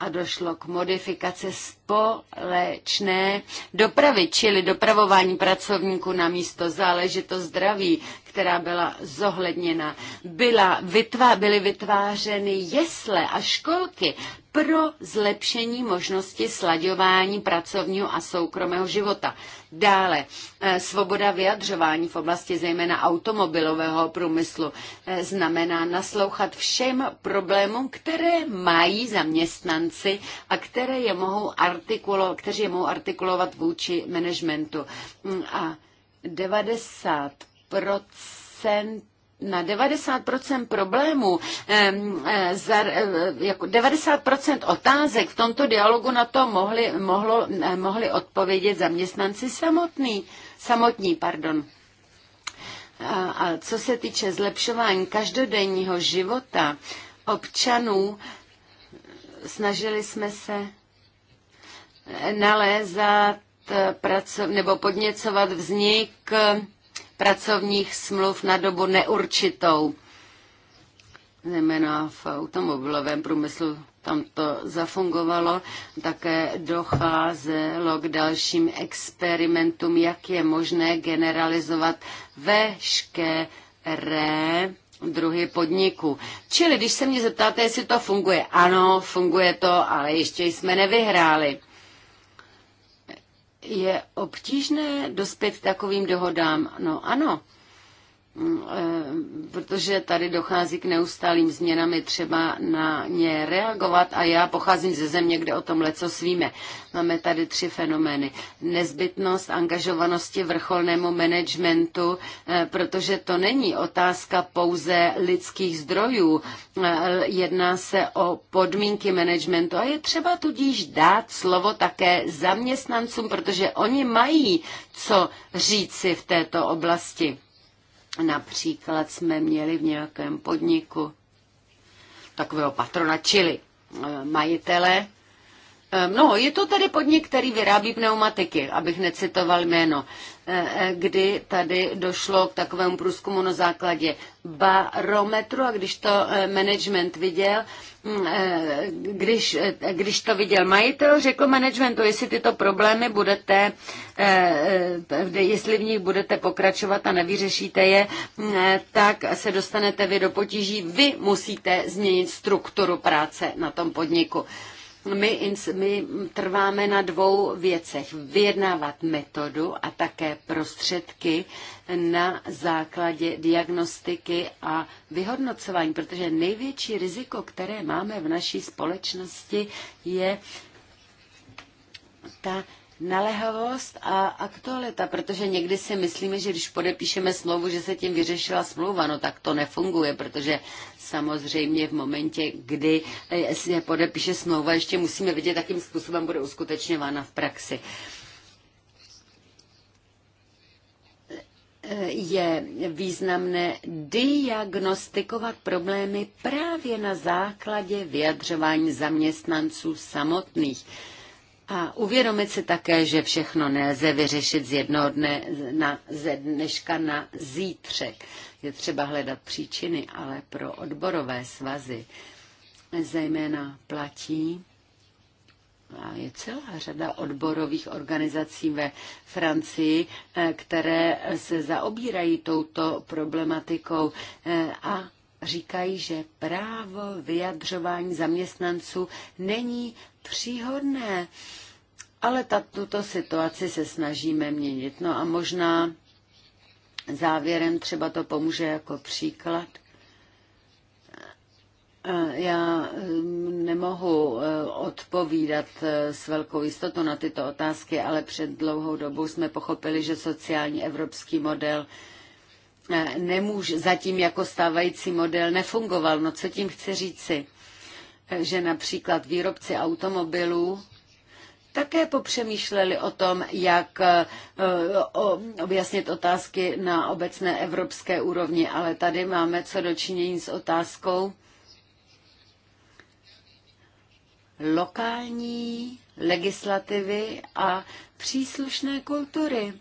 a došlo k modifikaci společné dopravy, čili dopravování pracovníků na místo záležitost zdraví, která byla zohledněna. Byla, vytvá, byly vytvářeny jesle a školky pro zlepšení možnosti slaďování pracovního a soukromého života. Dále eh, svoboda vyjadřování v oblasti zejména automobilového průmyslu eh, znamená naslouchat všem problémům, které mají zaměstnanci a které je mohou artikulo, kteří je mohou artikulovat vůči managementu. Mm, a 90 procent na 90% problémů, eh, eh, jako 90% otázek v tomto dialogu na to mohli, mohlo, eh, mohli odpovědět zaměstnanci samotný, samotní. Pardon. A, a co se týče zlepšování každodenního života občanů, snažili jsme se nalézat pracov, nebo podněcovat vznik pracovních smluv na dobu neurčitou. Znamená v automobilovém průmyslu tam to zafungovalo, také docházelo k dalším experimentům, jak je možné generalizovat veškeré druhy podniku. Čili když se mě zeptáte, jestli to funguje, ano, funguje to, ale ještě jsme nevyhráli je obtížné dospět k takovým dohodám. No ano, Mm, eh, protože tady dochází k neustálým změnám, je třeba na ně reagovat a já pocházím ze země, kde o tom co svíme. Máme tady tři fenomény. Nezbytnost angažovanosti vrcholnému managementu, eh, protože to není otázka pouze lidských zdrojů. Eh, jedná se o podmínky managementu a je třeba tudíž dát slovo také zaměstnancům, protože oni mají co říci v této oblasti. Například jsme měli v nějakém podniku takového patrona čili eh, majitele. Eh, no, je to tedy podnik, který vyrábí pneumatiky, abych necitoval jméno. Eh, eh, kdy tady došlo k takovému průzkumu na základě barometru a když to eh, management viděl, mm, když, když to viděl majitel, řekl managementu, jestli tyto problémy budete, jestli v nich budete pokračovat a nevyřešíte je, mm, tak se dostanete vy do potíží. Vy musíte změnit strukturu práce na tom podniku my, my trváme na dvou věcech. Vyjednávat metodu a také prostředky na základě diagnostiky a vyhodnocování, protože největší riziko, které máme v naší společnosti, je ta Naléhavost a aktualita, protože někdy si myslíme, že když podepíšeme smlouvu, že se tím vyřešila smlouva, no tak to nefunguje, protože samozřejmě v momentě, kdy eh, se podepíše smlouva, ještě musíme vidět, jakým způsobem bude uskutečňována v praxi. Eh, je významné diagnostikovat problémy právě na základě vyjadřování zaměstnanců samotných a uvědomit si také, že všechno nelze vyřešit z jednoho dne na, ze dneška na zítřek. Je třeba hledat příčiny, ale pro odborové svazy zejména platí, a je celá řada odborových organizací ve Francii, eh, které se zaobírají touto problematikou eh, a říkají, že právo vyjadřování zaměstnanců není příhodné. Ale ta, tuto situaci se snažíme měnit. No a možná závěrem třeba to pomůže jako příklad. E, já mm, nemohu e, odpovídat e, s velkou jistotou na tyto otázky, ale před dlouhou dobou jsme pochopili, že sociální evropský model nemůže, zatím jako stávající model nefungoval. No co tím chci říci? že například výrobci automobilů také popřemýšleli o tom, jak eh, objasnit otázky na obecné evropské úrovni, ale tady máme co dočinění s otázkou lokální legislativy a příslušné kultury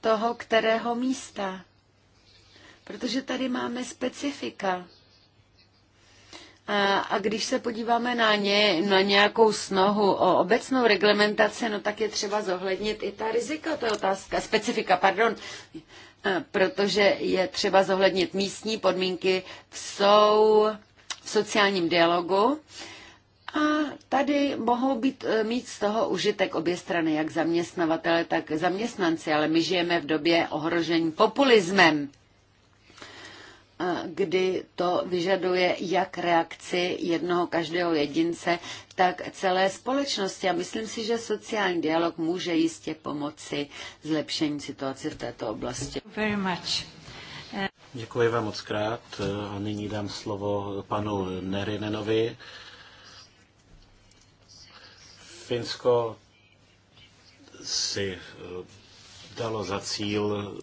toho kterého místa. Protože tady máme specifika. A když se podíváme na, ně, na nějakou snohu o obecnou reglementaci, no tak je třeba zohlednit i ta rizika, to je otázka, specifika, pardon, protože je třeba zohlednit místní podmínky, jsou v sociálním dialogu a tady mohou být, e, mít z toho užitek obě strany, jak zaměstnavatele, tak zaměstnanci, ale my žijeme v době ohrožení populismem kdy to vyžaduje jak reakci jednoho každého jedince, tak celé společnosti. A myslím si, že sociální dialog může jistě pomoci zlepšení situace v této oblasti. Very much. Děkuji vám moc krát a nyní dám slovo panu Nerinenovi. Finsko si eh, dalo za cíl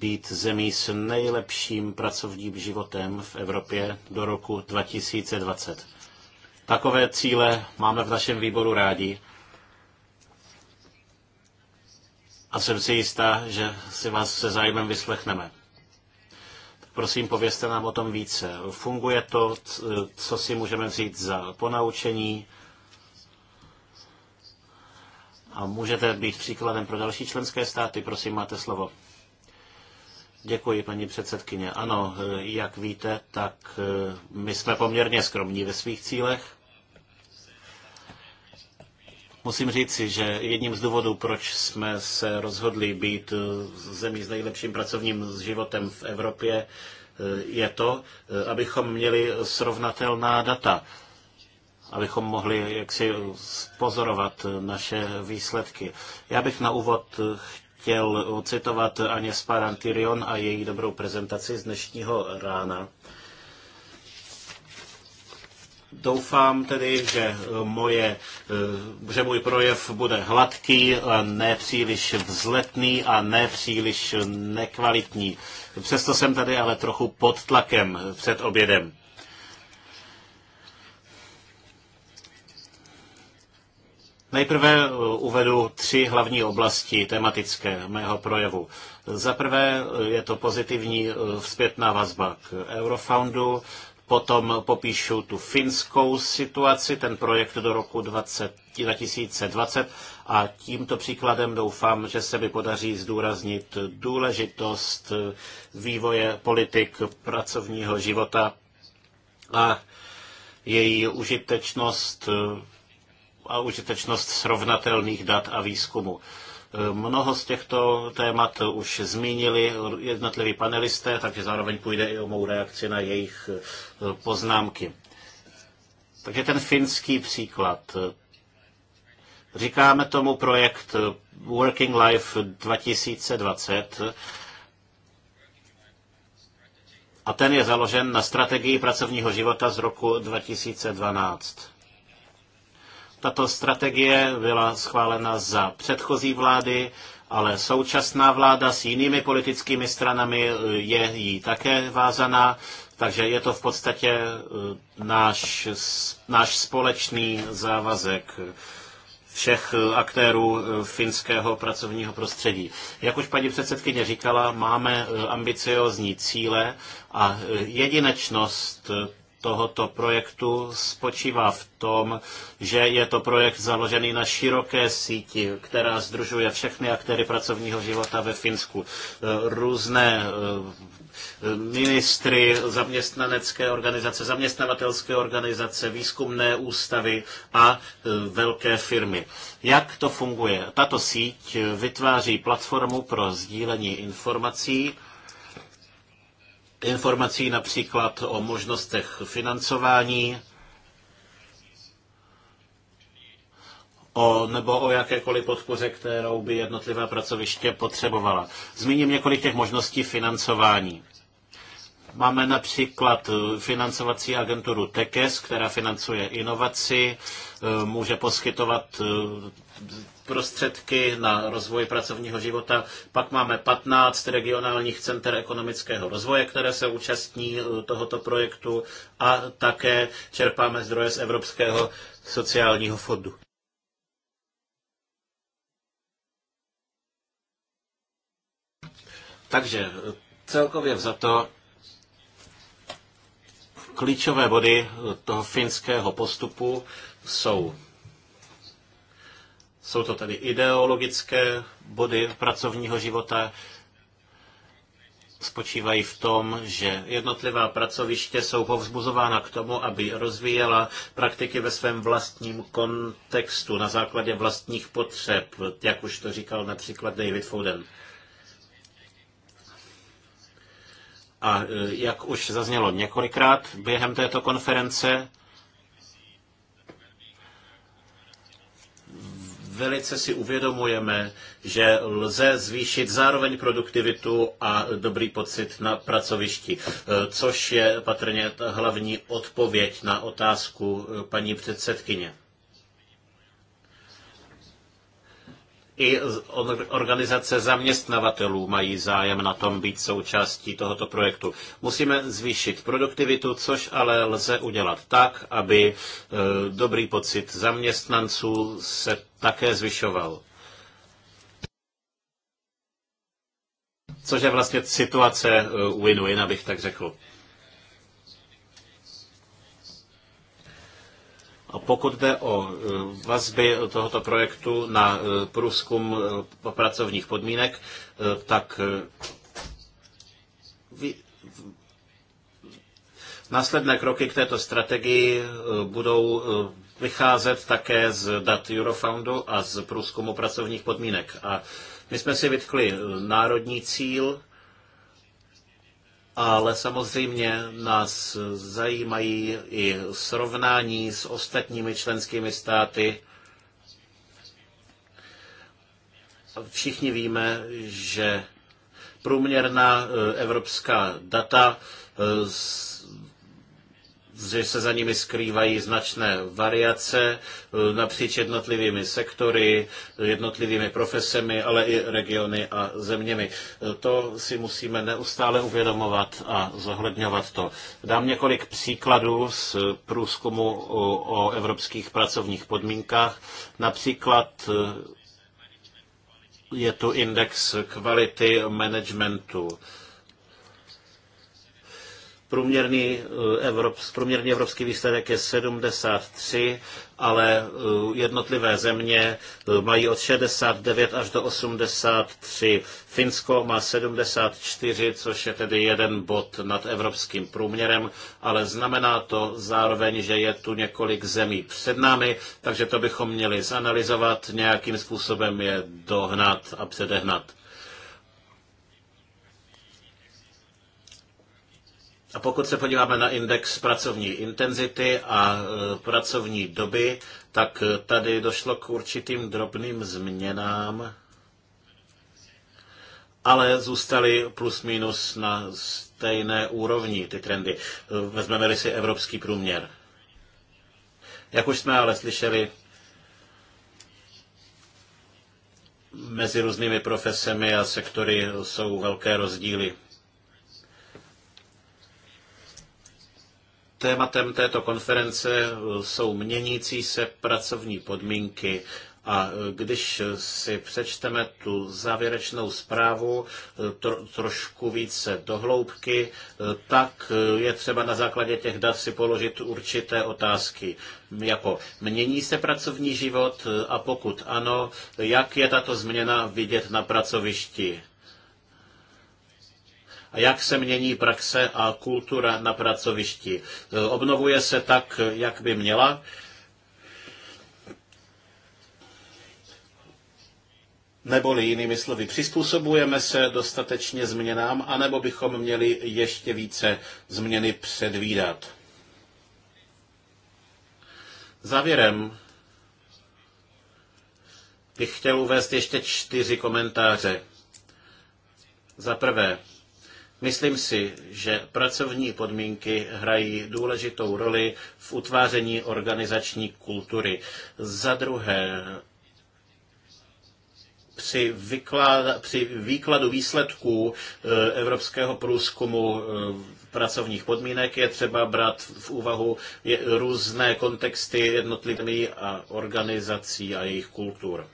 být zemí s nejlepším pracovním životem v Evropě do roku 2020. Takové cíle máme v našem výboru rádi. A jsem si jistá, že si vás se zájmem vyslechneme. prosím, povězte nám o tom více. Funguje to, co si můžeme vzít za ponaučení? A můžete být příkladem pro další členské státy. Prosím, máte slovo. Děkuji, paní předsedkyně. Ano, eh, jak víte, tak eh, my jsme poměrně skromní ve svých cílech. Musím říci, že jedním z důvodů, proč jsme se rozhodli být eh, zemí s nejlepším pracovním životem v Evropě, je to, abychom měli srovnatelná data, abychom mohli jaksi pozorovat naše výsledky. Já bych na úvod chtěl chtěl ocitovat Aněs Sparantirion a její dobrou prezentaci z dnešního rána. Doufám tedy, že, moje, že můj projev bude hladký, nepříliš vzletný a nepříliš nekvalitní. Přesto jsem tady ale trochu pod tlakem před obědem. Nejprve eh, uvedu tři hlavní oblasti tematické mého projevu. Za prvé eh, je to pozitivní eh, zpětná vazba k Eurofoundu, potom popíšu tu finskou situaci, ten projekt do roku 20, 2020 a tímto příkladem doufám, že se mi podaří zdůraznit důležitost vývoje politik pracovního života a její užitečnost a užitečnost srovnatelných dat a výzkumu. Mnoho z těchto témat už zmínili jednotliví panelisté, takže zároveň půjde i o mou reakci na jejich eh, poznámky. Takže ten finský příklad. Říkáme tomu projekt eh, Working Life 2020 a ten je založen na strategii pracovního života z roku 2012. Tato strategie byla schválena za předchozí vlády, ale současná vláda s jinými politickými stranami je jí také vázaná, takže je to v podstatě e, náš, náš společný závazek všech aktérů e, finského pracovního prostředí. Jak už paní předsedkyně říkala, máme e, ambiciozní cíle a jedinečnost tohoto projektu spočívá v tom, že je to projekt založený na široké síti, která združuje všechny aktéry pracovního života ve Finsku. E, různé e, ministry, zaměstnanecké organizace, zaměstnavatelské organizace, výzkumné ústavy a e, velké firmy. Jak to funguje? Tato síť vytváří platformu pro sdílení informací, informací například o možnostech financování, o, nebo o jakékoliv podpoře, kterou by jednotlivá pracoviště potřebovala. Zmíním několik těch možností financování. Máme například eh, financovací agenturu TEKES, která financuje inovaci, eh, může poskytovat eh, prostředky na rozvoj pracovního života. Pak máme 15 regionálních center ekonomického rozvoje, které se účastní eh, tohoto projektu a také čerpáme zdroje z Evropského sociálního fondu. Takže eh, celkově vzato klíčové body eh, toho finského postupu jsou jsou to tedy ideologické body pracovního života, spočívají v tom, že jednotlivá pracoviště jsou povzbuzována k tomu, aby rozvíjela praktiky ve svém vlastním kontextu na základě vlastních potřeb, jak už to říkal například David Foden. A e, jak už zaznělo několikrát během této konference, velice si uvědomujeme, že lze zvýšit zároveň produktivitu a dobrý pocit na pracovišti, eh, což je patrně ta hlavní odpověď na otázku eh, paní předsedkyně. i organizace zaměstnavatelů mají zájem na tom být součástí tohoto projektu. Musíme zvýšit produktivitu, což ale lze udělat tak, aby eh, dobrý pocit zaměstnanců se také zvyšoval. Což je vlastně situace eh, win-win, abych tak řekl. A pokud jde o eh, vazby tohoto projektu na eh, průzkum pracovních podmínek, tak Následné kroky k této strategii budou vycházet také z dat Eurofoundu a z průzkumu pracovních podmínek. A my jsme si vytkli eh, národní cíl, ale samozřejmě nás zajímají i srovnání s ostatními členskými státy. Všichni víme, že průměrná eh, evropská data eh, že se za nimi skrývají značné variace e, napříč jednotlivými sektory, jednotlivými profesemi, ale i regiony a zeměmi. E, to si musíme neustále uvědomovat a zohledňovat to. Dám několik příkladů z průzkumu o evropských pracovních podmínkách. Například e, je tu index kvality managementu Průměrný eh, evropský, průměrný evropský výsledek je 73, ale eh, jednotlivé země eh, mají od 69 až do 83. Finsko má 74, což je tedy jeden bod nad evropským průměrem, ale znamená to zároveň, že je tu několik zemí před námi, takže to bychom měli zanalizovat, nějakým způsobem je dohnat a předehnat. A pokud se podíváme na index pracovní intenzity a e, pracovní doby, tak e, tady došlo k určitým drobným změnám, ale zůstaly plus minus na stejné úrovni ty trendy. E, vezmeme-li si evropský průměr. Jak už jsme ale slyšeli, mezi různými profesemi a sektory jsou velké rozdíly. Tématem této konference eh, jsou měnící se pracovní podmínky a eh, když si přečteme tu závěrečnou zprávu eh, tro, trošku více dohloubky, tak je třeba na základě těch dat si položit určité otázky. Jako mění se pracovní život a pokud ano, jak je tato změna vidět na pracovišti? jak se mění praxe a kultura na pracovišti. Obnovuje se tak, jak by měla? Neboli jinými slovy, přizpůsobujeme se dostatečně změnám, anebo bychom měli ještě více změny předvídat. Závěrem bych chtěl uvést ještě čtyři komentáře. Za prvé, Myslím si, že pracovní podmínky hrají důležitou roli v utváření organizační kultury. Za druhé, při, vyklad, při výkladu výsledků eh, evropského průzkumu eh, pracovních podmínek je třeba brát v úvahu různé kontexty jednotlivými a organizací a jejich kultur.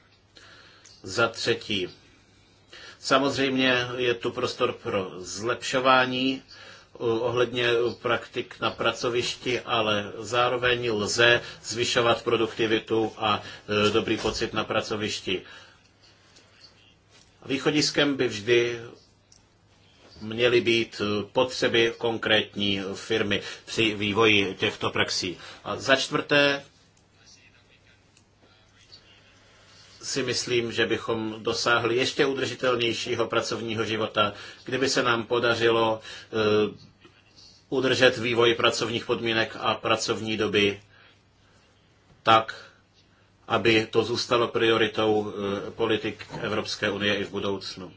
Za třetí, Samozřejmě je tu prostor pro zlepšování eh, ohledně praktik na pracovišti, ale zároveň lze zvyšovat produktivitu a eh, dobrý pocit na pracovišti. Východiskem by vždy měly být eh, potřeby konkrétní firmy při vývoji těchto praxí. A za čtvrté, si myslím, že bychom dosáhli ještě udržitelnějšího pracovního života, kdyby se nám podařilo eh, udržet vývoj pracovních podmínek a pracovní doby tak, aby to zůstalo prioritou eh, politik Evropské unie i v budoucnu.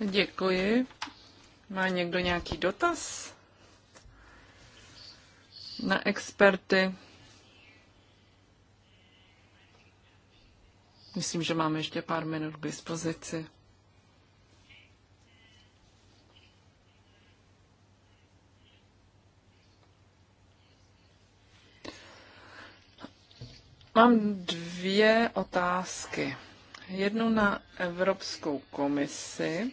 Děkuji. Má někdo nějaký dotaz na experty? Myslím, že máme ještě pár minut k dispozici. Mám dvě otázky. Jednu na Evropskou komisi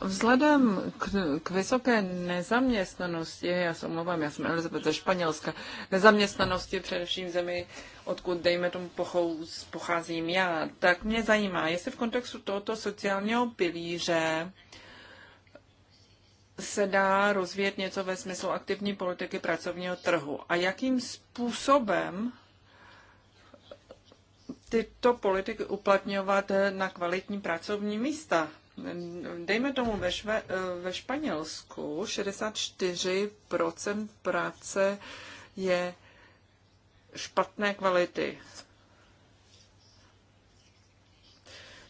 Vzhledem k, k vysoké nezaměstnanosti, já se omlouvám, já jsem Elizabeth ze Španělska, nezaměstnanosti především zemi, odkud dejme tomu pochou, pocházím já, tak mě zajímá, jestli v kontextu tohoto sociálního pilíře se dá rozvíjet něco ve smyslu aktivní politiky pracovního trhu a jakým způsobem tyto politiky uplatňovat na kvalitní pracovní místa dejme tomu ve, Šve, eh, ve Španělsku 64% práce je špatné kvality.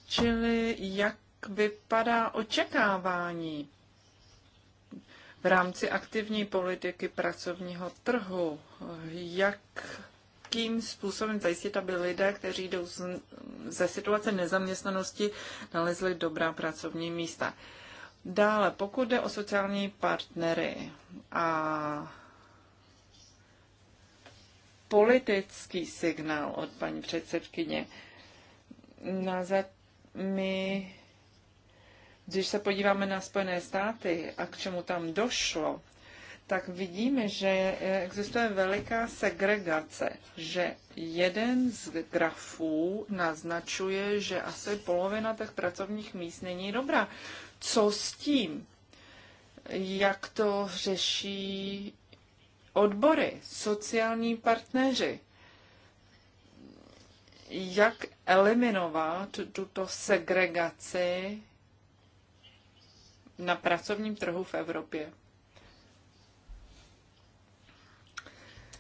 Čili jak vypadá očekávání v rámci aktivní politiky pracovního trhu? Jak jakým způsobem zajistit, aby lidé, kteří jdou z, ze situace nezaměstnanosti, nalezli dobrá pracovní místa. Dále, pokud jde o sociální partnery a politický signál od paní předsedkyně, na za, my, když se podíváme na Spojené státy a k čemu tam došlo, tak vidíme, že existuje veliká segregace, že jeden z grafů naznačuje, že asi polovina těch pracovních míst není dobrá. Co s tím? Jak to řeší odbory, sociální partneři? Jak eliminovat tuto segregaci na pracovním trhu v Evropě?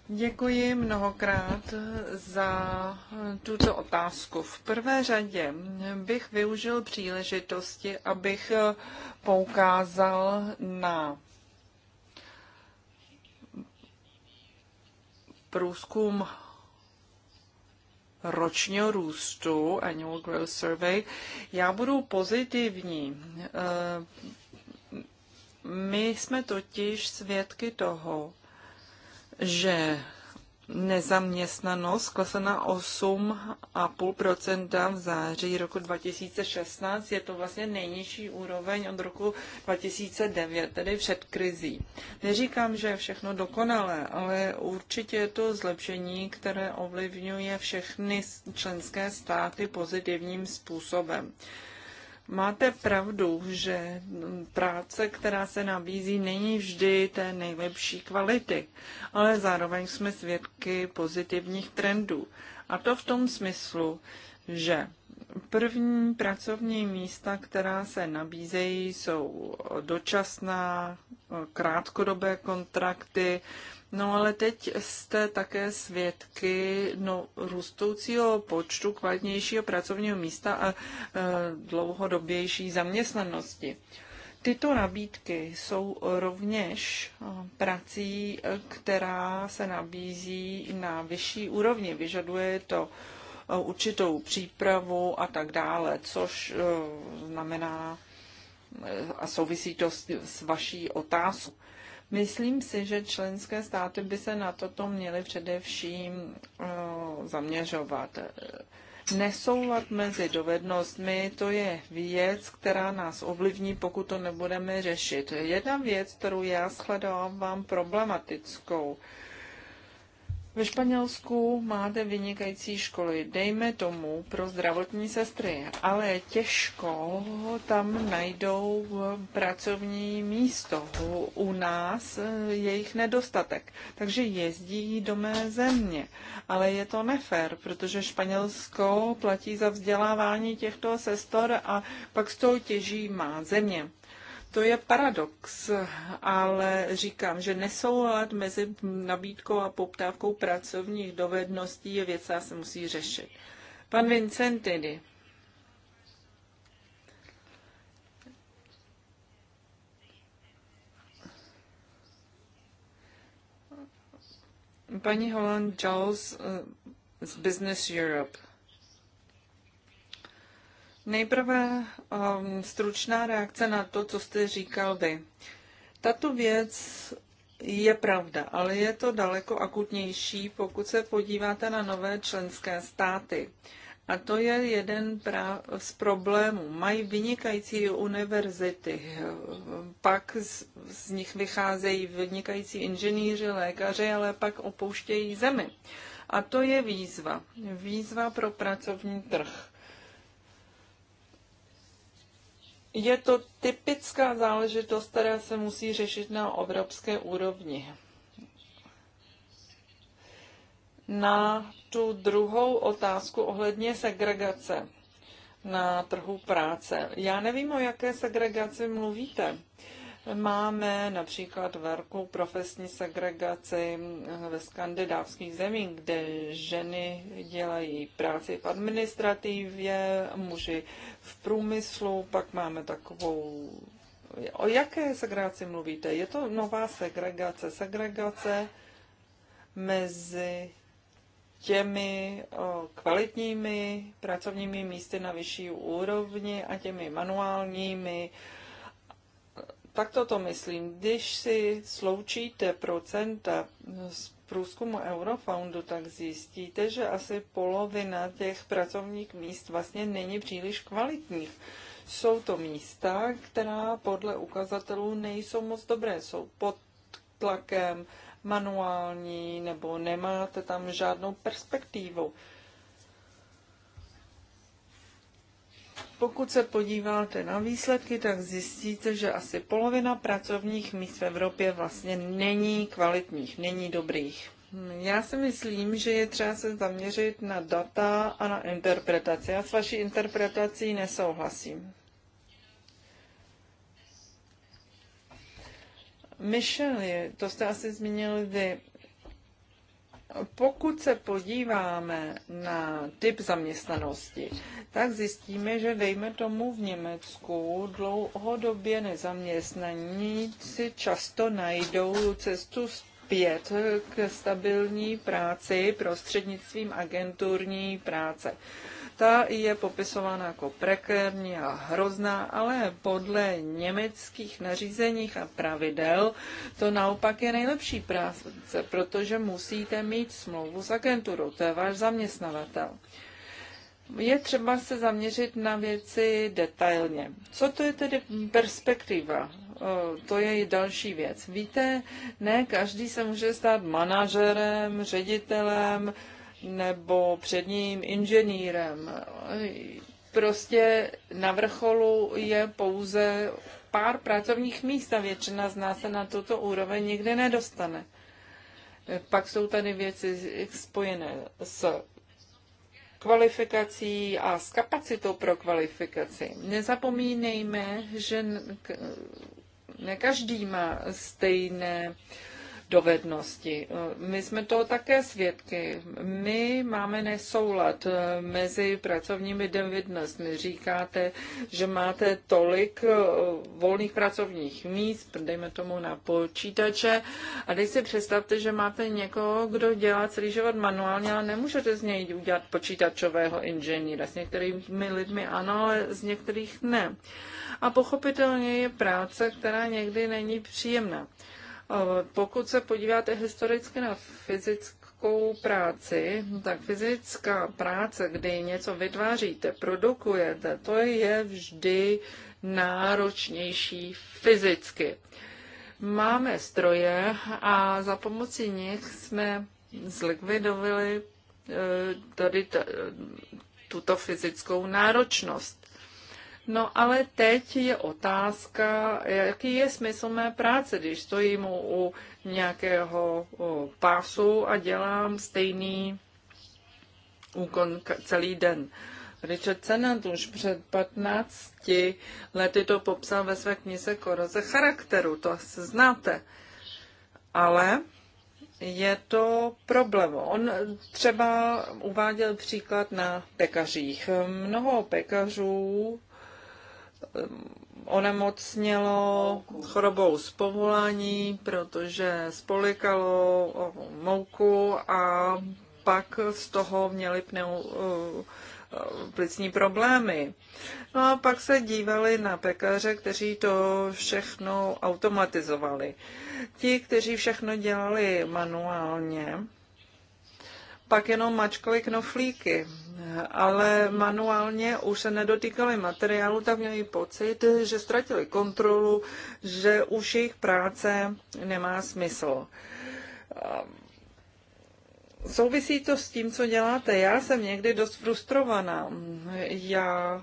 Děkuji mnohokrát za tuto otázku. V prvé řadě bych využil příležitosti, abych poukázal na průzkum ročního růstu, Annual Growth Survey. Já budu pozitivní. Eh, my jsme totiž svědky toho, že nezaměstnanost klesla na 8,5% v září roku 2016. Je to vlastně nejnižší úroveň od roku 2009, tedy před krizí. Neříkám, že je všechno dokonalé, ale určitě je to zlepšení, které ovlivňuje všechny členské státy pozitivním způsobem. Máte pravdu, že práce, která se nabízí, není vždy té nejlepší kvality, ale zároveň jsme svědky pozitivních trendů. A to v tom smyslu, že první pracovní místa, která se nabízejí, jsou dočasná, krátkodobé kontrakty, No ale teď jste také svědky no, růstoucího počtu kvalitnějšího pracovního místa a e, dlouhodobější zaměstnanosti. Tyto nabídky jsou rovněž e, prací, e, která se nabízí na vyšší úrovni. Vyžaduje to e, určitou přípravu a tak dále, což znamená a souvisí to s, s vaší otázkou. Myslím si, že členské státy by se na toto měly především eh, zaměřovat. Nesoulad mezi dovednostmi, to je věc, která nás ovlivní, pokud to nebudeme řešit. Jedna věc, kterou já shledávám problematickou, ve Španělsku máte vynikající školy, dejme tomu, pro zdravotní sestry, ale těžko tam najdou pracovní místo. U nás je jich nedostatek, takže jezdí do mé země. Ale je to nefér, protože Španělsko platí za vzdělávání těchto sestor a pak z toho těží má země. To je paradox, ale říkám, že nesoulad mezi nabídkou a poptávkou pracovních dovedností je věc, která se musí řešit. Pan Vincent tedy. Paní Holland Jones z Business Europe. Nejprve um, stručná reakce na to, co jste říkal vy. Tato věc je pravda, ale je to daleko akutnější, pokud se podíváte na nové členské státy. A to je jeden z problémů. Mají vynikající univerzity, pak z, z nich vycházejí vynikající inženýři, lékaři, ale pak opouštějí zemi. A to je výzva. Výzva pro pracovní trh. Je to typická záležitost, která se musí řešit na evropské úrovni. Na tu druhou otázku ohledně segregace na trhu práce. Já nevím, o jaké segregaci mluvíte. Máme například velkou profesní segregaci ve skandinávských zemích, kde ženy dělají práci v administrativě, muži v průmyslu, pak máme takovou O jaké segregaci mluvíte? Je to nová segregace. Segregace mezi těmi kvalitními pracovními místy na vyšší úrovni a těmi manuálními tak toto myslím. Když si sloučíte procenta z průzkumu Eurofoundu, tak zjistíte, že asi polovina těch pracovních míst vlastně není příliš kvalitních. Jsou to místa, která podle ukazatelů nejsou moc dobré, jsou pod tlakem, manuální nebo nemáte tam žádnou perspektivu. Pokud se podíváte na výsledky, tak zjistíte, že asi polovina pracovních míst v Evropě vlastně není kvalitních, není dobrých. Já si myslím, že je třeba se zaměřit na data a na interpretaci. Já s vaší interpretací nesouhlasím. Michelle, to jste asi zmínili vy, pokud se podíváme na typ zaměstnanosti, tak zjistíme, že dejme tomu v Německu dlouhodobě nezaměstnaní si často najdou cestu zpět k stabilní práci prostřednictvím agenturní práce. Ta je popisována jako prekérní a hrozná, ale podle německých nařízeních a pravidel to naopak je nejlepší práce, protože musíte mít smlouvu s agenturou, to je váš zaměstnavatel. Je třeba se zaměřit na věci detailně. Co to je tedy perspektiva? To je i další věc. Víte, ne každý se může stát manažerem, ředitelem, nebo předním inženýrem. Prostě na vrcholu je pouze pár pracovních míst a většina z nás se na tuto úroveň nikdy nedostane. Pak jsou tady věci spojené s kvalifikací a s kapacitou pro kvalifikaci. Nezapomínejme, že ne každý má stejné uh, dovednosti. Eh, my jsme toho také svědky. My máme nesoulad eh, mezi pracovními dovednostmi. Říkáte, že máte tolik eh, volných pracovních míst, dejme tomu na počítače, a teď si představte, že máte někoho, kdo dělá celý život manuálně, ale nemůžete z něj udělat počítačového inženýra. S některými lidmi ano, ale z některých ne. A pochopitelně je práce, která někdy není příjemná. Pokud se podíváte historicky na fyzickou práci, tak fyzická práce, kdy něco vytváříte, produkujete, to je vždy náročnější fyzicky. Máme stroje a za pomocí nich jsme zlikvidovali eh, tady tuto fyzickou náročnost. No ale teď je otázka, jaký je smysl mé práce, když stojím u, u nějakého u pásu a dělám stejný úkon celý den. Richard Sennett už před 15 lety to popsal ve své knize Koroze charakteru, to asi znáte. Ale je to problém. On třeba uváděl příklad na pekařích. Mnoho pekařů Eh, onemocnělo chorobou z povolání, protože spolikalo eh, mouku a pak z toho měli pneu, eh, plicní problémy. No a pak se dívali na pekaře, kteří to všechno automatizovali. Ti, kteří všechno dělali manuálně, pak jenom mačkali knoflíky. Ale manuálně už se nedotýkali materiálu, tak měli pocit, že ztratili kontrolu, že už jejich práce nemá smysl. Ehm, souvisí to s tím, co děláte. Já jsem někdy dost frustrovaná. Já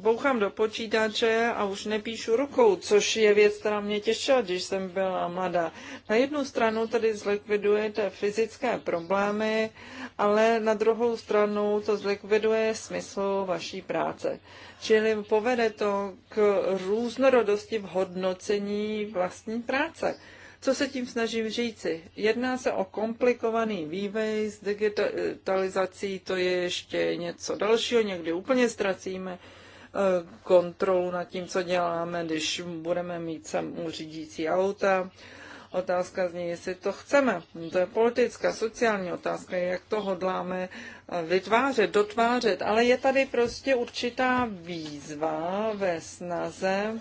bouchám do počítače a už nepíšu rukou, což je věc, která mě těšila, když jsem byla mladá. Na jednu stranu tady zlikvidujete fyzické problémy, ale na druhou stranu to zlikviduje smysl vaší práce. Čili povede to k různorodosti v hodnocení vlastní práce. Co se tím snažím říci? Jedná se o komplikovaný vývoj s digitalizací, to je ještě něco dalšího, někdy úplně ztracíme Eh, kontrolu nad tím, co děláme, když budeme mít samou řídící auta. Otázka zní, jestli to chceme. To je politická, sociální otázka, jak to hodláme eh, vytvářet, dotvářet. Ale je tady prostě určitá výzva ve snaze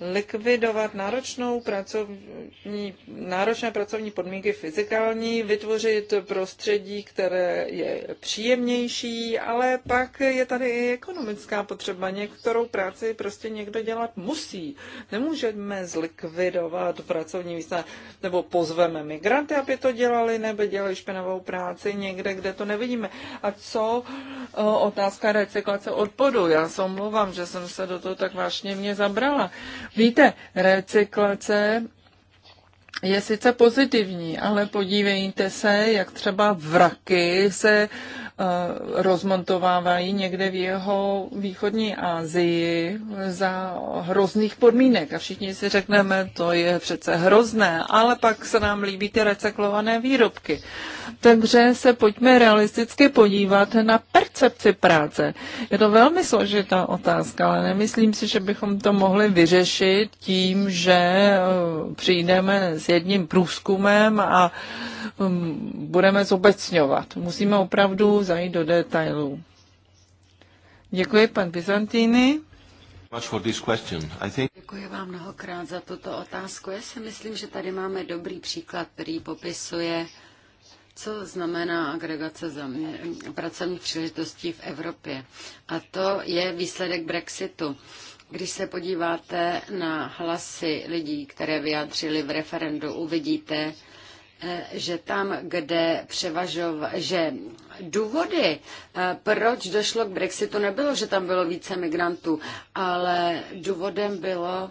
likvidovat náročnou pracovní, náročné pracovní podmínky fyzikální, vytvořit prostředí, které je příjemnější, ale pak je tady i ekonomická potřeba. Některou práci prostě někdo dělat musí. Nemůžeme zlikvidovat pracovní místa, nebo pozveme migranty, aby to dělali, nebo dělali špinavou práci někde, kde to nevidíme. A co otázka recyklace odpadu? Já se omlouvám, že jsem se do toho tak vážně mě zabrala Víte, recyklace je sice pozitivní, ale podívejte se, jak třeba vraky se Eh, rozmontovávají někde v jeho východní Asii za hrozných podmínek. A všichni si řekneme, to je přece hrozné, ale pak se nám líbí ty recyklované výrobky. Takže se pojďme realisticky podívat na percepci práce. Je to velmi složitá otázka, ale nemyslím si, že bychom to mohli vyřešit tím, že eh, přijdeme s jedním průzkumem a hm, budeme zobecňovat. Musíme opravdu zajít do detailů. Děkuji, pan Byzantýny. Děkuji vám mnohokrát za tuto otázku. Já si myslím, že tady máme dobrý příklad, který popisuje, co znamená agregace zamě- pracovních příležitostí v Evropě. A to je výsledek Brexitu. Když se podíváte na hlasy lidí, které vyjádřili v referendu, uvidíte, eh, že tam, kde převažov, že důvody, eh, proč došlo k Brexitu, nebylo, že tam bylo více migrantů, ale důvodem bylo,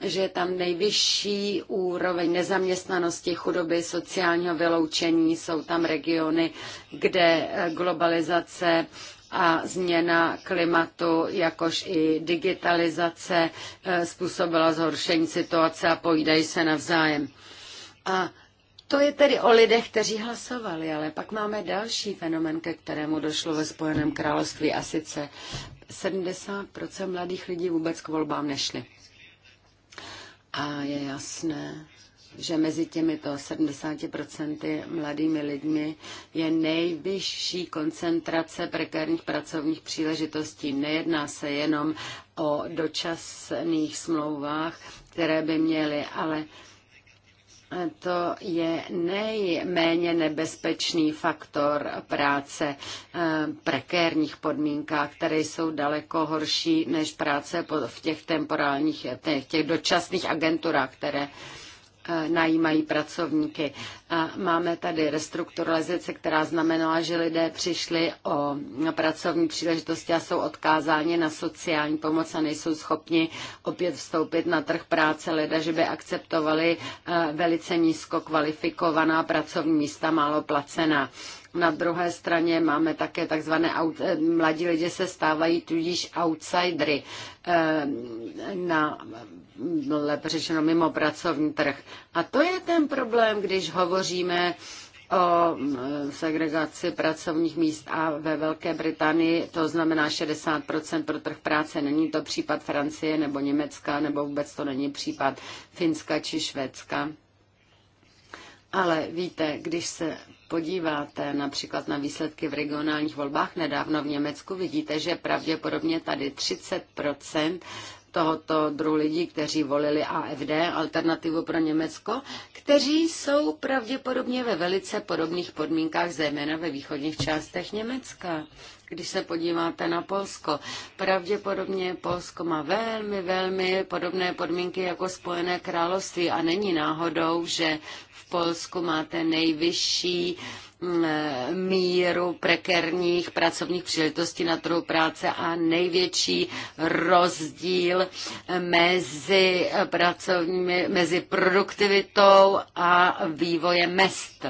že je tam nejvyšší úroveň nezaměstnanosti, chudoby, sociálního vyloučení. Jsou tam regiony, kde eh, globalizace a změna klimatu, jakož i digitalizace eh, způsobila zhoršení situace a pojídají se navzájem. A to je tedy o lidech, kteří hlasovali, ale pak máme další fenomen, ke kterému došlo ve Spojeném království a sice 70% mladých lidí vůbec k volbám nešli. A je jasné, že mezi těmito 70% mladými lidmi je nejvyšší koncentrace prekérních pracovních příležitostí. Nejedná se jenom o dočasných smlouvách, které by měly, ale to je nejméně nebezpečný faktor práce v eh, prekérních podmínkách, které jsou daleko horší než práce v těch temporálních, těch, eh, těch dočasných agenturách, které E, najímají pracovníky. A máme tady restrukturalizaci, která znamenala, že lidé přišli o pracovní příležitosti a jsou odkázáni na sociální pomoc a nejsou schopni opět vstoupit na trh práce lidé, že by akceptovali e, velice nízko kvalifikovaná pracovní místa, málo placená. Na druhé straně máme také takzvané e, mladí lidé se stávají tudíž outsidery na lépe řečeno mimo pracovní trh. A to je ten problém, když hovoříme o segregaci pracovních míst a ve Velké Británii to znamená 60% pro trh práce. Není to případ Francie nebo Německa, nebo vůbec to není případ Finska či Švédska. Ale víte, když se podíváte například na výsledky v regionálních volbách nedávno v Německu, vidíte, že pravděpodobně tady 30 tohoto druhu lidí, kteří volili AFD, alternativu pro Německo, kteří jsou pravděpodobně ve velice podobných podmínkách, zejména ve východních částech Německa. Když se podíváte na Polsko, pravděpodobně Polsko má velmi, velmi podobné podmínky jako Spojené království a není náhodou, že v Polsku máte nejvyšší míru prekerních pracovních příležitostí na trhu práce a největší rozdíl mezi, pracovními, mezi produktivitou a vývojem mest.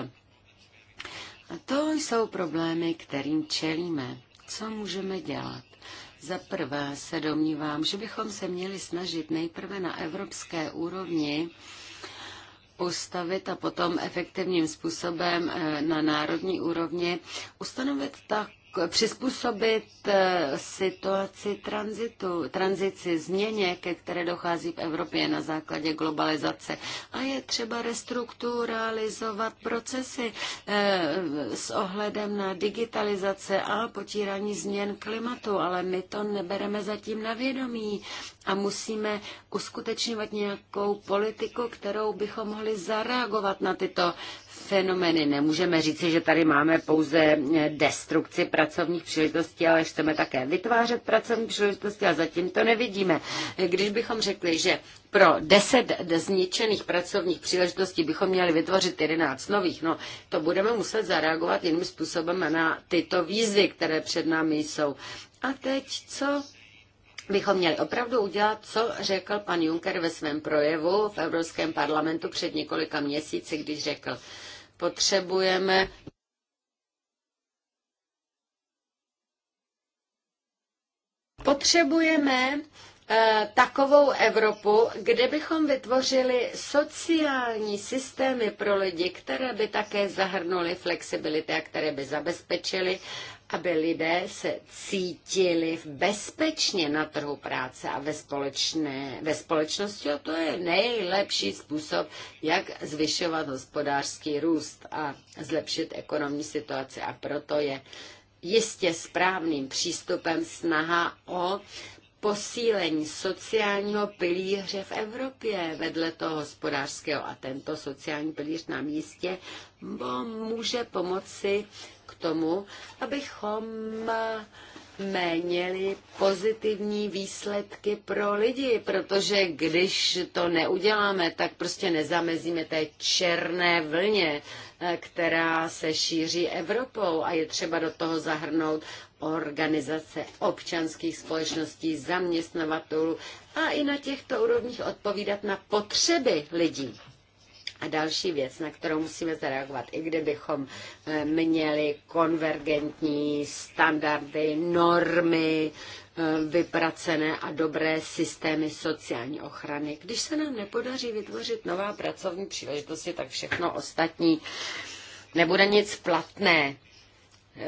A to jsou problémy, kterým čelíme. Co můžeme dělat? Za prvé se domnívám, že bychom se měli snažit nejprve na evropské úrovni ustavit a potom efektivním způsobem eh, na národní úrovni ustanovit tak přizpůsobit eh, situaci transitu tranzici, změně, ke které dochází v Evropě na základě globalizace. A je třeba restrukturalizovat procesy eh, s ohledem na digitalizace a potírání změn klimatu, ale my to nebereme zatím na vědomí a musíme uskutečňovat nějakou politiku, kterou bychom mohli zareagovat na tyto fenomény. Nemůžeme říci, že tady máme pouze eh, destrukci pracovních příležitostí, ale chceme také vytvářet pracovní příležitosti a zatím to nevidíme. Když bychom řekli, že pro deset zničených pracovních příležitostí bychom měli vytvořit 11 nových. No, to budeme muset zareagovat jiným způsobem na tyto výzvy, které před námi jsou. A teď co? bychom měli opravdu udělat, co řekl pan Juncker ve svém projevu v Evropském parlamentu před několika měsíci, když řekl, Potřebujeme Potřebujeme eh, takovou Evropu, kde bychom vytvořili sociální systémy pro lidi, které by také zahrnuly flexibility a které by zabezpečily, aby lidé se cítili bezpečně na trhu práce a ve, společné, ve společnosti. A to je nejlepší způsob, jak zvyšovat hospodářský růst a zlepšit ekonomní situaci. A proto je jistě správným přístupem snaha o posílení sociálního pilíře v Evropě vedle toho hospodářského a tento sociální pilíř na místě může pomoci k tomu, abychom měli pozitivní výsledky pro lidi, protože když to neuděláme, tak prostě nezamezíme té černé vlně, Eh, která se šíří Evropou a je třeba do toho zahrnout organizace občanských společností, zaměstnavatelů a i na těchto úrovních odpovídat na potřeby lidí. A další věc, na kterou musíme zareagovat, i kdybychom eh, měli konvergentní standardy, normy, Eh, vypracené a dobré systémy sociální ochrany. Když se nám nepodaří vytvořit nová pracovní příležitosti, tak všechno ostatní nebude nic platné.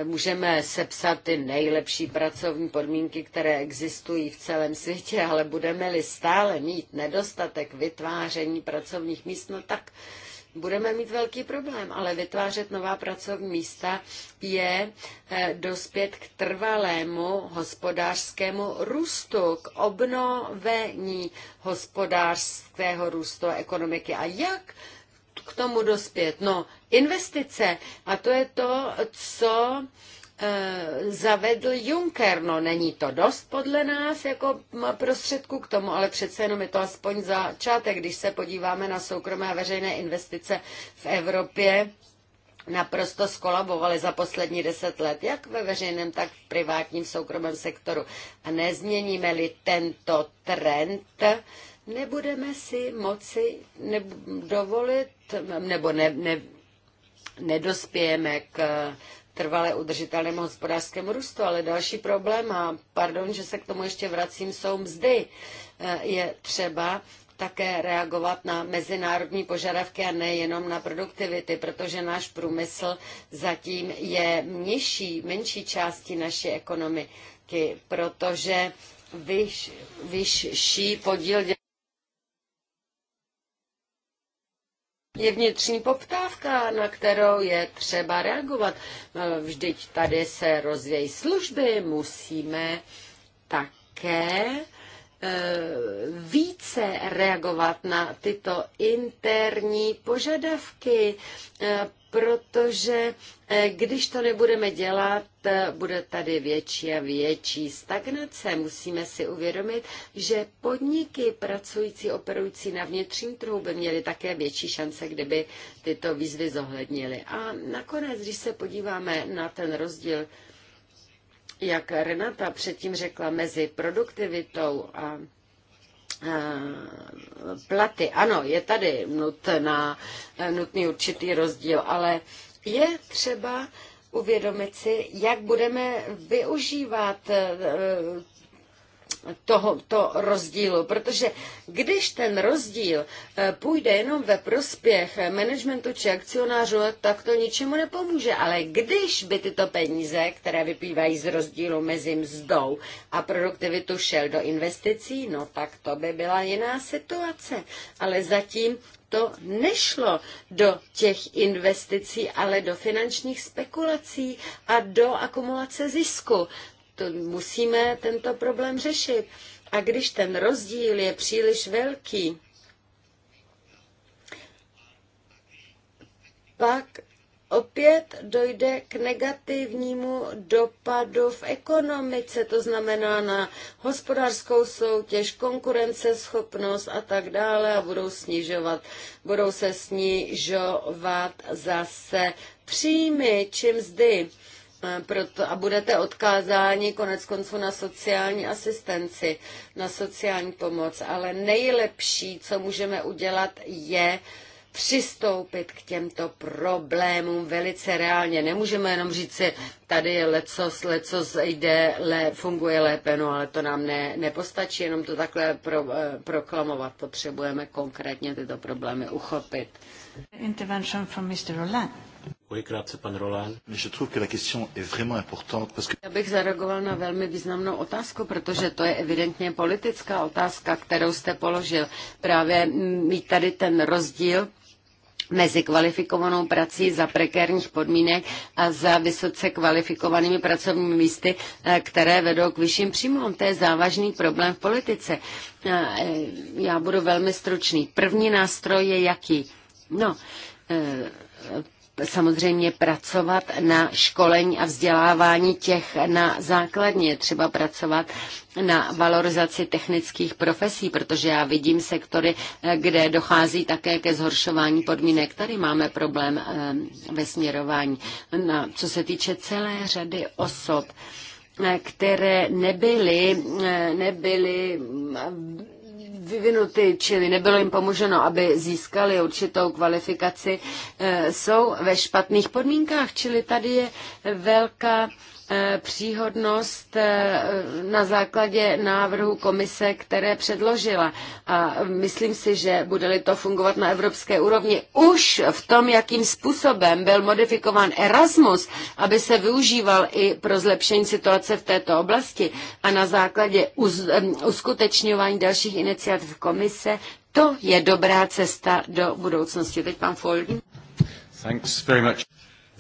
Můžeme sepsat ty nejlepší pracovní podmínky, které existují v celém světě, ale budeme-li stále mít nedostatek vytváření pracovních míst, no tak budeme mít velký problém, ale vytvářet nová pracovní místa je eh, dospět k trvalému hospodářskému růstu, k obnovení hospodářského růstu a ekonomiky. A jak k tomu dospět? No, investice. A to je to, co Eh, zavedl Juncker. No není to dost podle nás jako prostředku k tomu, ale přece jenom je to aspoň začátek, když se podíváme na soukromé a veřejné investice v Evropě naprosto skolabovaly za poslední deset let, jak ve veřejném, tak v privátním soukromém sektoru. A nezměníme-li tento trend, nebudeme si moci ne- dovolit, nebo ne, ne- nedospějeme k trvale udržitelnému hospodářskému růstu. Ale další problém, a pardon, že se k tomu ještě vracím, jsou mzdy. E, je třeba také reagovat na mezinárodní požadavky a nejenom na produktivity, protože náš průmysl zatím je nižší, menší části naší ekonomiky, protože vyš, vyšší podíl je vnitřní poptávka, na kterou je třeba reagovat. No, vždyť tady se rozvějí služby, musíme také eh, více reagovat na tyto interní požadavky, eh, protože eh, když to nebudeme dělat, eh, bude tady větší a větší stagnace. Musíme si uvědomit, že podniky pracující, operující na vnitřním trhu by měly také větší šance, kdyby tyto výzvy zohlednily. A nakonec, když se podíváme na ten rozdíl, jak Renata předtím řekla, mezi produktivitou a Eh, platy. Ano, je tady nutná, eh, nutný určitý rozdíl, ale je třeba uvědomit si, jak budeme využívat eh, tohoto rozdílu, protože když ten rozdíl eh, půjde jenom ve prospěch managementu či akcionářů, tak to ničemu nepomůže. Ale když by tyto peníze, které vyplývají z rozdílu mezi mzdou a produktivitu, šel do investicí, no tak to by byla jiná situace. Ale zatím to nešlo do těch investicí, ale do finančních spekulací a do akumulace zisku to musíme tento problém řešit. A když ten rozdíl je příliš velký, pak opět dojde k negativnímu dopadu v ekonomice, to znamená na hospodářskou soutěž, konkurenceschopnost a tak dále a budou snižovat, budou se snižovat zase příjmy čím zdy. Eh, proto, a budete odkázáni konec konců na sociální asistenci, na sociální pomoc. Ale nejlepší, co můžeme udělat, je přistoupit k těmto problémům velice reálně. Nemůžeme jenom říct si, tady je lecos, lecos jde, le, funguje lépe, no ale to nám ne, nepostačí, jenom to takhle pro, eh, proklamovat. Potřebujeme konkrétně tyto problémy uchopit. Intervention from Mr. Roland. Já bych zareagoval na velmi významnou otázku, protože to je evidentně politická otázka, kterou jste položil. Právě mm, mít tady ten rozdíl mezi kvalifikovanou prací za prekérních podmínek a za vysoce kvalifikovanými pracovními místy, eh, které vedou k vyšším příjmům. To je závažný problém v politice. Eh, eh, já budu velmi stručný. První nástroj je jaký? No, samozřejmě pracovat na školení a vzdělávání těch na základně, třeba pracovat na valorizaci technických profesí, protože já vidím sektory, eh, kde dochází také ke zhoršování podmínek. Tady máme problém eh, ve směrování. Na, co se týče celé řady osob, eh, které nebyly, nebyly vyvinuty, čili nebylo jim pomoženo, aby získali určitou kvalifikaci, eh, jsou ve špatných podmínkách, čili tady je velká E, příhodnost e, na základě návrhu komise, které předložila. A myslím si, že bude-li to fungovat na evropské úrovni, už v tom, jakým způsobem byl modifikován Erasmus, aby se využíval i pro zlepšení situace v této oblasti a na základě uz, e, uskutečňování dalších iniciativ komise, to je dobrá cesta do budoucnosti. Teď pan Folden. Thanks very much.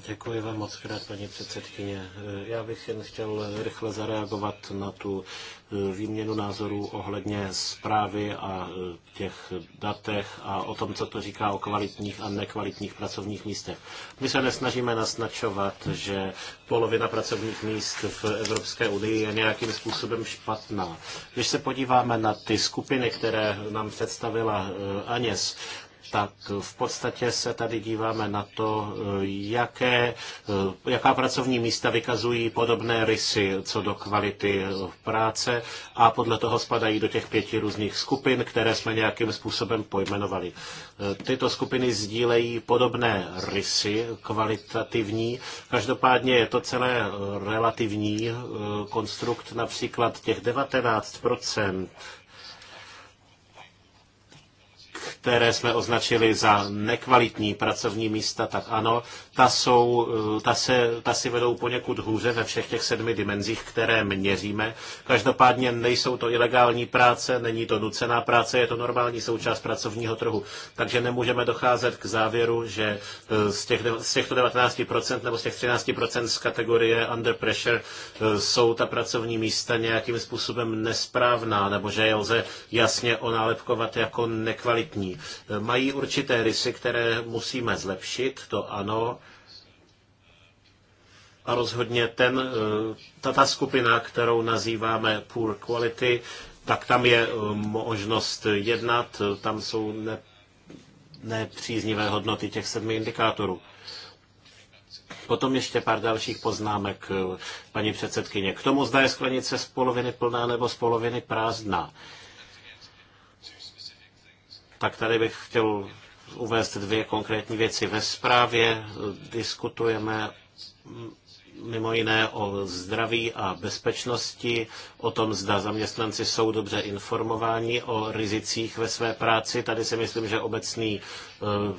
Děkuji vám moc krát, paní předsedkyně. Já bych jen chtěl rychle zareagovat na tu eh, výměnu názorů ohledně zprávy a eh, těch datech a o tom, co to říká o kvalitních a nekvalitních pracovních místech. My se nesnažíme nasnačovat, že polovina pracovních míst v Evropské unii je nějakým způsobem špatná. Když se podíváme na ty skupiny, které nám představila eh, Aněs, tak v podstatě se tady díváme na to, jaké, jaká pracovní místa vykazují podobné rysy co do kvality práce a podle toho spadají do těch pěti různých skupin, které jsme nějakým způsobem pojmenovali. Tyto skupiny sdílejí podobné rysy kvalitativní, každopádně je to celé relativní eh, konstrukt, například těch 19 které jsme označili za nekvalitní pracovní místa, tak ano, ta, jsou, eh, ta, se, ta si vedou poněkud hůře ve všech těch sedmi dimenzích, které měříme. Každopádně nejsou to ilegální práce, není to nucená práce, je to normální součást pracovního trhu. Takže nemůžeme docházet k závěru, že eh, z, těch, z těchto 19% nebo z těch 13% z kategorie under pressure eh, jsou ta pracovní místa nějakým způsobem nesprávná, nebo že je lze jasně onálepkovat jako nekvalitní Eh, mají určité rysy, které musíme zlepšit, to ano. A rozhodně ten, eh, ta, skupina, kterou nazýváme poor quality, tak tam je eh, možnost jednat, tam jsou ne, nepříznivé hodnoty těch sedmi indikátorů. Potom ještě pár dalších poznámek, paní předsedkyně. K tomu zda je sklenice z poloviny plná nebo z poloviny prázdná tak tady bych chtěl uvést dvě konkrétní věci. Ve zprávě diskutujeme mimo jiné o zdraví a bezpečnosti, o tom, zda zaměstnanci jsou dobře informováni o rizicích ve své práci. Tady si myslím, že obecný e,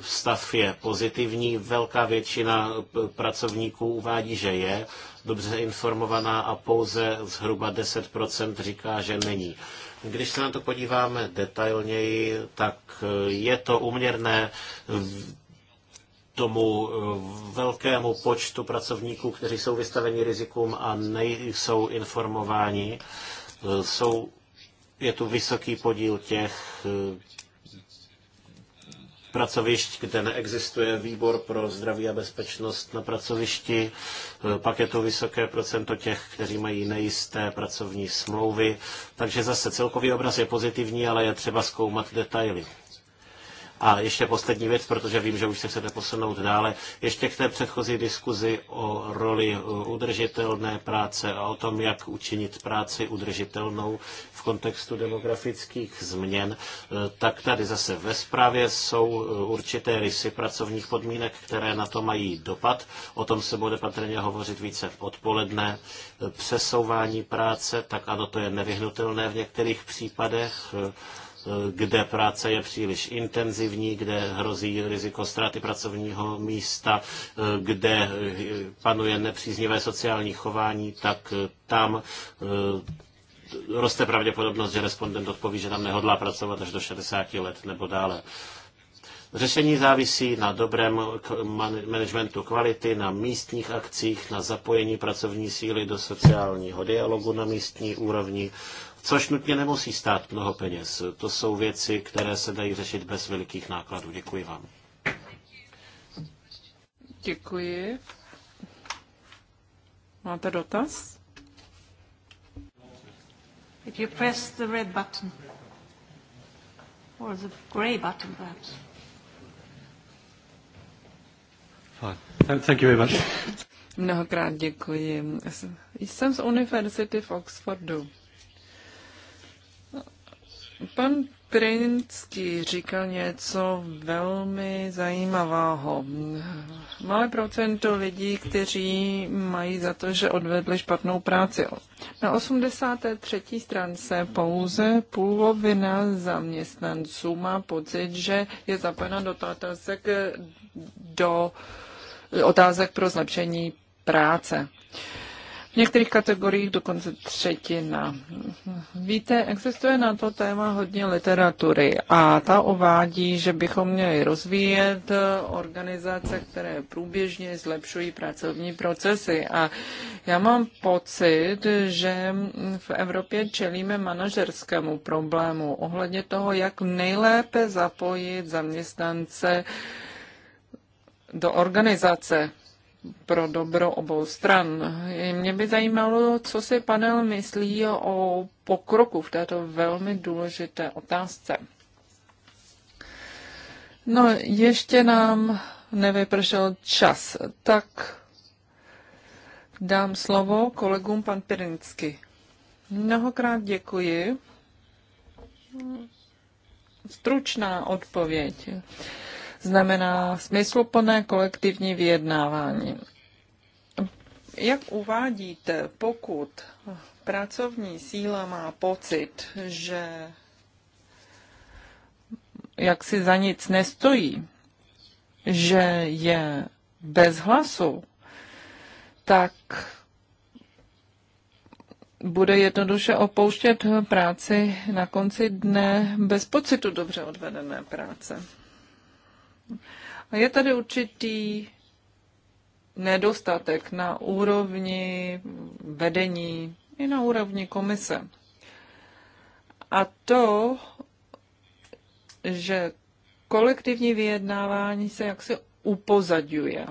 stav je pozitivní. Velká většina pracovníků uvádí, že je dobře informovaná a pouze zhruba 10% říká, že není. Když se na to podíváme detailněji, tak e, je to uměrné tomu e, velkému počtu pracovníků, kteří jsou vystaveni rizikům a nejsou informováni. E, jsou, je tu vysoký podíl těch, pracovišť, kde neexistuje výbor pro zdraví a bezpečnost na pracovišti. Eh, Pak je to vysoké procento těch, kteří mají nejisté pracovní smlouvy. Takže zase celkový obraz je pozitivní, ale je třeba zkoumat detaily. A ještě poslední věc, protože vím, že už se chcete posunout dále, ještě k té předchozí diskuzi o roli eh, udržitelné práce a o tom, jak učinit práci udržitelnou v kontextu demografických změn, eh, tak tady zase ve zprávě jsou eh, určité rysy pracovních podmínek, které na to mají dopad. O tom se bude patrně hovořit více v odpoledne. Přesouvání práce, tak ano, to je nevyhnutelné v některých případech kde práce je příliš intenzivní, kde hrozí riziko ztráty pracovního místa, kde panuje nepříznivé sociální chování, tak tam eh, roste pravděpodobnost, že respondent odpoví, že tam nehodlá pracovat až do 60 let nebo dále. Řešení závisí na dobrém managementu kvality, na místních akcích, na zapojení pracovní síly do sociálního dialogu na místní úrovni což nutně nemusí stát mnoho peněz. To jsou věci, které se dají řešit bez velikých nákladů. Děkuji vám. Děkuji. Máte dotaz? If you press the red button, or the grey button perhaps. Fine. Thank you very much. Mnohokrát děkuji. Jsem z univerzity v Oxfordu. Pan Prinský říkal něco velmi zajímavého. Malé procento lidí, kteří mají za to, že odvedli špatnou práci. Na 83. stránce pouze půlovina zaměstnanců má pocit, že je zapena do otázek, do otázek pro zlepšení práce. V některých kategoriích dokonce třetina. Víte, existuje na to téma hodně literatury a ta uvádí, že bychom měli rozvíjet organizace, které průběžně zlepšují pracovní procesy. A já mám pocit, že v Evropě čelíme manažerskému problému ohledně toho, jak nejlépe zapojit zaměstnance do organizace pro dobro obou stran. Mě by zajímalo, co si panel myslí o pokroku v této velmi důležité otázce. No, ještě nám nevypršel čas, tak dám slovo kolegům pan Pirinsky. Mnohokrát děkuji. Stručná odpověď znamená smysluplné kolektivní vyjednávání. Jak uvádíte, pokud pracovní síla má pocit, že jak si za nic nestojí, že je bez hlasu, tak bude jednoduše opouštět práci na konci dne bez pocitu dobře odvedené práce. A Je tady určitý nedostatek na úrovni vedení i na úrovni komise. A to, že kolektivní vyjednávání se jaksi upozadňuje.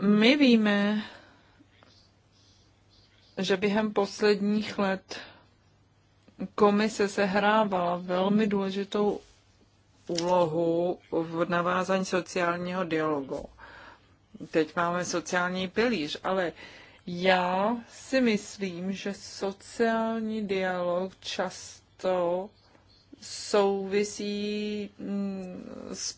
My víme, že během posledních let komise sehrávala velmi důležitou úlohu v navázání sociálního dialogu. Teď máme sociální pilíř, ale já si myslím, že sociální dialog často souvisí mm, s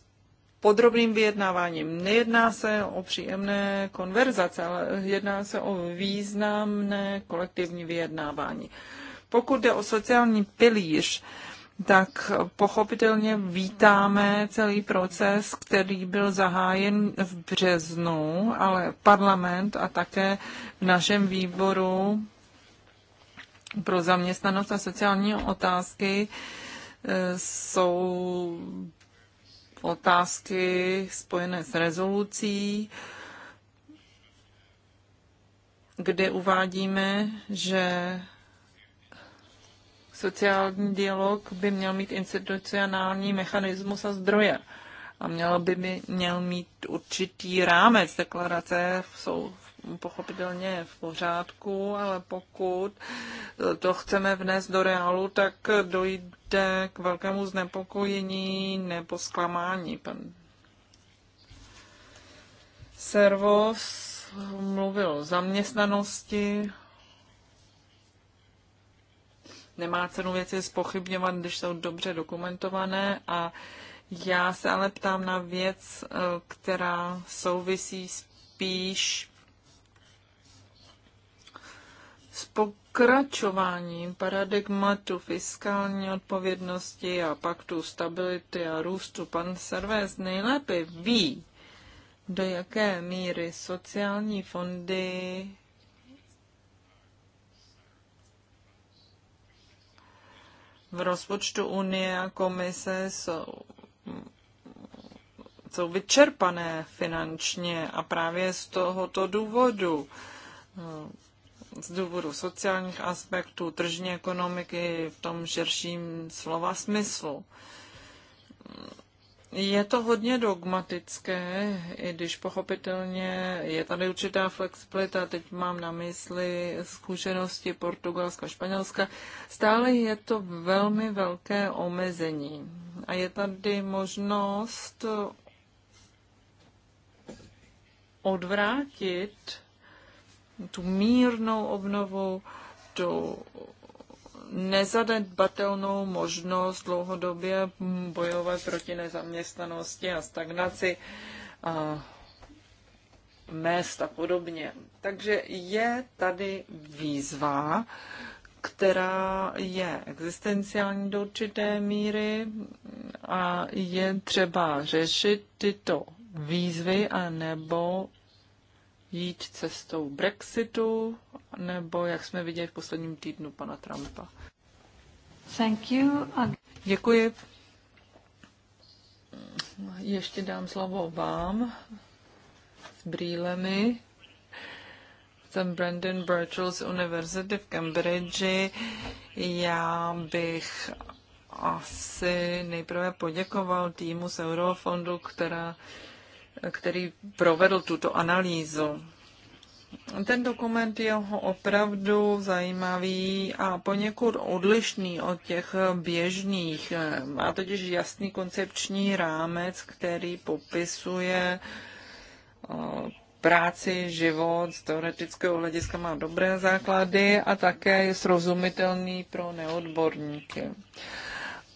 podrobným vyjednáváním. Nejedná se o příjemné konverzace, ale jedná se o významné kolektivní vyjednávání. Pokud jde o sociální pilíř, tak pochopitelně vítáme celý proces, který byl zahájen v březnu, ale parlament a také v našem výboru pro zaměstnanost a sociální otázky eh, jsou otázky spojené s rezolucí, kde uvádíme, že Sociální dialog by měl mít institucionální mechanismus a zdroje a měl by, by měl mít určitý rámec. Deklarace jsou pochopitelně v pořádku, ale pokud to chceme vnést do reálu, tak dojde k velkému znepokojení nebo zklamání. Pan Servos mluvil o zaměstnanosti, Nemá cenu věci spochybňovat, když jsou dobře dokumentované a já se ale ptám na věc, eh, která souvisí spíš s pokračováním paradigmatu fiskální odpovědnosti a paktu stability a růstu. Pan Servés nejlépe ví, do jaké míry sociální fondy v rozpočtu Unie a komise jsou, jsou vyčerpané finančně a právě z tohoto důvodu, z důvodu sociálních aspektů, tržní ekonomiky v tom širším slova smyslu je to hodně dogmatické, i když pochopitelně je tady určitá flexibilita, teď mám na mysli zkušenosti Portugalska, Španělska, stále je to velmi velké omezení. A je tady možnost odvrátit tu mírnou obnovu, tu nezanedbatelnou možnost dlouhodobě bojovat proti nezaměstnanosti a stagnaci a mest a podobně. Takže je tady výzva, která je existenciální do určité míry a je třeba řešit tyto výzvy a nebo jít cestou Brexitu, nebo jak jsme viděli v posledním týdnu pana Trumpa. Thank you. Děkuji. Ještě dám slovo vám s brýlemi. Jsem Brandon Birchall z Univerzity v Cambridge. Já bych asi nejprve poděkoval týmu z Eurofondu, která který provedl tuto analýzu. Ten dokument je opravdu zajímavý a poněkud odlišný od těch běžných. Má totiž jasný koncepční rámec, který popisuje eh, práci, život, z teoretického hlediska má dobré základy a také je srozumitelný pro neodborníky.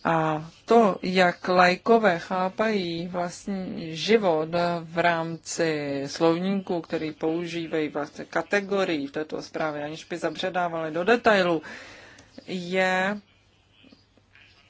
A to, jak lajkové chápají vlastní život v rámci slovníku, který používají vlastně kategorii v této zprávy, aniž by zabředávali do detailu, je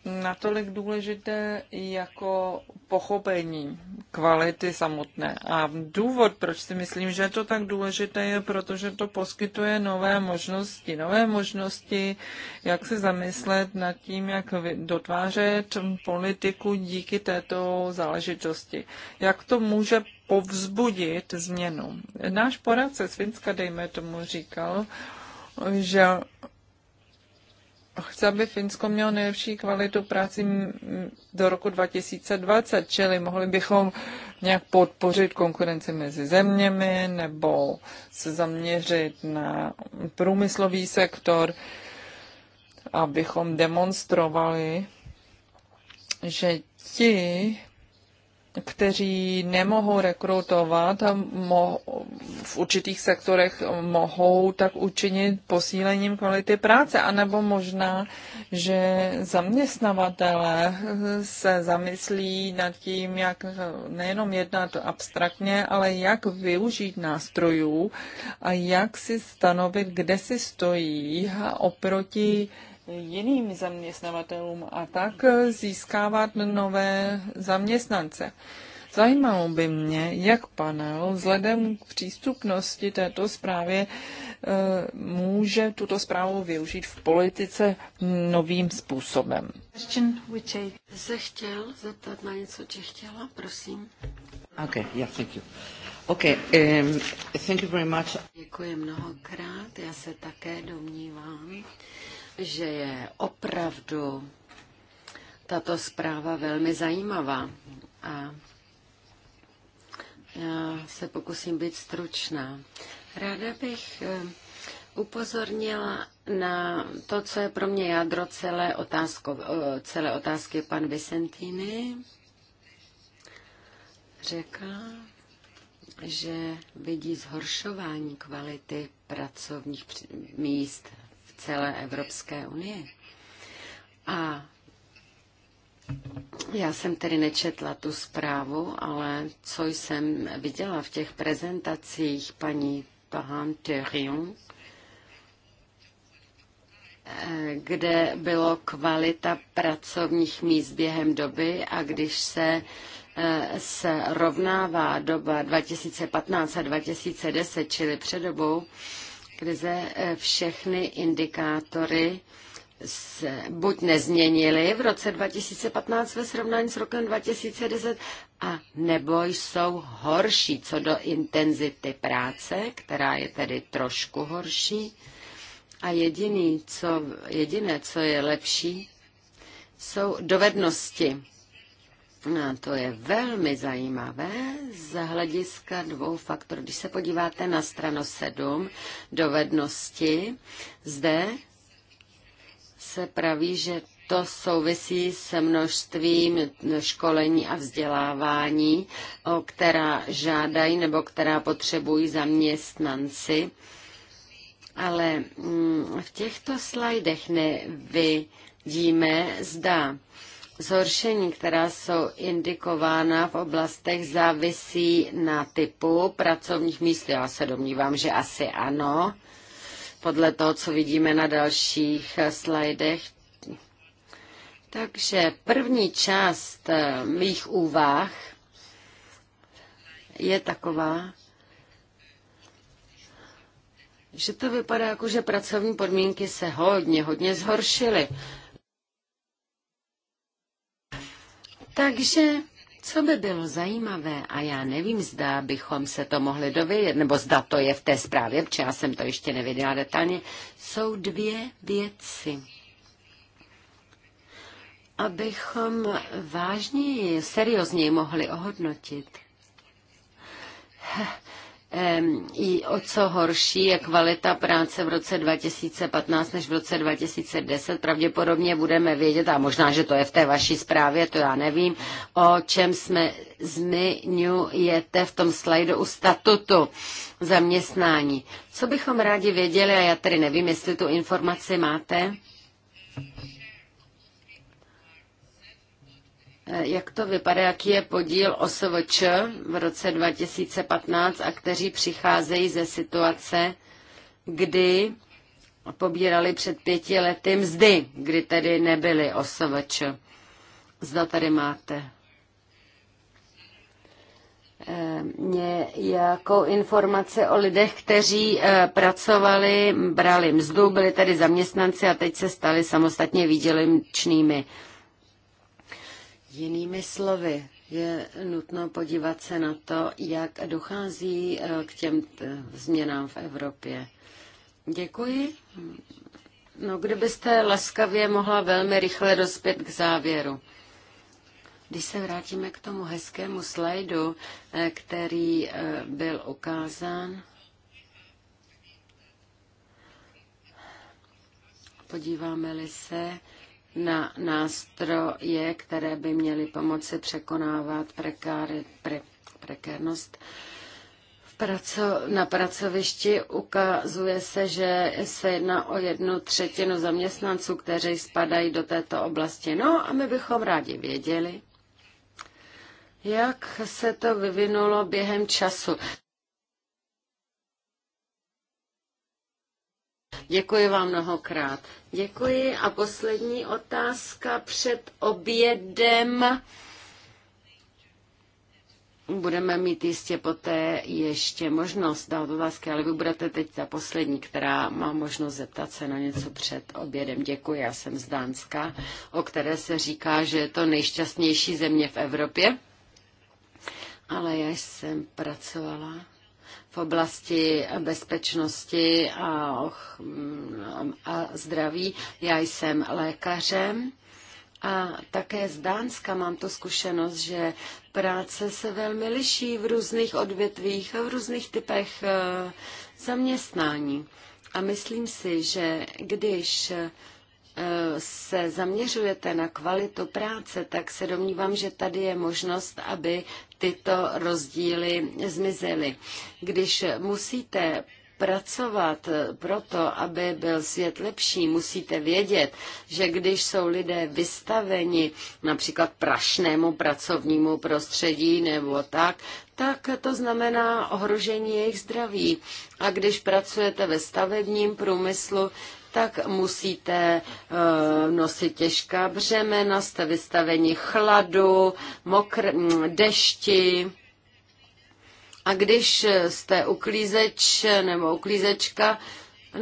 natolik důležité jako pochopení kvality samotné. A důvod, proč si myslím, že je to tak důležité, je, protože to poskytuje nové možnosti. Nové možnosti, jak se zamyslet nad tím, jak dotvářet politiku díky této záležitosti. Jak to může povzbudit změnu. Náš poradce z Finska, dejme tomu, říkal, že chce, aby Finsko mělo nejlepší kvalitu práci do roku 2020, čili mohli bychom nějak podpořit konkurenci mezi zeměmi nebo se zaměřit na průmyslový sektor, abychom demonstrovali, že ti kteří nemohou rekrutovat a mo- v určitých sektorech mohou tak učinit posílením kvality práce, anebo možná, že zaměstnavatele se zamyslí nad tím, jak nejenom jednat abstraktně, ale jak využít nástrojů a jak si stanovit, kde si stojí oproti jiným zaměstnavatelům a tak získávat nové zaměstnance. Zajímalo by mě, jak panel vzhledem k přístupnosti této zprávě eh, může tuto zprávu využít v politice novým způsobem. Se zeptat na něco, či chtěla, prosím. Okay, yeah, thank you. Okay, um, thank you very much. Děkuji mnohokrát, já se také domnívám, že je opravdu tato zpráva velmi zajímavá a já se pokusím být stručná. Ráda bych eh, upozornila na to, co je pro mě jádro celé, otázko, eh, celé otázky pan Vicentini. Řekl, že vidí zhoršování kvality pracovních míst celé Evropské unie. A já jsem tedy nečetla tu zprávu, ale co jsem viděla v těch prezentacích paní Pahan Thurion, kde bylo kvalita pracovních míst během doby a když se eh, se rovnává doba 2015 a 2010, čili před dobou, krize eh, všechny indikátory se buď nezměnily v roce 2015 ve srovnání s rokem 2010, a nebo jsou horší co do intenzity práce, která je tedy trošku horší. A jediný, co, jediné, co je lepší, jsou dovednosti No, to je velmi zajímavé z hlediska dvou faktorů. Když se podíváte na stranu 7 dovednosti, zde se praví, že to souvisí se množstvím školení a vzdělávání, o která žádají nebo která potřebují zaměstnanci. Ale mm, v těchto slajdech nevidíme, zda Zhoršení, která jsou indikována v oblastech, závisí na typu pracovních míst. Já se domnívám, že asi ano. Podle toho, co vidíme na dalších slajdech, takže první část eh, mých úvah je taková, že to vypadá jako, že pracovní podmínky se hodně, hodně zhoršily. Takže co by bylo zajímavé, a já nevím, zda bychom se to mohli dovědět, nebo zda to je v té zprávě, protože já jsem to ještě neviděla detailně, jsou dvě věci. Abychom vážně, seriózně mohli ohodnotit i o co horší je kvalita práce v roce 2015 než v roce 2010. Pravděpodobně budeme vědět, a možná, že to je v té vaší zprávě, to já nevím, o čem jsme zmiňujete v tom slajdu u statutu zaměstnání. Co bychom rádi věděli, a já tedy nevím, jestli tu informaci máte jak to vypadá, jaký je podíl OSVČ v roce 2015 a kteří přicházejí ze situace, kdy pobírali před pěti lety mzdy, kdy tedy nebyly OSVČ. Zda tady máte jako informace o lidech, kteří eh, pracovali, brali mzdu, byli tedy zaměstnanci a teď se stali samostatně výdělečnými. Jinými slovy, je nutno podívat se na to, jak dochází eh, k těm eh, změnám v Evropě. Děkuji. No, kdybyste laskavě mohla velmi rychle dospět k závěru. Když se vrátíme k tomu hezkému slajdu, eh, který byl ukázán, podíváme-li se na nástroje, které by měly pomoci překonávat prekáry, pre, prekérnost na pracovišti ukazuje se, že se jedná o jednu třetinu zaměstnanců, kteří spadají do této oblasti. No a my bychom rádi věděli, jak se to vyvinulo během času. Děkuji vám mnohokrát. Děkuji a poslední otázka před obědem. Budeme mít jistě poté ještě možnost dát otázky, ale vy budete teď ta poslední, která má možnost zeptat se na něco před obědem. Děkuji, já jsem z Dánska, o které se říká, že je to nejšťastnější země v Evropě. Ale já jsem pracovala v oblasti bezpečnosti a, och, a zdraví. Já jsem lékařem a také z Dánska mám tu zkušenost, že práce se velmi liší v různých odvětvích a v různých typech eh, zaměstnání. A myslím si, že když eh, se zaměřujete na kvalitu práce, tak se domnívám, že tady je možnost, aby tyto rozdíly zmizely. Když musíte pracovat proto, aby byl svět lepší, musíte vědět, že když jsou lidé vystaveni například prašnému pracovnímu prostředí nebo tak, tak to znamená ohrožení jejich zdraví. A když pracujete ve stavebním průmyslu, tak musíte eh, nosit těžká břemena, jste vystaveni chladu, mokr, hm, dešti. A když jste uklízeč nebo uklízečka,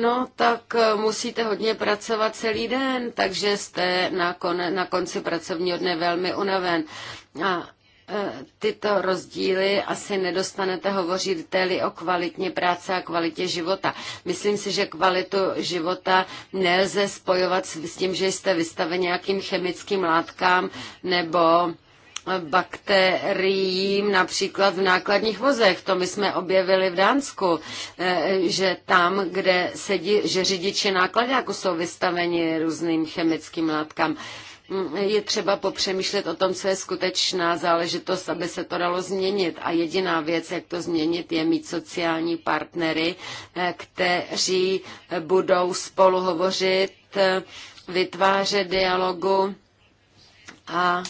No, tak eh, musíte hodně pracovat celý den, takže jste na, kone, na konci pracovního dne velmi unaven. A E, tyto rozdíly asi nedostanete hovořit téli o kvalitně práce a kvalitě života. Myslím si, že kvalitu života nelze spojovat s tím, že jste vystaveni nějakým chemickým látkám nebo bakteriím například v nákladních vozech. To my jsme objevili v Dánsku, e, že tam, kde sedí, že řidiči nákladňáku jsou vystaveni různým chemickým látkám je třeba popřemýšlet o tom, co je skutečná záležitost, aby se to dalo změnit. A jediná věc, jak to změnit, je mít sociální partnery, eh, kteří budou spolu hovořit, eh, vytvářet dialogu a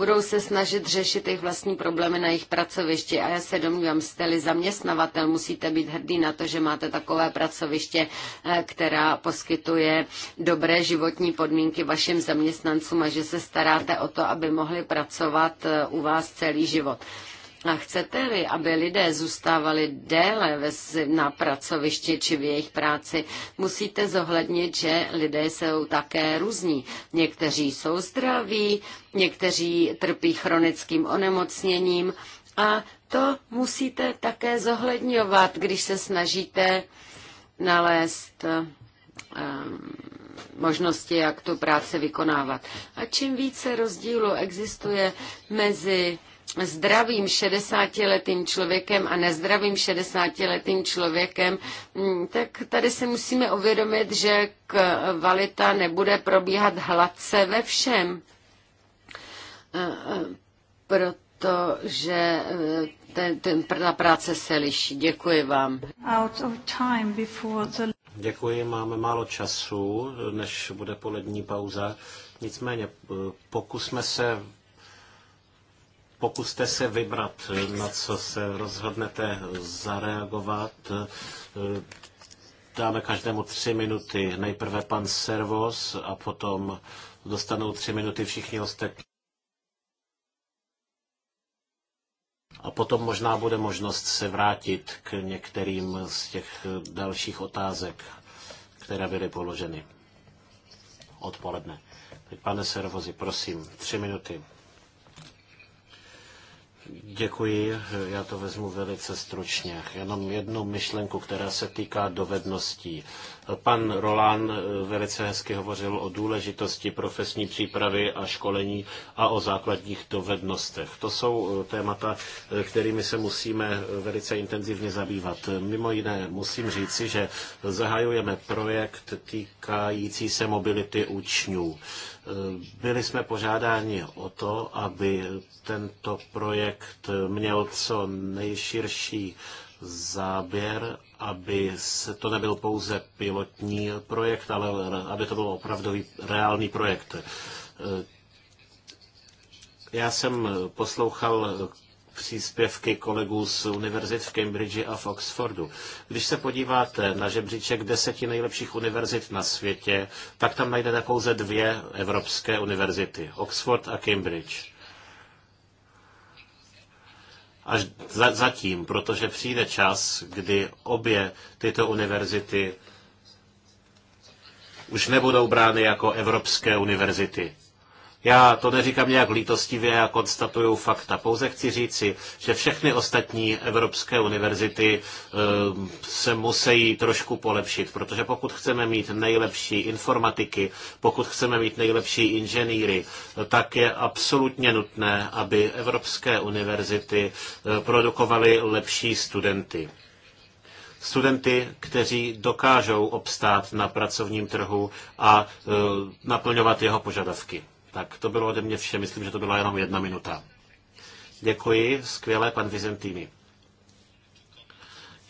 budou se snažit řešit jejich vlastní problémy na jejich pracovišti. A já se domnívám, jste-li zaměstnavatel, musíte být hrdý na to, že máte takové pracoviště, eh, která poskytuje dobré životní podmínky vašim zaměstnancům a že se staráte o to, aby mohli pracovat eh, u vás celý život. A chcete-li, aby lidé zůstávali déle na pracovišti či v jejich práci, musíte zohlednit, že lidé jsou také různí. Někteří jsou zdraví, někteří trpí chronickým onemocněním a to musíte také zohledňovat, když se snažíte nalézt ehm, možnosti, jak tu práci vykonávat. A čím více rozdílu existuje mezi zdravým 60-letým člověkem a nezdravým 60-letým člověkem, mm, tak tady si musíme uvědomit, že kvalita nebude probíhat hladce ve všem. E, e, protože e, ten, ten, ta práce se liší. Děkuji vám. Out of time the... Děkuji, máme málo času, než bude polední pauza. Nicméně pokusme se pokuste se vybrat, na co se rozhodnete zareagovat. Dáme každému tři minuty. Nejprve pan Servos a potom dostanou tři minuty všichni ostatní. A potom možná bude možnost se vrátit k některým z těch dalších otázek, které byly položeny odpoledne. pane Servozi, prosím, tři minuty. Děkuji, já to vezmu velice stručně. Jenom jednu myšlenku, která se týká dovedností. Pan Roland eh, velice hezky hovořil o důležitosti profesní přípravy a školení a o základních dovednostech. To jsou eh, témata, eh, kterými se musíme velice intenzivně zabývat. Mimo jiné musím říci, že zahajujeme projekt týkající se mobility učňů. Byli jsme požádáni o to, aby tento projekt měl co nejširší záběr aby se to nebyl pouze pilotní projekt, ale aby to byl opravdový reálný projekt. E, já jsem poslouchal příspěvky kolegů z univerzit v Cambridge a v Oxfordu. Když se podíváte na žebříček deseti nejlepších univerzit na světě, tak tam najdete pouze dvě evropské univerzity, Oxford a Cambridge až za, zatím, protože přijde čas, kdy obě tyto univerzity už nebudou brány jako evropské univerzity. Já to neříkám nějak lítostivě a konstatuju fakta. Pouze chci říci, že všechny ostatní evropské univerzity eh, se musí trošku polepšit, protože pokud chceme mít nejlepší informatiky, pokud chceme mít nejlepší inženýry, tak je absolutně nutné, aby evropské univerzity eh, produkovaly lepší studenty studenty, kteří dokážou obstát na pracovním trhu a eh, naplňovat jeho požadavky. Tak to bylo ode mě vše, myslím, že to byla jenom jedna minuta. Děkuji, skvěle, pan Vizentini.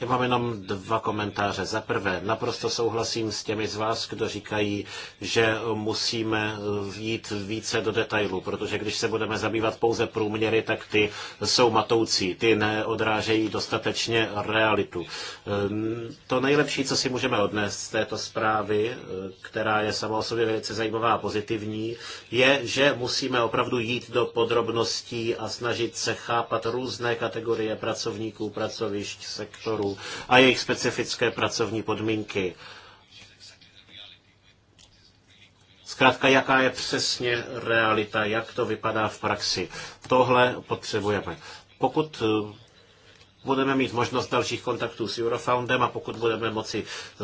Já mám jenom dva komentáře. Za prvé, naprosto souhlasím s těmi z vás, kdo říkají, že musíme jít více do detailů, protože když se budeme zabývat pouze průměry, tak ty jsou matoucí, ty neodrážejí dostatečně realitu. To nejlepší, co si můžeme odnést z této zprávy, která je sama o sobě velice zajímavá a pozitivní, je, že musíme opravdu jít do podrobností a snažit se chápat různé kategorie pracovníků, pracovišť, sektorů a jejich specifické pracovní podmínky. Zkrátka, jaká je přesně realita, jak to vypadá v praxi. Tohle potřebujeme. Pokud budeme mít možnost dalších kontaktů s Eurofoundem a pokud budeme moci eh,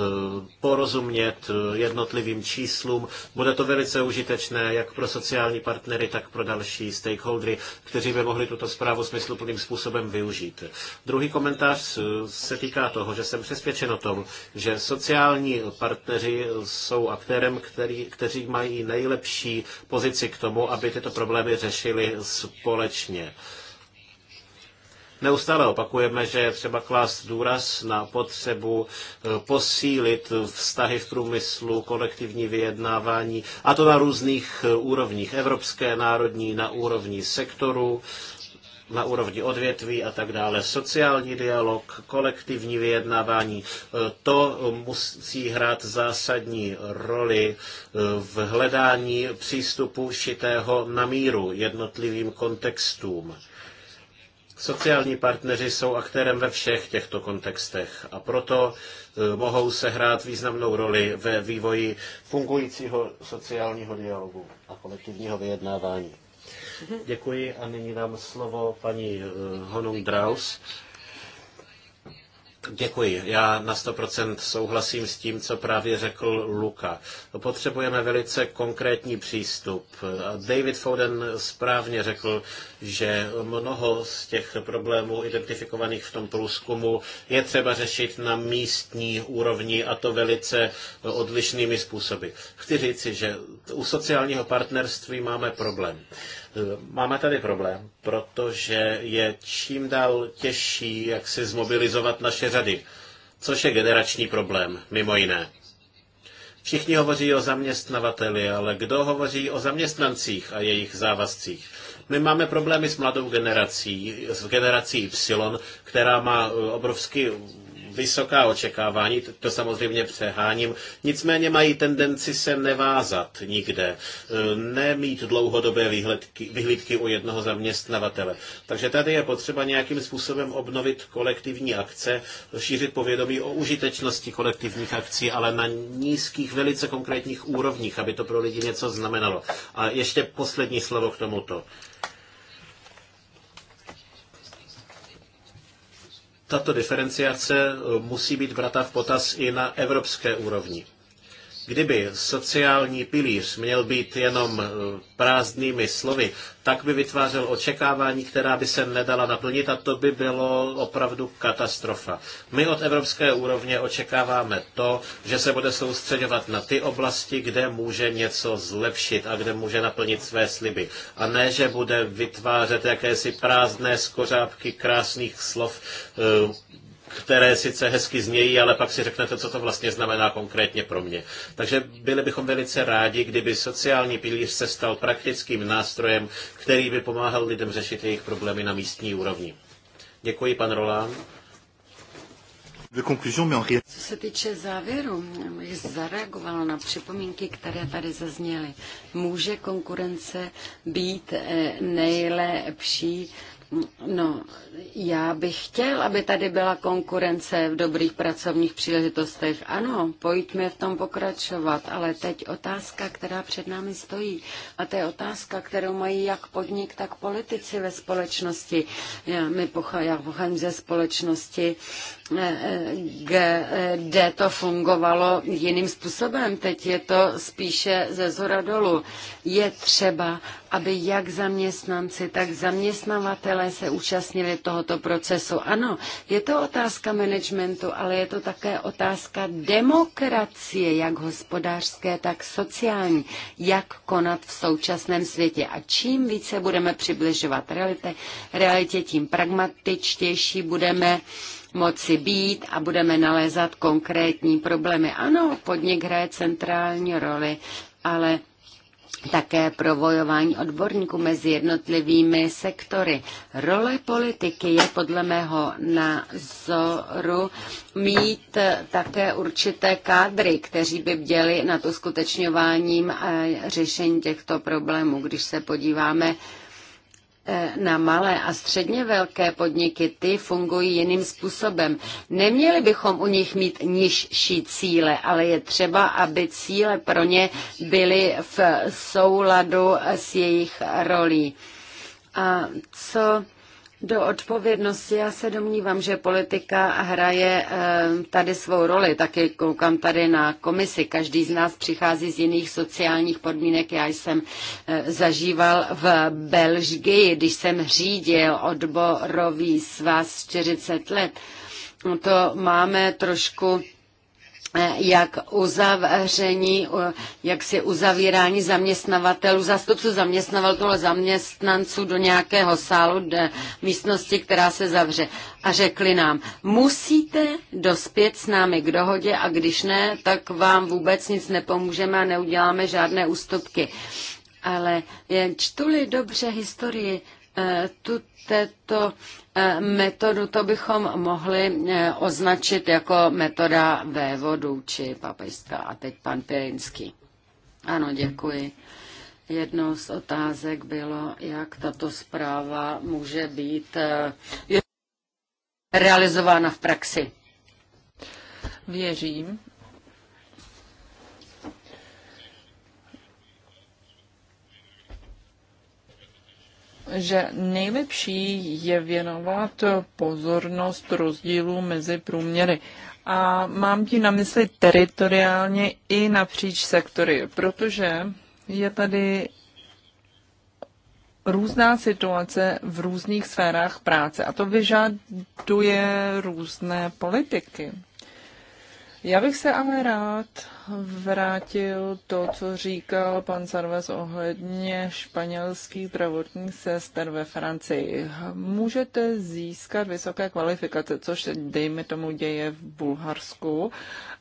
porozumět eh, jednotlivým číslům, bude to velice užitečné jak pro sociální partnery, tak pro další stakeholdery, kteří by mohli tuto zprávu smysluplným způsobem využít. Druhý komentář eh, se týká toho, že jsem přesvědčen o tom, že sociální partneři jsou aktérem, který, kteří mají nejlepší pozici k tomu, aby tyto problémy řešili společně. Neustále opakujeme, že je třeba klást důraz na potřebu eh, posílit vztahy v průmyslu, kolektivní vyjednávání, a to na různých eh, úrovních, evropské, národní, na úrovni sektoru, na úrovni odvětví a tak dále. Sociální dialog, kolektivní vyjednávání, eh, to musí hrát zásadní roli v hledání přístupu šitého na míru jednotlivým kontextům. Sociální partneři jsou aktérem ve všech těchto kontextech a proto eh, mohou sehrát významnou roli ve vývoji fungujícího sociálního dialogu a kolektivního vyjednávání. Děkuji a nyní dám slovo paní eh, Honung Draus, Děkuji. Já na 100% souhlasím s tím, co právě řekl Luka. Potřebujeme velice konkrétní přístup. David Foden správně řekl, že mnoho z těch problémů identifikovaných v tom průzkumu je třeba řešit na místní úrovni a to velice odlišnými způsoby. Chci říci, že u sociálního partnerství máme problém. Máme tady problém, protože je čím dál těžší, jak si zmobilizovat naše řady, což je generační problém, mimo jiné. Všichni hovoří o zaměstnavateli, ale kdo hovoří o zaměstnancích a jejich závazcích? My máme problémy s mladou generací, s generací Y, která má obrovsky vysoká očekávání, to samozřejmě přeháním, nicméně mají tendenci se nevázat nikde, e, nemít dlouhodobé výhledky, vyhlídky u jednoho zaměstnavatele. Takže tady je potřeba nějakým způsobem obnovit kolektivní akce, šířit povědomí o užitečnosti kolektivních akcí, ale na nízkých, velice konkrétních úrovních, aby to pro lidi něco znamenalo. A ještě poslední slovo k tomuto. tato diferenciace eh, musí být brata v potaz i na evropské úrovni. Kdyby sociální pilíř měl být jenom e, prázdnými slovy, tak by vytvářel očekávání, která by se nedala naplnit a to by bylo opravdu katastrofa. My od evropské úrovně očekáváme to, že se bude soustředovat na ty oblasti, kde může něco zlepšit a kde může naplnit své sliby. A ne, že bude vytvářet jakési prázdné skořápky krásných slov, e, které sice hezky znějí, ale pak si řeknete, co to vlastně znamená konkrétně pro mě. Takže byli bychom velice rádi, kdyby sociální pilíř se stal praktickým nástrojem, který by pomáhal lidem řešit jejich problémy na místní úrovni. Děkuji, pan Roland. Co se týče závěru, že zareagovala na připomínky, které tady zazněly. Může konkurence být eh, nejlepší No, já bych chtěl, aby tady byla konkurence v dobrých pracovních příležitostech. Ano, pojďme v tom pokračovat, ale teď otázka, která před námi stojí, a to je otázka, kterou mají jak podnik, tak politici ve společnosti. Já, my pochá, já pocházím ze společnosti, kde eh, eh, eh, to fungovalo jiným způsobem. Teď je to spíše ze zhora dolů. Je třeba, aby jak zaměstnanci, tak zaměstnavatelé se účastnili tohoto procesu. Ano, je to otázka managementu, ale je to také otázka demokracie, jak hospodářské, tak sociální, jak konat v současném světě. A čím více budeme přibližovat realitě, realitě tím pragmatičtější budeme moci být a budeme nalézat konkrétní problémy. Ano, podnik hraje centrální roli, ale také provojování odborníků mezi jednotlivými sektory. Role politiky je podle mého názoru mít také určité kádry, kteří by bděli nad uskutečňováním eh, řešení těchto problémů. Když se podíváme Eh, na malé a středně velké podniky, ty fungují jiným způsobem. Neměli bychom u nich mít nižší cíle, ale je třeba, aby cíle pro ně byly v souladu s jejich rolí. A co do odpovědnosti. Já se domnívám, že politika hraje eh, tady svou roli. Taky koukám tady na komisi. Každý z nás přichází z jiných sociálních podmínek. Já jsem eh, zažíval v Belžgii, když jsem řídil odborový svaz 40 let. No to máme trošku jak uzavření, jak si uzavírání zaměstnavatelů, zastupců zaměstnavatelů a zaměstnanců do nějakého sálu, do místnosti, která se zavře. A řekli nám, musíte dospět s námi k dohodě a když ne, tak vám vůbec nic nepomůžeme a neuděláme žádné ústupky. Ale jen čtuli dobře historii Eh, tu, této eh, metodu to bychom mohli eh, označit jako metoda vévodu či papežská. A teď pan Pirinský. Ano, děkuji. Jednou z otázek bylo, jak tato zpráva může být realizována v praxi. Věřím, že nejlepší je věnovat pozornost rozdílu mezi průměry. A mám ti na mysli teritoriálně i napříč sektory, protože je tady různá situace v různých sférách práce a to vyžaduje různé politiky. Já bych se ale rád vrátil to, co říkal pan Sarves ohledně španělských zdravotních sester ve Francii. Můžete získat vysoké kvalifikace, což se, dejme tomu, děje v Bulharsku.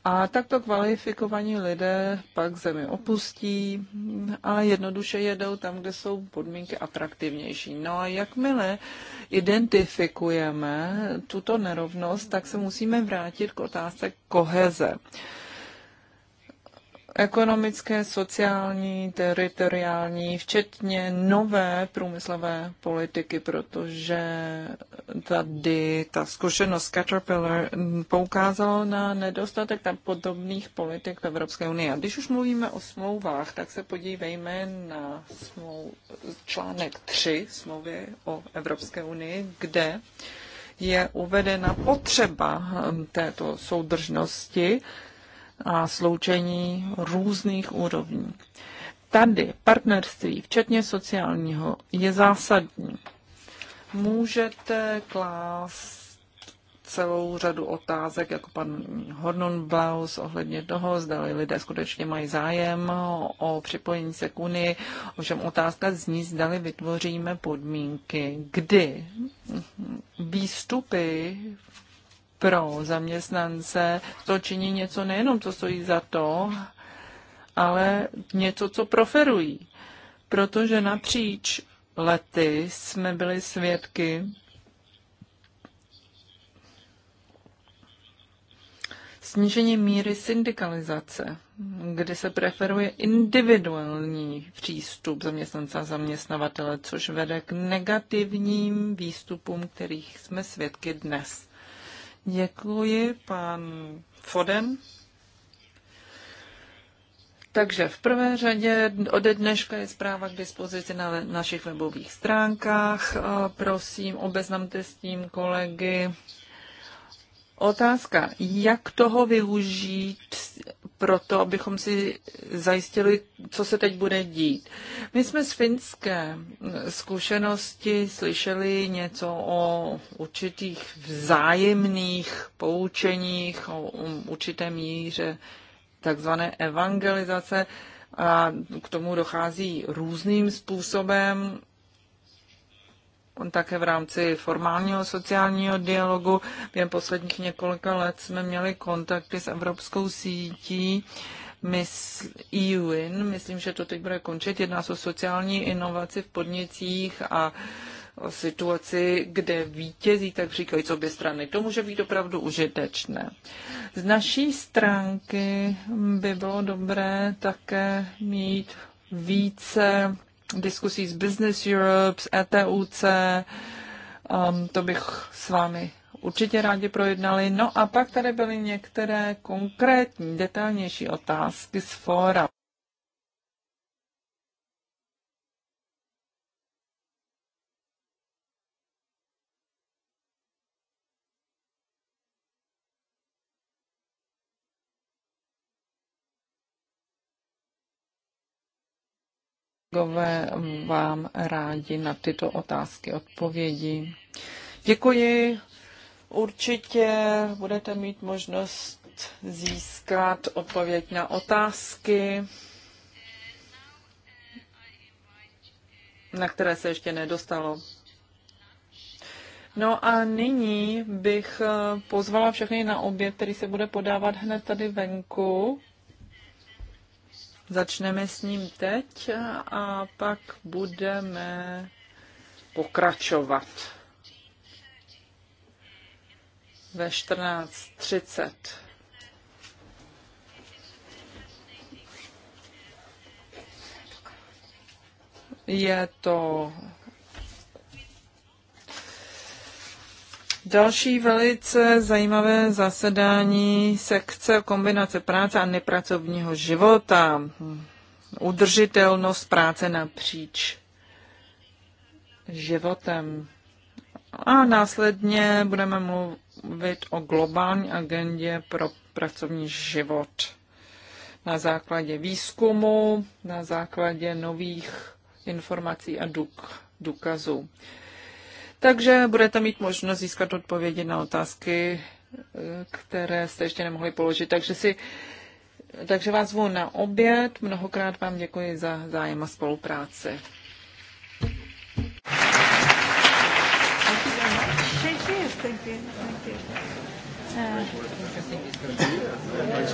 A takto kvalifikovaní lidé pak zemi opustí a jednoduše jedou tam, kde jsou podmínky atraktivnější. No a jakmile identifikujeme tuto nerovnost, tak se musíme vrátit k otázce koheze ekonomické, sociální, teritoriální, včetně nové průmyslové politiky, protože tady ta zkušenost Caterpillar poukázala na nedostatek tam podobných politik v Evropské unii. A když už mluvíme o smlouvách, tak se podívejme na smlou... článek 3 smlouvy o Evropské unii, kde je uvedena potřeba hm, této soudržnosti a sloučení různých úrovní. Tady partnerství, včetně sociálního, je zásadní. Můžete klást celou řadu otázek, jako pan Hornon Blaus ohledně toho, zda lidé skutečně mají zájem o připojení se k Unii. Ovšem otázka zní, zda vytvoříme podmínky, kdy výstupy v pro zaměstnance to činí něco nejenom, co stojí za to, ale něco, co proferují. Protože napříč lety jsme byli svědky snížení míry syndikalizace, kdy se preferuje individuální přístup zaměstnance a zaměstnavatele, což vede k negativním výstupům, kterých jsme svědky dnes. Děkuji, pan Foden. Takže v prvé řadě ode dneška je zpráva k dispozici na našich webových stránkách. Prosím, obeznamte s tím kolegy. Otázka, jak toho využít proto, abychom si zajistili, co se teď bude dít. My jsme z finské zkušenosti slyšeli něco o určitých vzájemných poučeních, o určité míře takzvané evangelizace a k tomu dochází různým způsobem také v rámci formálního sociálního dialogu. Během posledních několika let jsme měli kontakty s evropskou sítí Miss EUIN. Myslím, že to teď bude končit. Jedná se o sociální inovaci v podnicích a o situaci, kde vítězí, tak říkají co obě strany. To může být opravdu užitečné. Z naší stránky by bylo dobré také mít více diskusí s Business Europe, s ETUC. Um, to bych s vámi určitě rádi projednali. No a pak tady byly některé konkrétní, detailnější otázky z fóra. kolegové vám rádi na tyto otázky odpovědí. Děkuji. Určitě budete mít možnost získat odpověď na otázky, na které se ještě nedostalo. No a nyní bych pozvala všechny na oběd, který se bude podávat hned tady venku. Začneme s ním teď a pak budeme pokračovat ve 14.30. Je to Další velice zajímavé zasedání sekce kombinace práce a nepracovního života. Udržitelnost práce napříč životem. A následně budeme mluvit o globální agendě pro pracovní život. Na základě výzkumu, na základě nových informací a důk, důkazů takže budete mít možnost získat odpovědi na otázky, eh, které jste ještě nemohli položit. Takže si takže vás zvu na oběd. Mnohokrát vám děkuji za zájem a spolupráci. Thank you. Thank you. Thank you. Uh,